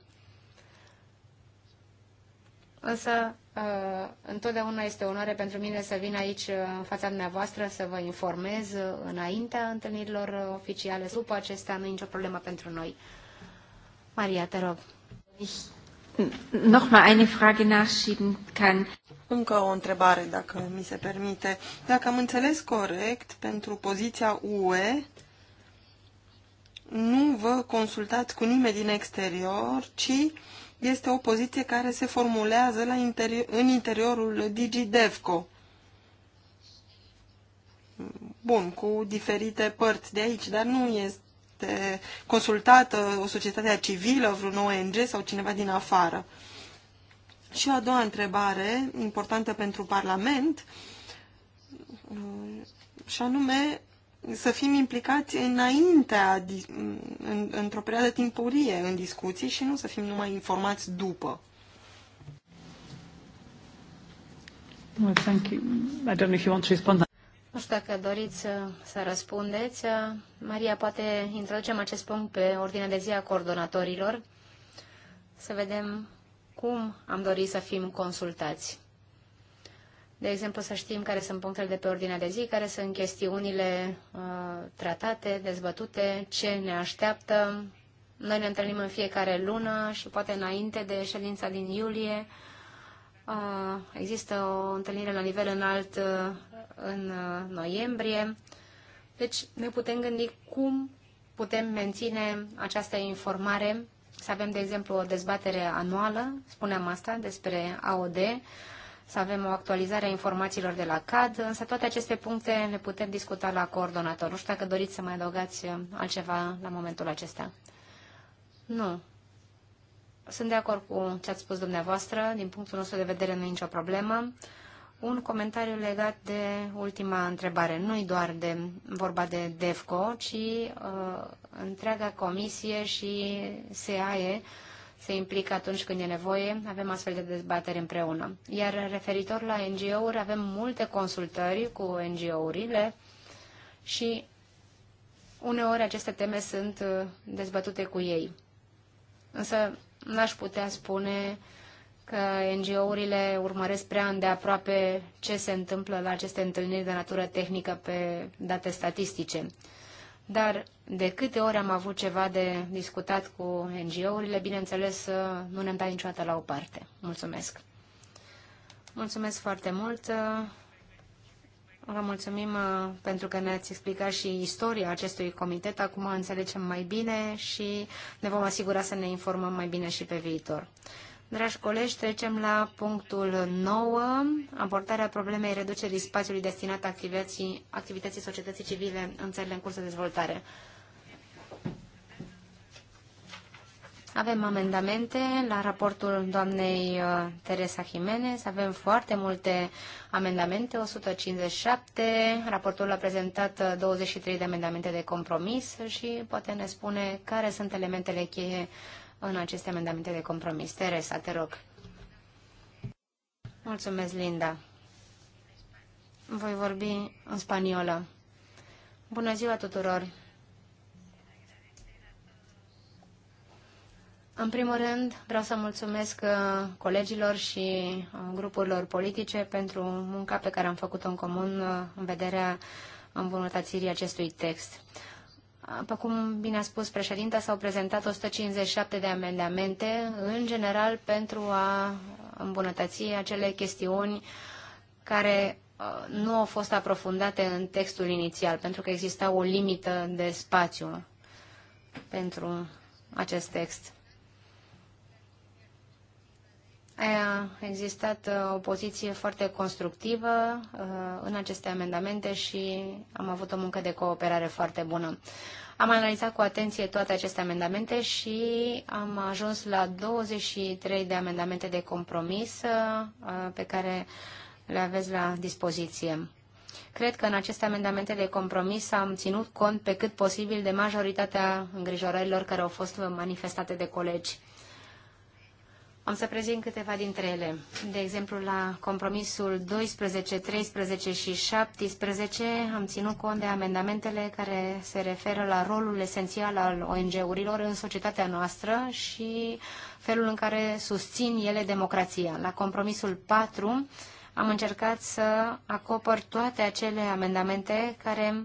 Însă Uh, întotdeauna este o onoare pentru mine să vin aici uh, în fața dumneavoastră să vă informez uh, înaintea întâlnirilor oficiale. După acestea nu e nicio problemă pentru noi. Maria, te rog. eine Frage nachschieben kann. Încă o întrebare, dacă mi se permite. Dacă am înțeles corect, pentru poziția UE, nu vă consultați cu nimeni din exterior, ci este o poziție care se formulează la interi în interiorul DigiDevco. Bun, cu diferite părți de aici, dar nu este consultată o societate civilă, vreun ONG sau cineva din afară. Și a doua întrebare, importantă pentru Parlament, și anume să fim implicați înaintea, în, într-o perioadă timpurie în discuții și nu să fim numai informați după. Well, thank you. I don't know if you want to respond. Nu știu dacă doriți să răspundeți. Maria, poate introducem acest punct pe ordinea de zi a coordonatorilor, să vedem cum am dorit să fim consultați. De exemplu, să știm care sunt punctele de pe ordinea de zi, care sunt chestiunile uh, tratate, dezbătute, ce ne așteaptă. Noi ne întâlnim în fiecare lună și poate înainte de ședința din iulie. Uh, există o întâlnire la nivel înalt uh, în uh, noiembrie. Deci ne putem gândi cum putem menține această informare, să avem, de exemplu, o dezbatere anuală, spuneam asta, despre AOD, să avem o actualizare a informațiilor de la CAD, însă toate aceste puncte le putem discuta la coordonator. Nu știu dacă doriți să mai adăugați uh, altceva la momentul acesta. Nu. Sunt de acord cu ce ați spus dumneavoastră. Din punctul nostru de vedere nu e nicio problemă. Un comentariu legat de ultima întrebare. Nu-i doar de vorba de DEFCO, ci uh, întreaga comisie și SEAE uh, se implică atunci când e nevoie, avem astfel de dezbateri împreună. Iar referitor la NGO-uri, avem multe consultări cu NGO-urile și uneori aceste teme sunt uh, dezbătute cu ei. Însă n-aș putea spune că NGO-urile urmăresc prea îndeaproape ce se întâmplă la aceste întâlniri de natură tehnică pe date statistice dar de câte ori am avut ceva de discutat cu NGO-urile, bineînțeles, nu ne-am dat niciodată la o parte. Mulțumesc! Mulțumesc foarte mult! Vă mulțumim uh, pentru că ne-ați explicat și istoria acestui comitet. Acum înțelegem mai bine și ne vom asigura să ne informăm mai bine și pe viitor. Dragi colegi, trecem la punctul 9, abordarea problemei reducerii spațiului destinat activității, activității societății civile în țările în curs de dezvoltare. Avem amendamente la raportul doamnei uh, Teresa Jimenez, avem foarte multe amendamente, 157, raportul a prezentat 23 uh, de amendamente de compromis și poate ne spune care sunt elementele cheie în aceste amendamente de compromis. Teresa, te rog. Mulțumesc, Linda. Voi vorbi în spaniolă. Bună ziua tuturor! În primul rând, vreau să mulțumesc uh, colegilor și uh, grupurilor politice pentru munca pe care am făcut-o în comun uh, în vederea îmbunătățirii acestui text. După cum bine a spus președinta, s-au prezentat 157 de amendamente, în general pentru a îmbunătăți acele chestiuni care uh, nu au fost aprofundate în textul inițial, pentru că exista o limită de spațiu pentru acest text. A existat uh, o poziție foarte constructivă uh, în aceste amendamente și am avut o muncă de cooperare foarte bună. Am analizat cu atenție toate aceste amendamente și am ajuns la 23 de amendamente de compromis uh, pe care le aveți la dispoziție. Cred că în aceste amendamente de compromis am ținut cont pe cât posibil de majoritatea îngrijorărilor care au fost manifestate de colegi. Am să prezint câteva dintre ele. De exemplu, la compromisul 12, 13 și 17 am ținut cont de amendamentele care se referă la rolul esențial al ONG-urilor în societatea noastră și felul în care susțin ele democrația. La compromisul 4 am încercat să acopăr toate acele amendamente care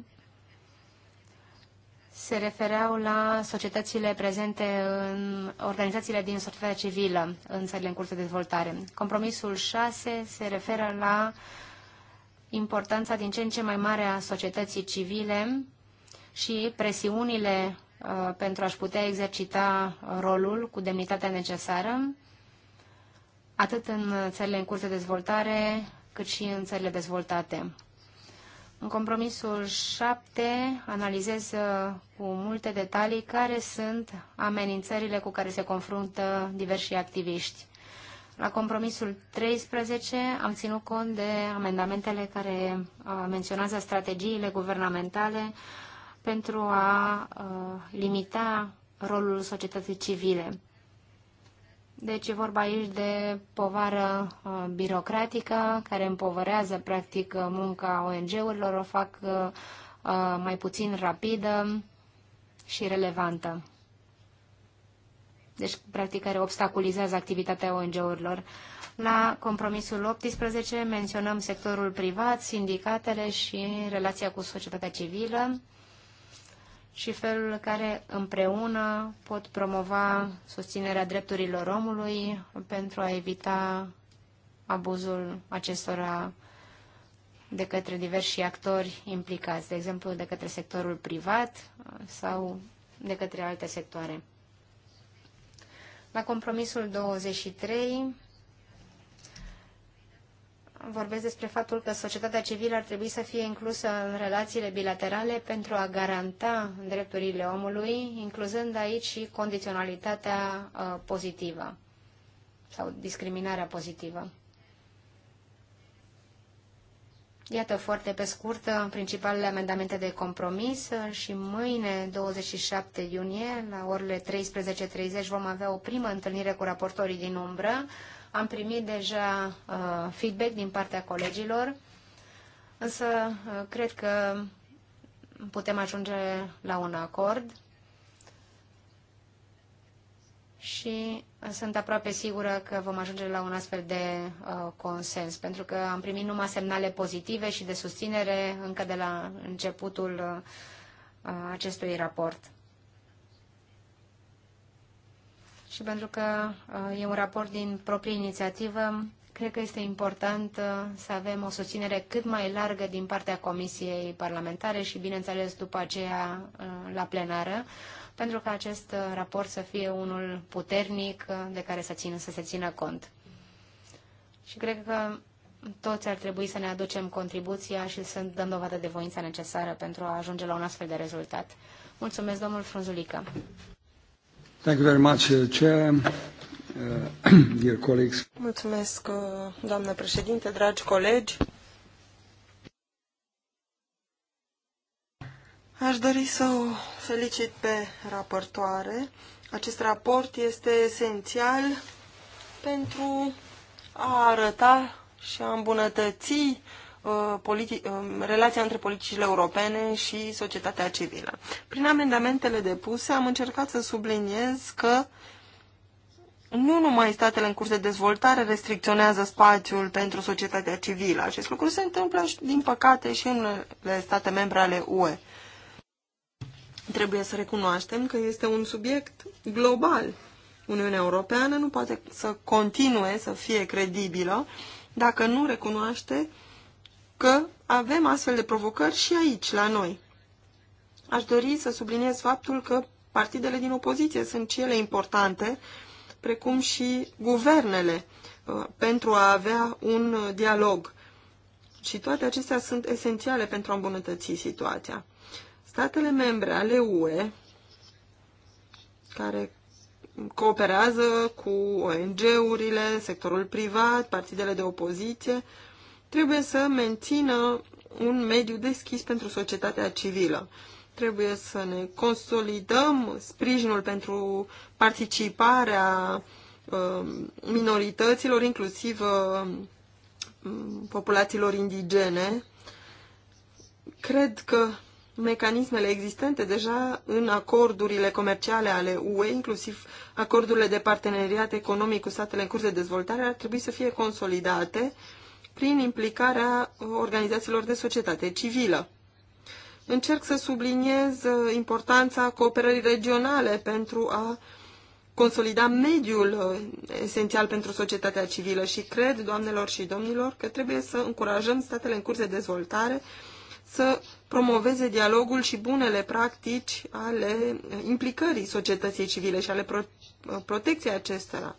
se refereau la societățile prezente în organizațiile din societatea civilă în țările în curs de dezvoltare. Compromisul 6 se referă la importanța din ce în ce mai mare a societății civile și presiunile uh, pentru a-și putea exercita rolul cu demnitatea necesară, atât în țările în curs de dezvoltare, cât și în țările dezvoltate. În compromisul 7 analizez uh, cu multe detalii care sunt amenințările cu care se confruntă diversi activiști. La compromisul 13 am ținut cont de amendamentele care uh, menționează strategiile guvernamentale pentru a uh, limita rolul societății civile. Deci e vorba aici de povară uh, birocratică care împovărează practic uh, munca ONG-urilor, o fac uh, uh, mai puțin rapidă și relevantă. Deci practic care obstaculizează activitatea ONG-urilor. La compromisul 18 menționăm sectorul privat, sindicatele și relația cu societatea civilă și felul în care împreună pot promova susținerea drepturilor omului pentru a evita abuzul acestora de către diversi actori implicați, de exemplu de către sectorul privat sau de către alte sectoare. La compromisul 23 vorbesc despre faptul că societatea civilă ar trebui să fie inclusă în relațiile bilaterale pentru a garanta drepturile omului, incluzând aici și condiționalitatea uh, pozitivă sau discriminarea pozitivă. Iată foarte pe scurt uh, principalele amendamente de compromis uh, și mâine, 27 iunie, la orele 13.30, vom avea o primă întâlnire cu raportorii din umbră am primit deja uh, feedback din partea colegilor, însă uh, cred că putem ajunge la un acord și sunt aproape sigură că vom ajunge la un astfel de uh, consens, pentru că am primit numai semnale pozitive și de susținere încă de la începutul uh, acestui raport. și pentru că uh, e un raport din proprie inițiativă, cred că este important uh, să avem o susținere cât mai largă din partea Comisiei Parlamentare și, bineînțeles, după aceea uh, la plenară, pentru că acest raport să fie unul puternic de care să, țină, să se țină cont. Și cred că toți ar trebui să ne aducem contribuția și să dăm dovadă de voința necesară pentru a ajunge la un astfel de rezultat. Mulțumesc, domnul Frunzulică. Thank you very much, uh, Chair. Uh, <clears throat> dear colleagues. Mulțumesc, uh, doamnă președinte, dragi colegi. Aș dori să o felicit pe raportoare. Acest raport este esențial pentru a arăta și a îmbunătăți Uh, uh, relația între politicile europene și societatea civilă. Prin amendamentele depuse am încercat să subliniez că nu numai statele în curs de dezvoltare restricționează spațiul pentru societatea civilă. Acest lucru se întâmplă, din păcate, și în unele state membre ale UE. Trebuie să recunoaștem că este un subiect global. Uniunea Europeană nu poate să continue să fie credibilă dacă nu recunoaște că avem astfel de provocări și aici, la noi. Aș dori să subliniez faptul că partidele din opoziție sunt cele importante, precum și guvernele, uh, pentru a avea un uh, dialog. Și toate acestea sunt esențiale pentru a îmbunătăți situația. Statele membre ale UE, care cooperează cu ONG-urile, sectorul privat, partidele de opoziție, trebuie să mențină un mediu deschis pentru societatea civilă. Trebuie să ne consolidăm sprijinul pentru participarea um, minorităților, inclusiv um, populațiilor indigene. Cred că mecanismele existente deja în acordurile comerciale ale UE, inclusiv acordurile de parteneriat economic cu statele în curs de dezvoltare, ar trebui să fie consolidate uh, prin implicarea organizațiilor de societate civilă. Încerc să subliniez uh, importanța cooperării regionale pentru a consolida mediul uh, esențial pentru societatea civilă și cred, doamnelor și domnilor, că trebuie să încurajăm statele în curs de dezvoltare să promoveze dialogul și bunele practici ale implicării societății civile și ale pro protecției acestora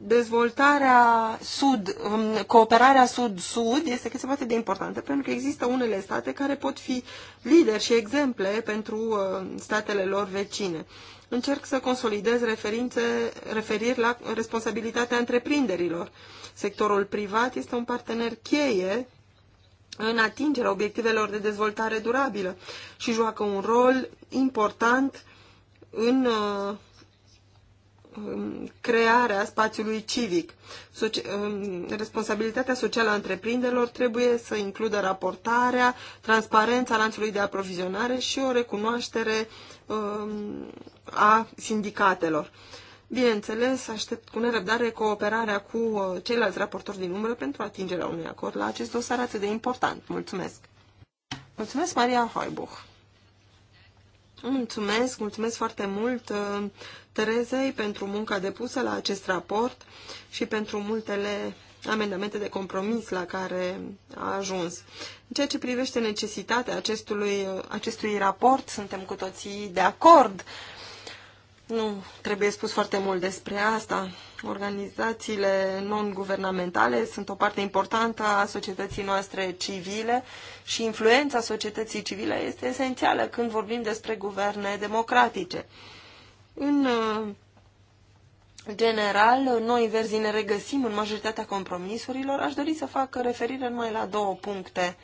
dezvoltarea sud, um, cooperarea sud-sud este cât se poate de importantă, pentru că există unele state care pot fi lideri și exemple pentru uh, statele lor vecine. Încerc să consolidez referințe, referiri la responsabilitatea întreprinderilor. Sectorul privat este un partener cheie în atingerea obiectivelor de dezvoltare durabilă și joacă un rol important în uh, Um, crearea spațiului civic. Um, responsabilitatea socială a întreprinderilor trebuie să includă raportarea, transparența lanțului de aprovizionare și o recunoaștere um, a sindicatelor. Bineînțeles, aștept cu nerăbdare cooperarea cu uh, ceilalți raportori din umbră pentru atingerea unui acord la acest dosar atât de important. Mulțumesc! Mulțumesc, Maria Hoibuch! Mulțumesc, mulțumesc foarte mult uh, Terezei pentru munca depusă la acest raport și pentru multele amendamente de compromis la care a ajuns. În ceea ce privește necesitatea acestului, acestui raport, suntem cu toții de acord. Nu trebuie spus foarte mult despre asta. Organizațiile non-guvernamentale sunt o parte importantă a societății noastre civile și influența societății civile este esențială când vorbim despre guverne democratice. În uh, general, noi verzi ne regăsim în majoritatea compromisurilor. Aș dori să fac referire numai la două puncte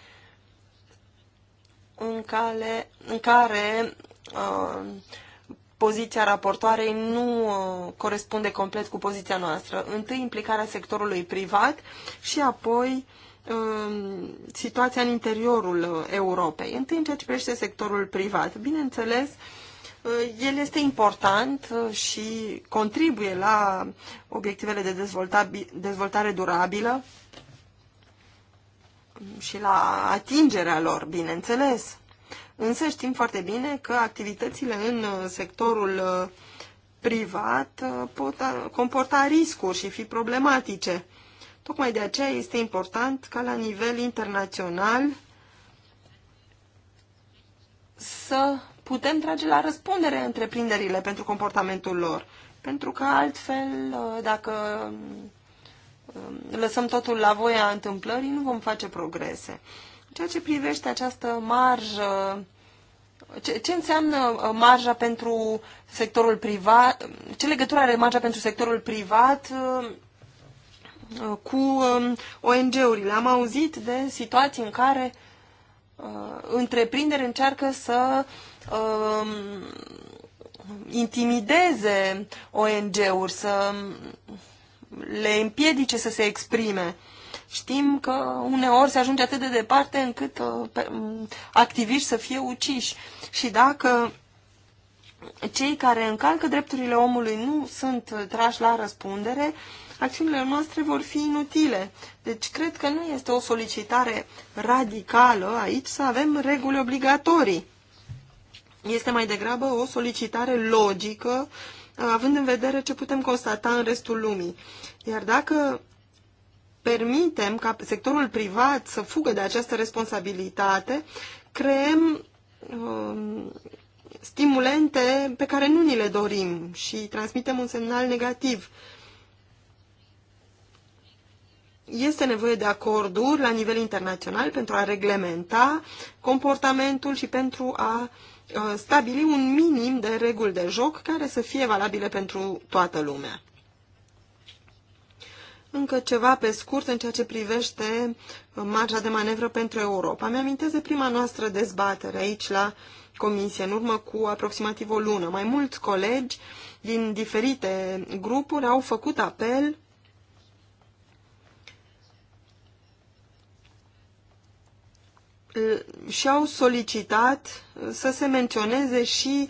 în, cale, în care uh, poziția raportoarei nu uh, corespunde complet cu poziția noastră. Întâi implicarea sectorului privat și apoi uh, situația în interiorul uh, Europei. Întâi în ceea ce privește sectorul privat. Bineînțeles, uh, Uh, el este important uh, și contribuie la obiectivele de dezvoltare durabilă și la atingerea lor, bineînțeles. Însă știm foarte bine că activitățile în uh, sectorul privat pot comporta riscuri și fi problematice. Tocmai de aceea este important ca la nivel internațional să putem trage la răspundere întreprinderile pentru comportamentul lor. Pentru că altfel, uh, dacă um, lăsăm totul la voia întâmplării, nu vom face progrese. Ceea ce privește această marjă, ce, ce înseamnă uh, marja pentru sectorul privat, ce legătură are marja pentru sectorul privat uh, cu um, ONG-urile? Am auzit de situații în care întreprinderi încearcă să uh, uh, intimideze ONG-uri, să le împiedice să se exprime. Știm că uneori se ajunge atât de departe încât uh, pe, um, activiști să fie uciși. Și dacă cei care încalcă drepturile omului nu sunt trași la răspundere, acțiunile noastre vor fi inutile. Deci cred că nu este o solicitare radicală aici să avem reguli obligatorii este mai degrabă o solicitare logică, uh, având în vedere ce putem constata în restul lumii. Iar dacă permitem ca sectorul privat să fugă de această responsabilitate, creăm um, stimulente pe care nu ni le dorim și transmitem un semnal negativ. Este nevoie de acorduri la nivel internațional pentru a reglementa comportamentul și pentru a uh, Uh, stabili un minim de reguli de joc care să fie valabile pentru toată lumea. Încă ceva pe scurt în ceea ce privește uh, marja de manevră pentru Europa. Mi-amintesc de prima noastră dezbatere aici la Comisie, în urmă cu aproximativ o lună. Mai mulți colegi din diferite grupuri au făcut apel Uh, și-au solicitat uh, să se menționeze și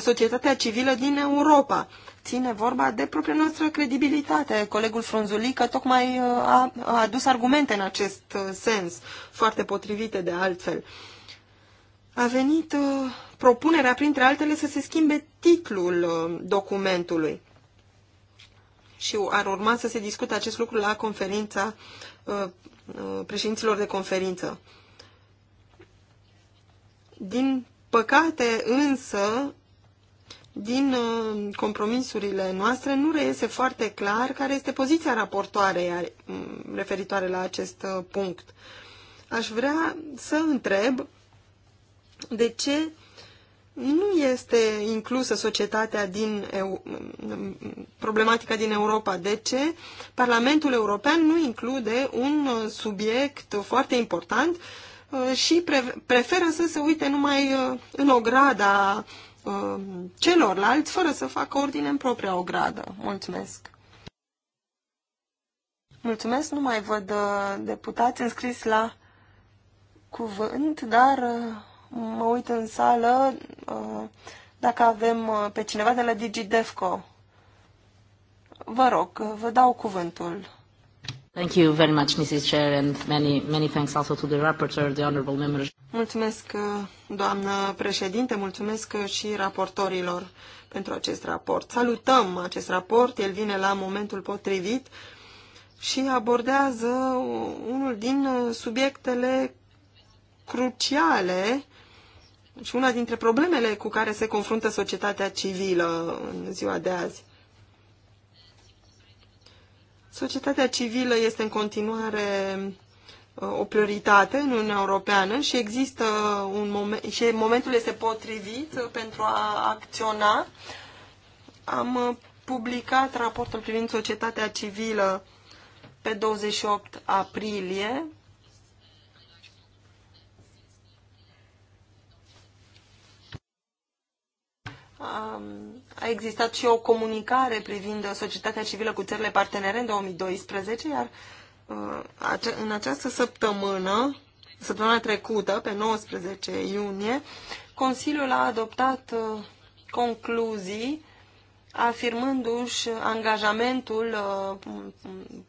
societatea civilă din Europa. Ține vorba de propria noastră credibilitate. Colegul Frunzulică tocmai uh, a adus argumente în acest sens, foarte potrivite de altfel. A venit propunerea, printre altele, să se schimbe titlul documentului. Și ar urma să se discute acest lucru la conferința președinților de conferință. Din păcate însă, din uh, compromisurile noastre nu reiese foarte clar care este poziția raportoarei uh, referitoare la acest uh, punct. Aș vrea să întreb de ce nu este inclusă societatea din EU, mm, problematica din Europa. De ce Parlamentul European nu include un subiect foarte important Uh, și preferă să se uite numai uh, în ograda uh, celorlalți, fără să facă ordine în propria ogradă. Mulțumesc! Mulțumesc, nu mai văd deputați înscris la cuvânt, dar mă uit în sală dacă avem pe cineva de la DigiDefco. Vă rog, vă dau cuvântul. Thank you very much, Mrs. Chair, and many, many thanks also to the rapporteur, the honorable Mulțumesc, uh, doamnă președinte, mulțumesc uh, și raportorilor pentru acest raport. Salutăm acest raport, el vine la momentul potrivit și abordează unul din uh, subiectele cruciale și una dintre problemele cu care se confruntă societatea civilă în ziua de azi. Societatea civilă este în continuare uh, o prioritate în Uniunea Europeană și există un moment și momentul este potrivit uh, pentru a acționa. Am uh, publicat raportul privind societatea civilă pe 28 aprilie a existat și o comunicare privind societatea civilă cu țările partenere în 2012, iar uh, în această săptămână, săptămâna trecută, pe 19 iunie, Consiliul a adoptat uh, concluzii afirmându-și angajamentul uh,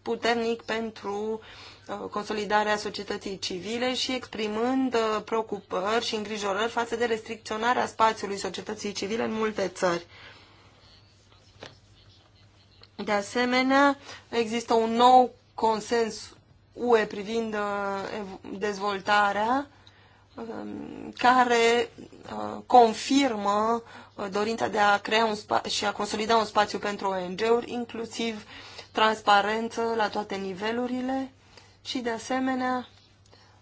puternic pentru uh, consolidarea societății civile și exprimând uh, preocupări și îngrijorări față de restricționarea spațiului societății civile în multe țări. De asemenea, există un nou consens UE privind dezvoltarea Um, care uh, confirmă uh, dorința de a crea un și a consolida un spațiu pentru ONG-uri, inclusiv transparență la toate nivelurile și, de asemenea,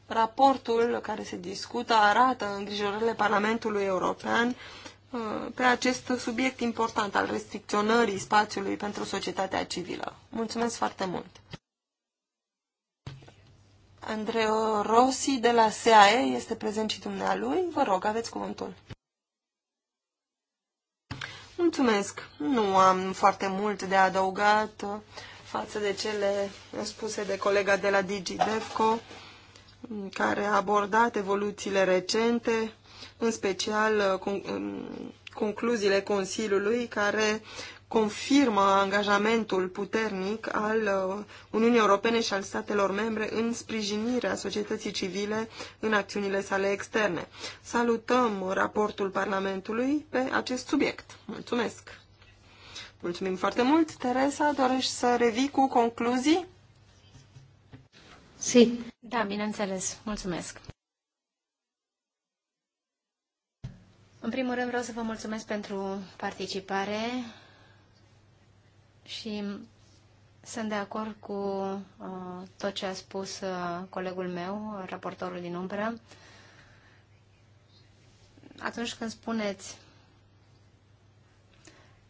raportul care se discută arată îngrijorările Parlamentului European uh, pe acest subiect important al restricționării spațiului pentru societatea civilă. Mulțumesc foarte mult! Andreo Rossi de la SAE este prezent și dumnealui. Vă rog, aveți cuvântul. Mulțumesc. Nu am foarte mult de adăugat uh, față de cele spuse de colega de la DigiDevco, mm, care a abordat evoluțiile recente, în special uh, mm, concluziile Consiliului, care confirmă angajamentul puternic al uh, Uniunii Europene și al statelor membre în sprijinirea societății civile în acțiunile sale externe. Salutăm raportul Parlamentului pe acest subiect. Mulțumesc! Mulțumim foarte mult. Teresa, dorești să revii cu concluzii? Si. Da, bineînțeles. Mulțumesc. În primul rând vreau să vă mulțumesc pentru participare și sunt de acord cu uh, tot ce a spus uh, colegul meu, raportorul din umbră. Atunci când spuneți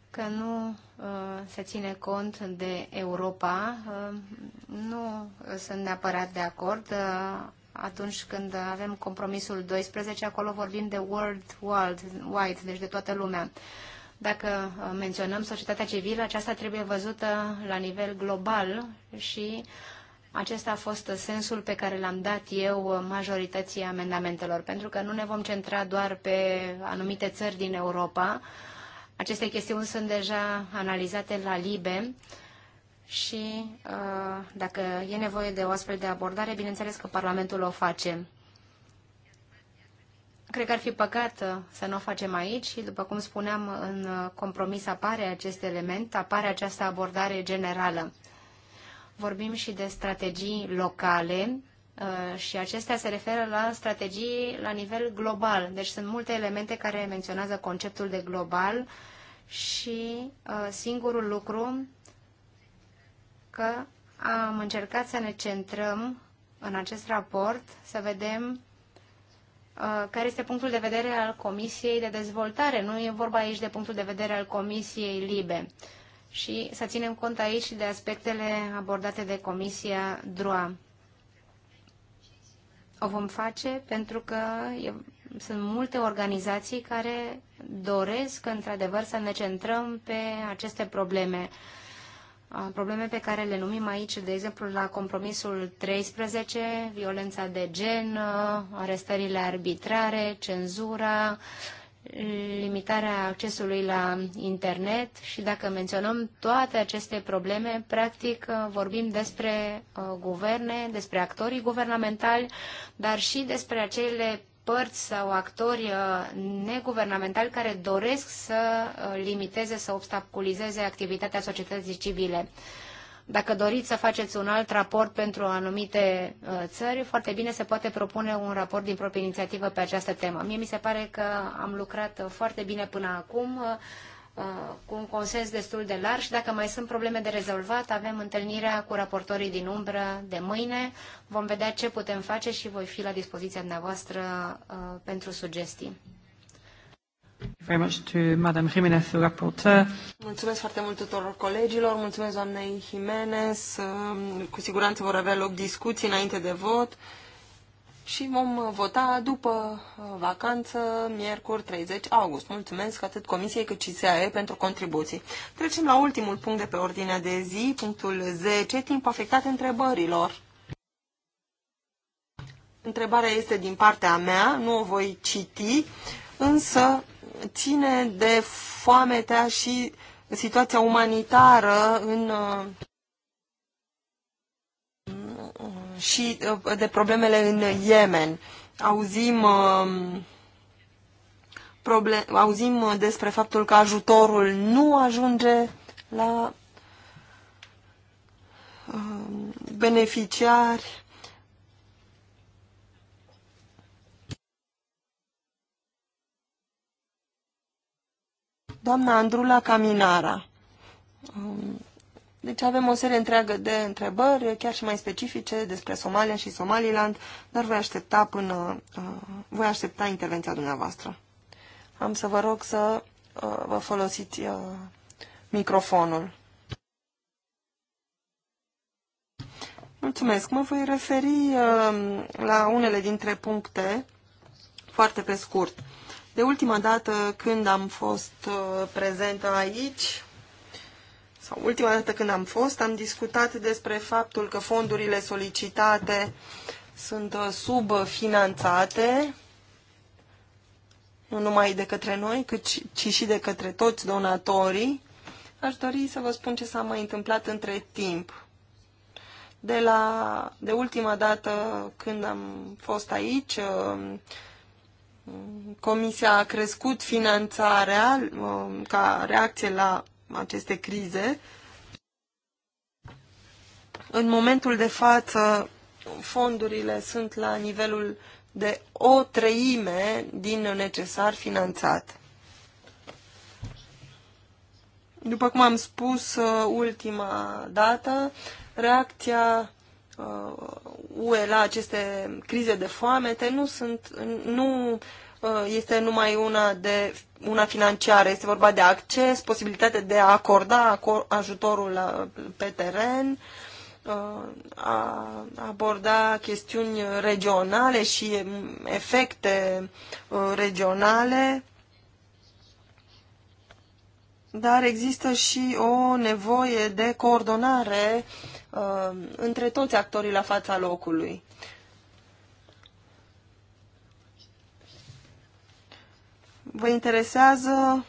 că nu uh, se ține cont de Europa, uh, nu sunt neapărat de acord. Uh, atunci când avem compromisul 12, acolo vorbim de world wide, deci de toată lumea. Uh, dacă uh, menționăm societatea civilă, aceasta trebuie văzută la nivel global și acesta a fost sensul pe care l-am dat eu uh, majorității amendamentelor, pentru că nu ne vom centra doar pe anumite țări din Europa. Aceste chestiuni sunt deja analizate la LIBE și uh, dacă e nevoie de o astfel de abordare, bineînțeles că Parlamentul o face. Cred că ar fi păcat uh, să nu o facem aici și, după cum spuneam, în uh, compromis apare acest element, apare această abordare generală. Vorbim și de strategii locale uh, și acestea se referă la strategii la nivel global. Deci sunt multe elemente care menționează conceptul de global și singurul lucru că am încercat să ne centrăm în acest raport, să vedem Uh, care este punctul de vedere al Comisiei de Dezvoltare. Nu e vorba aici de punctul de vedere al Comisiei Libe. Și să ținem cont aici de aspectele abordate de Comisia DROA. O vom face pentru că e, sunt multe organizații care doresc, într-adevăr, să ne centrăm pe aceste probleme. Uh, probleme pe care le numim aici, de exemplu, la compromisul 13, violența de gen, arestările arbitrare, cenzura, limitarea accesului la internet și dacă menționăm toate aceste probleme, practic vorbim despre guverne, despre actorii guvernamentali, dar și despre acele părți sau actori uh, neguvernamentali care doresc să uh, limiteze, să obstaculizeze activitatea societății civile. Dacă doriți să faceți un alt raport pentru anumite uh, țări, foarte bine se poate propune un raport din proprie inițiativă pe această temă. Mie mi se pare că am lucrat foarte bine până acum cu un consens destul de larg și dacă mai sunt probleme de rezolvat, avem întâlnirea cu raportorii din umbră de mâine. Vom vedea ce putem face și voi fi la dispoziția dumneavoastră uh, pentru sugestii. Very much to Madam Jimenez, the rapporteur. Mulțumesc foarte mult tuturor colegilor, mulțumesc doamnei Jimenez. Cu siguranță vor avea loc discuții înainte de vot și vom vota după uh, vacanță, miercuri 30 august. Mulțumesc atât Comisiei cât și SAE pentru contribuții. Trecem la ultimul punct de pe ordinea de zi, punctul 10, timp afectat întrebărilor. Întrebarea este din partea mea, nu o voi citi, însă ține de foametea și situația umanitară în uh, și uh, de problemele în Yemen. Auzim, um, problem, auzim despre faptul că ajutorul nu ajunge la um, beneficiari. Doamna Andrula Caminara. Um, deci avem o serie întreagă de întrebări, chiar și mai specifice, despre Somalia și Somaliland, dar voi aștepta până uh, voi aștepta intervenția dumneavoastră. Am să vă rog să uh, vă folosiți uh, microfonul. Mulțumesc. Mă voi referi la unele dintre puncte foarte pe scurt. De ultima dată când am fost prezentă aici, sau ultima dată când am fost, am discutat despre faptul că fondurile solicitate sunt uh, subfinanțate, nu numai de către noi, cât ci și de către toți donatorii. Aș dori să vă spun ce s-a mai întâmplat între timp. De, la, de ultima dată când am fost aici, uh, Comisia a crescut finanțarea uh, ca reacție la aceste crize. În momentul de față, fondurile sunt la nivelul de o treime din necesar finanțat. După cum am spus uh, ultima dată, reacția uh, UE la aceste crize de foamete nu, sunt, nu Uh, este numai una, de, una financiară, este vorba de acces, posibilitatea de a acorda ajutorul uh, pe teren, uh, a aborda chestiuni regionale și mm, efecte regionale, dar există și o nevoie de coordonare între toți actorii la fața locului. Vă interesează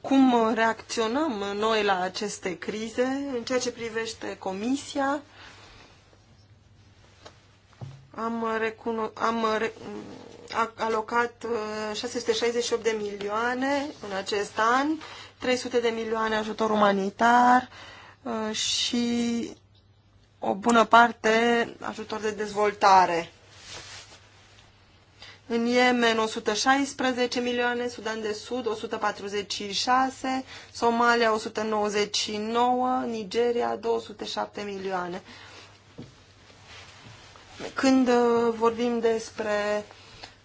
cum reacționăm noi la aceste crize în ceea ce privește comisia. Am, recuno- am re- alocat 668 uh, de milioane în acest an, 300 de milioane ajutor umanitar uh, și o bună parte ajutor de dezvoltare. În Yemen 116 milioane, Sudan de Sud 146, Somalia 199, Nigeria 207 milioane. Când uh, vorbim despre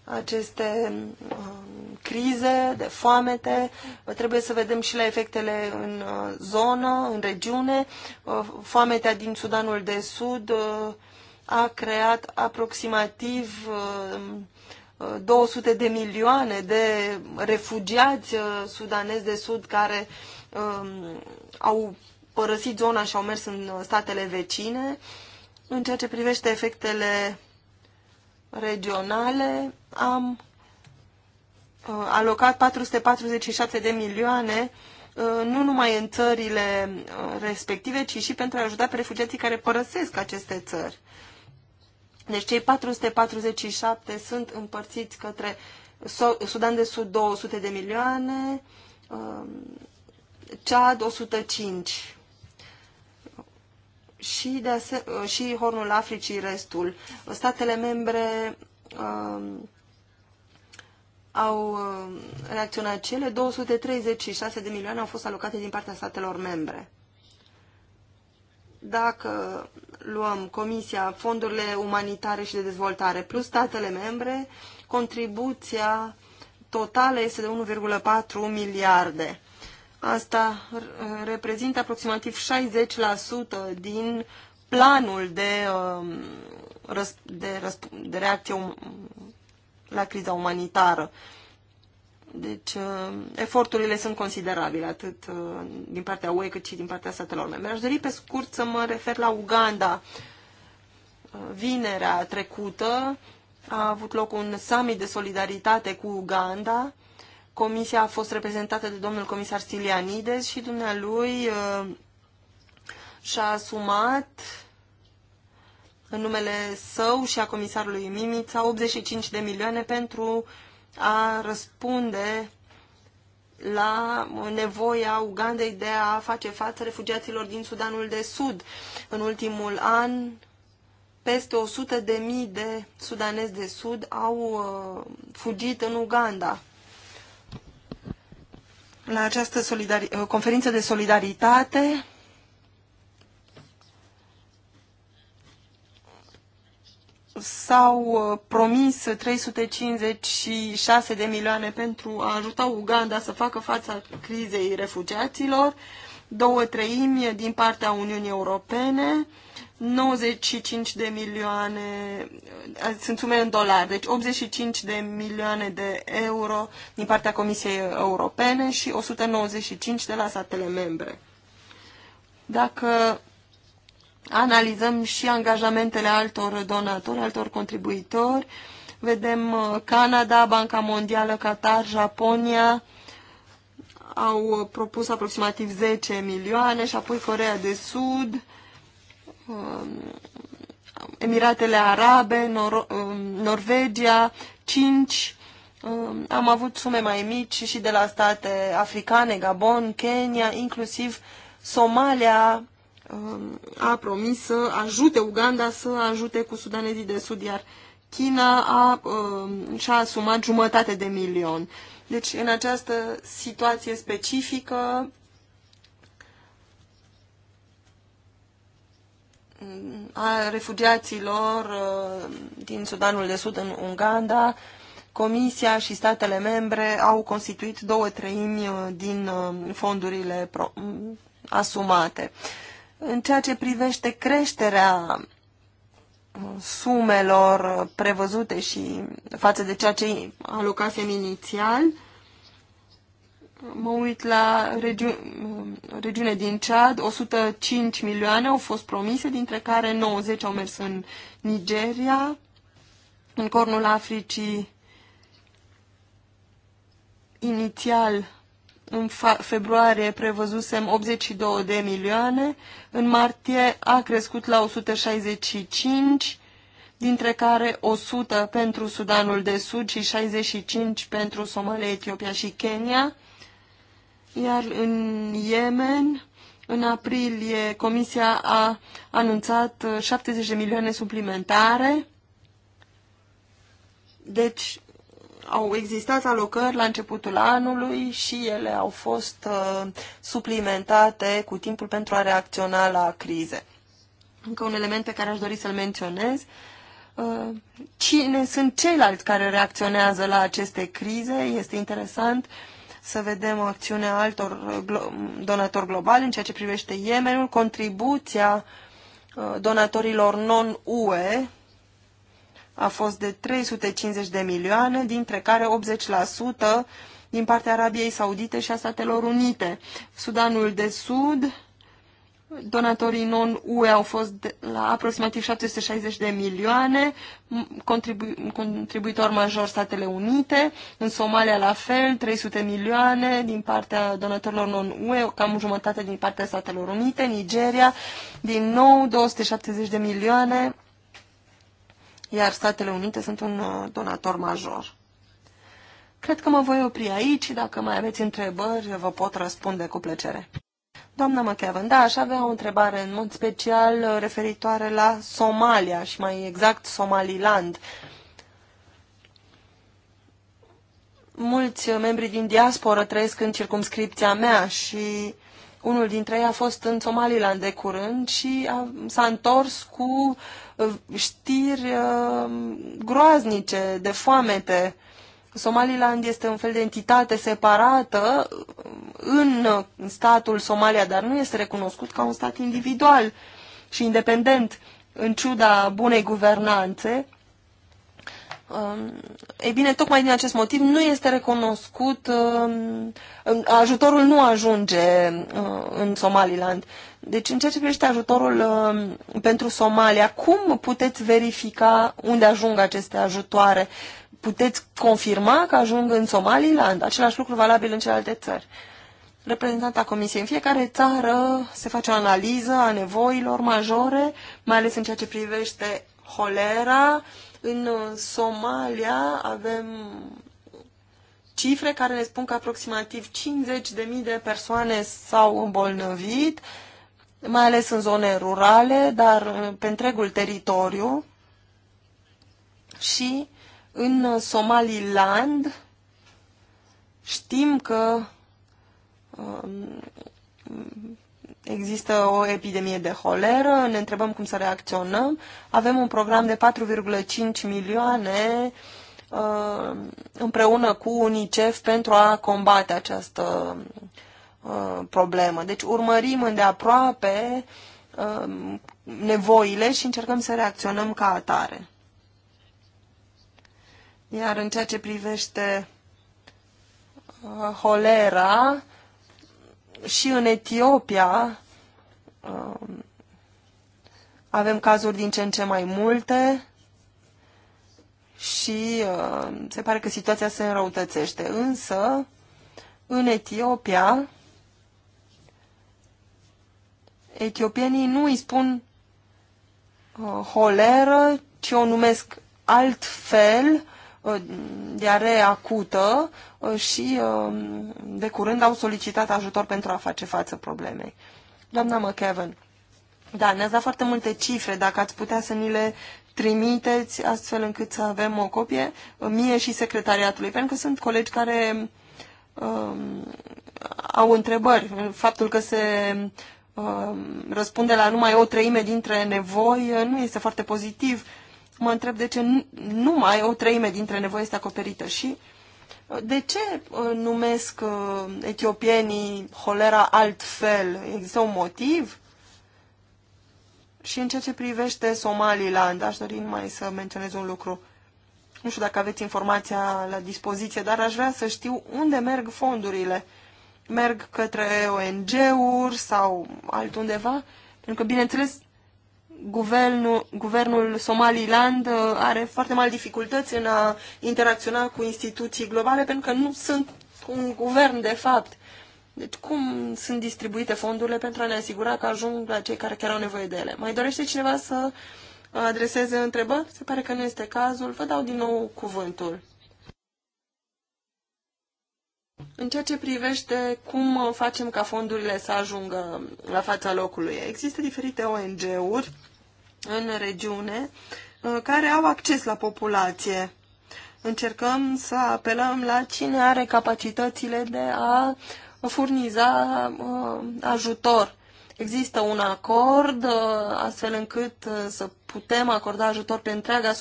aceste um, crize de foamete, uh, trebuie să vedem și la efectele în uh, zonă, în regiune. Foametea din Sudanul de Sud a creat aproximativ um, 200 de milioane de refugiați uh, sudanezi de sud care um, au părăsit zona și au mers în statele vecine. În ceea ce privește efectele regionale, am uh, alocat 447 de milioane uh, nu numai în țările respective, ci și pentru a ajuta pe refugiații care părăsesc aceste țări. Deci cei 447 sunt împărțiți către Sudan de Sud 200 de milioane, um, Chad 105 și, de ase- uh, și Hornul Africii restul. Statele membre um, au um, reacționat cele 236 de milioane au fost alocate din partea statelor membre. Dacă luăm Comisia, fondurile umanitare și de dezvoltare, plus statele membre, contribuția totală este de 1,4 miliarde. Asta reprezintă aproximativ 60% din planul de, um, de, de reacție um, la criza umanitară. Deci, uh, eforturile sunt considerabile, atât uh, din partea UE cât și din partea statelor membre. Aș dori pe scurt să mă refer la Uganda. Uh, vinerea trecută a avut loc un summit de solidaritate cu Uganda. Comisia a fost reprezentată de domnul comisar Stilianides și dumnealui și-a asumat în numele său și a comisarului Mimița 85 de milioane pentru uh, a răspunde la nevoia Ugandei de a face față refugiaților din Sudanul de Sud. În ultimul an, peste 100 de mii de sudanezi de Sud au uh, fugit în Uganda. La această conferință de solidaritate s-au uh, promis 356 de milioane pentru a ajuta Uganda să facă fața crizei refugiaților, două treimi din partea Uniunii Europene, 95 de milioane, uh, sunt sume în dolari, deci 85 de milioane de euro din partea Comisiei Europene și 195 de la statele membre. Dacă analizăm și angajamentele altor donatori, altor contribuitori. Vedem uh, Canada, Banca Mondială, Qatar, Japonia au uh, propus aproximativ 10 milioane și apoi Corea de Sud, um, Emiratele Arabe, Nor um, Norvegia, 5. Um, am avut sume mai mici și de la state africane, Gabon, Kenya, inclusiv Somalia, Um, a promis să ajute Uganda să ajute cu sudanezii de sud, iar China a, um, și-a asumat jumătate de milion. Deci, în această situație specifică, a refugiaților uh, din Sudanul de Sud în Uganda, Comisia și statele membre au constituit două treimi uh, din uh, fondurile asumate. În ceea ce privește creșterea uh, sumelor prevăzute și față de ceea ce alocasem inițial, mă uit la regi uh, regiune din Chad, 105 milioane au fost promise, dintre care 90 au mers în Nigeria, în cornul Africii inițial în februarie prevăzusem 82 de milioane, în martie a crescut la 165, dintre care 100 pentru Sudanul de Sud și 65 pentru Somalia, Etiopia și Kenya. Iar în Yemen, în aprilie, Comisia a anunțat 70 uh, de milioane suplimentare. Deci, au existat alocări la începutul anului și ele au fost uh, suplimentate cu timpul pentru a reacționa la crize. Încă un element pe care aș dori să-l menționez. Uh, cine sunt ceilalți care reacționează la aceste crize? Este interesant să vedem acțiunea altor glo donatori globali în ceea ce privește Yemenul, contribuția uh, donatorilor non-UE, a fost de 350 de milioane, dintre care 80% din partea Arabiei Saudite și a Statelor Unite. Sudanul de Sud, donatorii non-UE au fost la aproximativ 760 de milioane, contribu- contribuitor major Statele Unite, în Somalia la fel, 300 milioane din partea donatorilor non-UE, cam jumătate din partea Statelor Unite, Nigeria, din nou 270 de milioane iar Statele Unite sunt un uh, donator major. Cred că mă voi opri aici și dacă mai aveți întrebări, vă pot răspunde cu plăcere. Doamna McEwan, da, aș avea o întrebare în mod special uh, referitoare la Somalia și mai exact Somaliland. Mulți membri din diasporă trăiesc în circumscripția mea și uh, unul dintre ei a fost în Somaliland de curând și s-a întors cu uh, știri uh, groaznice de foamete. Somaliland este un fel de entitate separată uh, în statul Somalia, dar nu este recunoscut ca un stat individual și independent, în ciuda bunei guvernanțe Um, ei bine, tocmai din acest motiv nu este recunoscut, um, ajutorul nu ajunge uh, în Somaliland. Deci, în ceea ce privește ajutorul um, pentru Somalia, cum puteți verifica unde ajung aceste ajutoare? Puteți confirma că ajung în Somaliland? Același lucru valabil în celelalte țări. Reprezentanta Comisiei în fiecare țară se face o analiză a nevoilor majore, mai ales în ceea ce privește holera, în uh, Somalia avem cifre care ne spun că aproximativ 50.000 de persoane s-au îmbolnăvit, mai ales în zone rurale, dar uh, pe întregul teritoriu. Și în uh, Somaliland știm că um, Există o epidemie de holeră, ne întrebăm cum să reacționăm. Avem un program de 4,5 milioane uh, împreună cu UNICEF pentru a combate această uh, problemă. Deci urmărim îndeaproape uh, nevoile și încercăm să reacționăm ca atare. Iar în ceea ce privește holera, și în Etiopia um, avem cazuri din ce în ce mai multe și um, se pare că situația se înrăutățește. Însă, în Etiopia, etiopienii nu îi spun uh, holeră, ci o numesc altfel Uh, diaree acută uh, și uh, de curând au solicitat ajutor pentru a face față problemei. Doamna McKevin, da, ne-ați dat foarte multe cifre, dacă ați putea să ni le trimiteți astfel încât să avem o copie, mie și secretariatului, pentru că sunt colegi care um, au întrebări. Faptul că se um, răspunde la numai o treime dintre nevoi nu este foarte pozitiv mă întreb de ce numai o treime dintre nevoi este acoperită și uh, de ce uh, numesc uh, etiopienii holera altfel? Există un motiv? Și în ceea ce privește Somaliland, aș dori numai să menționez un lucru. Nu știu dacă aveți informația la dispoziție, dar aș vrea să știu unde merg fondurile. Merg către ONG-uri sau altundeva? Pentru că, bineînțeles, guvernul, guvernul Somaliland uh, are foarte mari dificultăți în a interacționa cu instituții globale pentru că nu sunt un guvern de fapt. Deci cum sunt distribuite fondurile pentru a ne asigura că ajung la cei care chiar au nevoie de ele? Mai dorește cineva să adreseze întrebări? Se pare că nu este cazul. Vă dau din nou cuvântul. În ceea ce privește cum facem ca fondurile să ajungă la fața locului, există diferite ONG-uri în regiune uh, care au acces la populație. Încercăm să apelăm la cine are capacitățile de a furniza uh, ajutor. Există un acord uh, astfel încât să putem acorda ajutor pe întreaga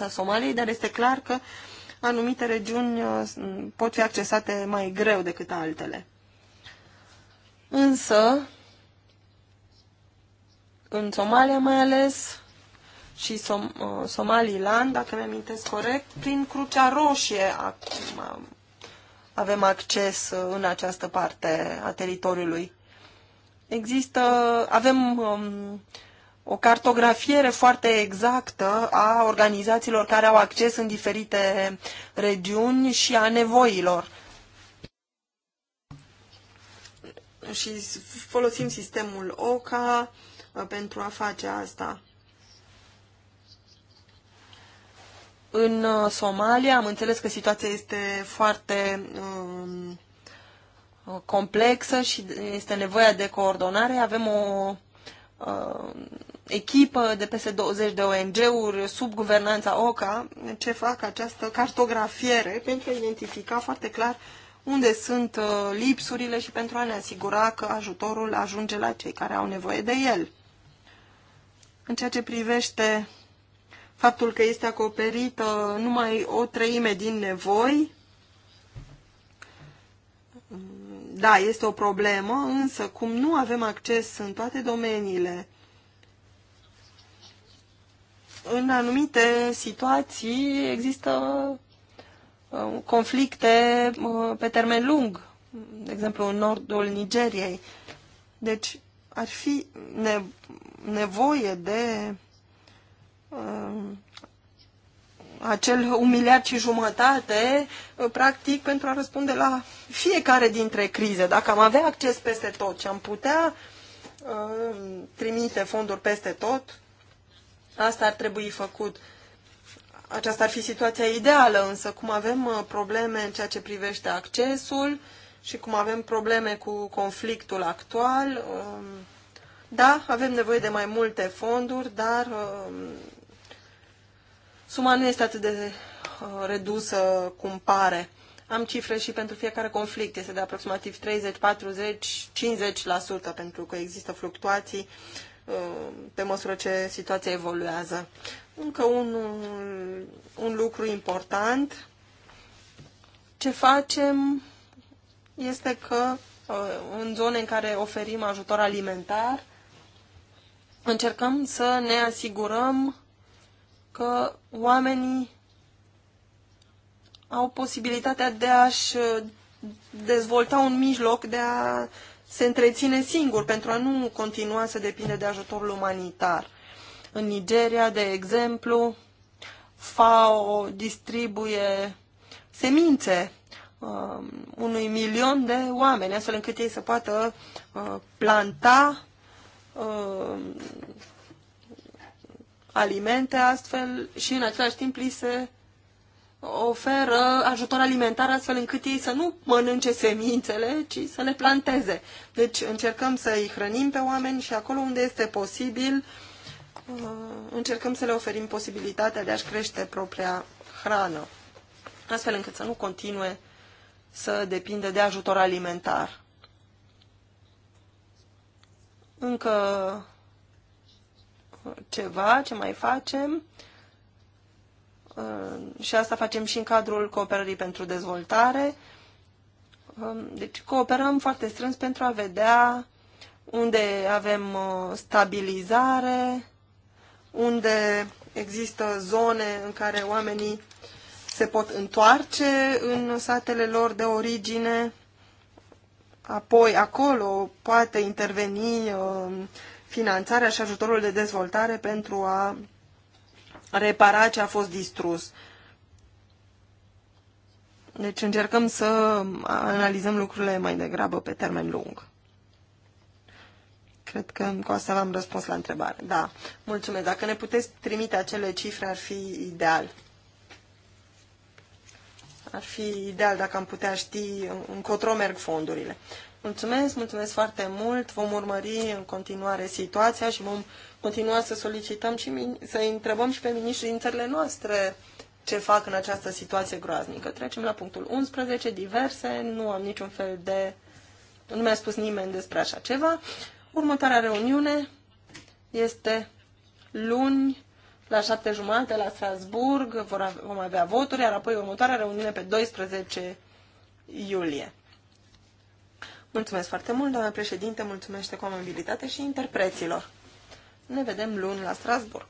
a Somaliei, dar este clar că anumite regiuni pot fi accesate mai greu decât altele. Însă, în Somalia mai ales și Som- uh, Somaliland, dacă mi-amintesc corect, prin Crucea Roșie acum avem acces uh, în această parte a teritoriului. Există, avem um, o cartografiere foarte exactă a organizațiilor care au acces în diferite regiuni și a nevoilor. Și folosim sistemul OCA, pentru a face asta. În uh, Somalia am înțeles că situația este foarte um, uh, complexă și este nevoia de coordonare. Avem o uh, echipă de peste 20 de ONG-uri sub guvernanța OCA ce fac această cartografiere pentru a identifica foarte clar unde sunt uh, lipsurile și pentru a ne asigura că ajutorul ajunge la cei care au nevoie de el. În ceea ce privește faptul că este acoperită numai o treime din nevoi, da, este o problemă, însă cum nu avem acces în toate domeniile, în anumite situații există uh, conflicte uh, pe termen lung, de exemplu în nordul Nigeriei. Deci ar fi ne nevoie de uh, acel un și jumătate, uh, practic, pentru a răspunde la fiecare dintre crize. Dacă am avea acces peste tot și am putea uh, trimite fonduri peste tot, asta ar trebui făcut. Aceasta ar fi situația ideală, însă cum avem uh, probleme în ceea ce privește accesul și cum avem probleme cu conflictul actual, uh, da, avem nevoie de mai multe fonduri, dar um, suma nu este atât de uh, redusă cum pare. Am cifre și pentru fiecare conflict. Este de aproximativ 30, 40, 50% pentru că există fluctuații um, pe măsură ce situația evoluează. Încă un, un lucru important. Ce facem este că uh, în zone în care oferim ajutor alimentar, încercăm să ne asigurăm că oamenii au posibilitatea de a-și uh, dezvolta un mijloc de a se întreține singur pentru a nu continua să depinde de ajutorul umanitar. În Nigeria, de exemplu, FAO distribuie semințe uh, unui milion de oameni, astfel încât ei să poată uh, planta uh, alimente astfel și în același timp li se oferă ajutor alimentar astfel încât ei să nu mănânce semințele, ci să le planteze. Deci încercăm să îi hrănim pe oameni și acolo unde este posibil uh, încercăm să le oferim posibilitatea de a-și crește propria hrană, astfel încât să nu continue să depindă de ajutor alimentar încă ceva ce mai facem uh, și asta facem și în cadrul cooperării pentru dezvoltare. Um, deci cooperăm foarte strâns pentru a vedea unde avem uh, stabilizare, unde există zone în care oamenii se pot întoarce în satele lor de origine Apoi, acolo poate interveni uh, finanțarea și ajutorul de dezvoltare pentru a repara ce a fost distrus. Deci încercăm să analizăm lucrurile mai degrabă pe termen lung. Cred că cu asta v-am răspuns la întrebare. Da, mulțumesc. Dacă ne puteți trimite acele cifre, ar fi ideal ar fi ideal dacă am putea ști încotro merg fondurile. Mulțumesc, mulțumesc foarte mult. Vom urmări în continuare situația și vom continua să solicităm și să întrebăm și pe ministrii din țările noastre ce fac în această situație groaznică. Trecem la punctul 11, diverse, nu am niciun fel de... Nu mi-a spus nimeni despre așa ceva. Următoarea reuniune este luni la șapte jumate la Strasburg vor avea, vom avea voturi, iar apoi următoarea reuniune pe 12 iulie. Mulțumesc foarte mult, doamna președinte, mulțumesc cu comabilitate și interpreților. Ne vedem luni la Strasburg.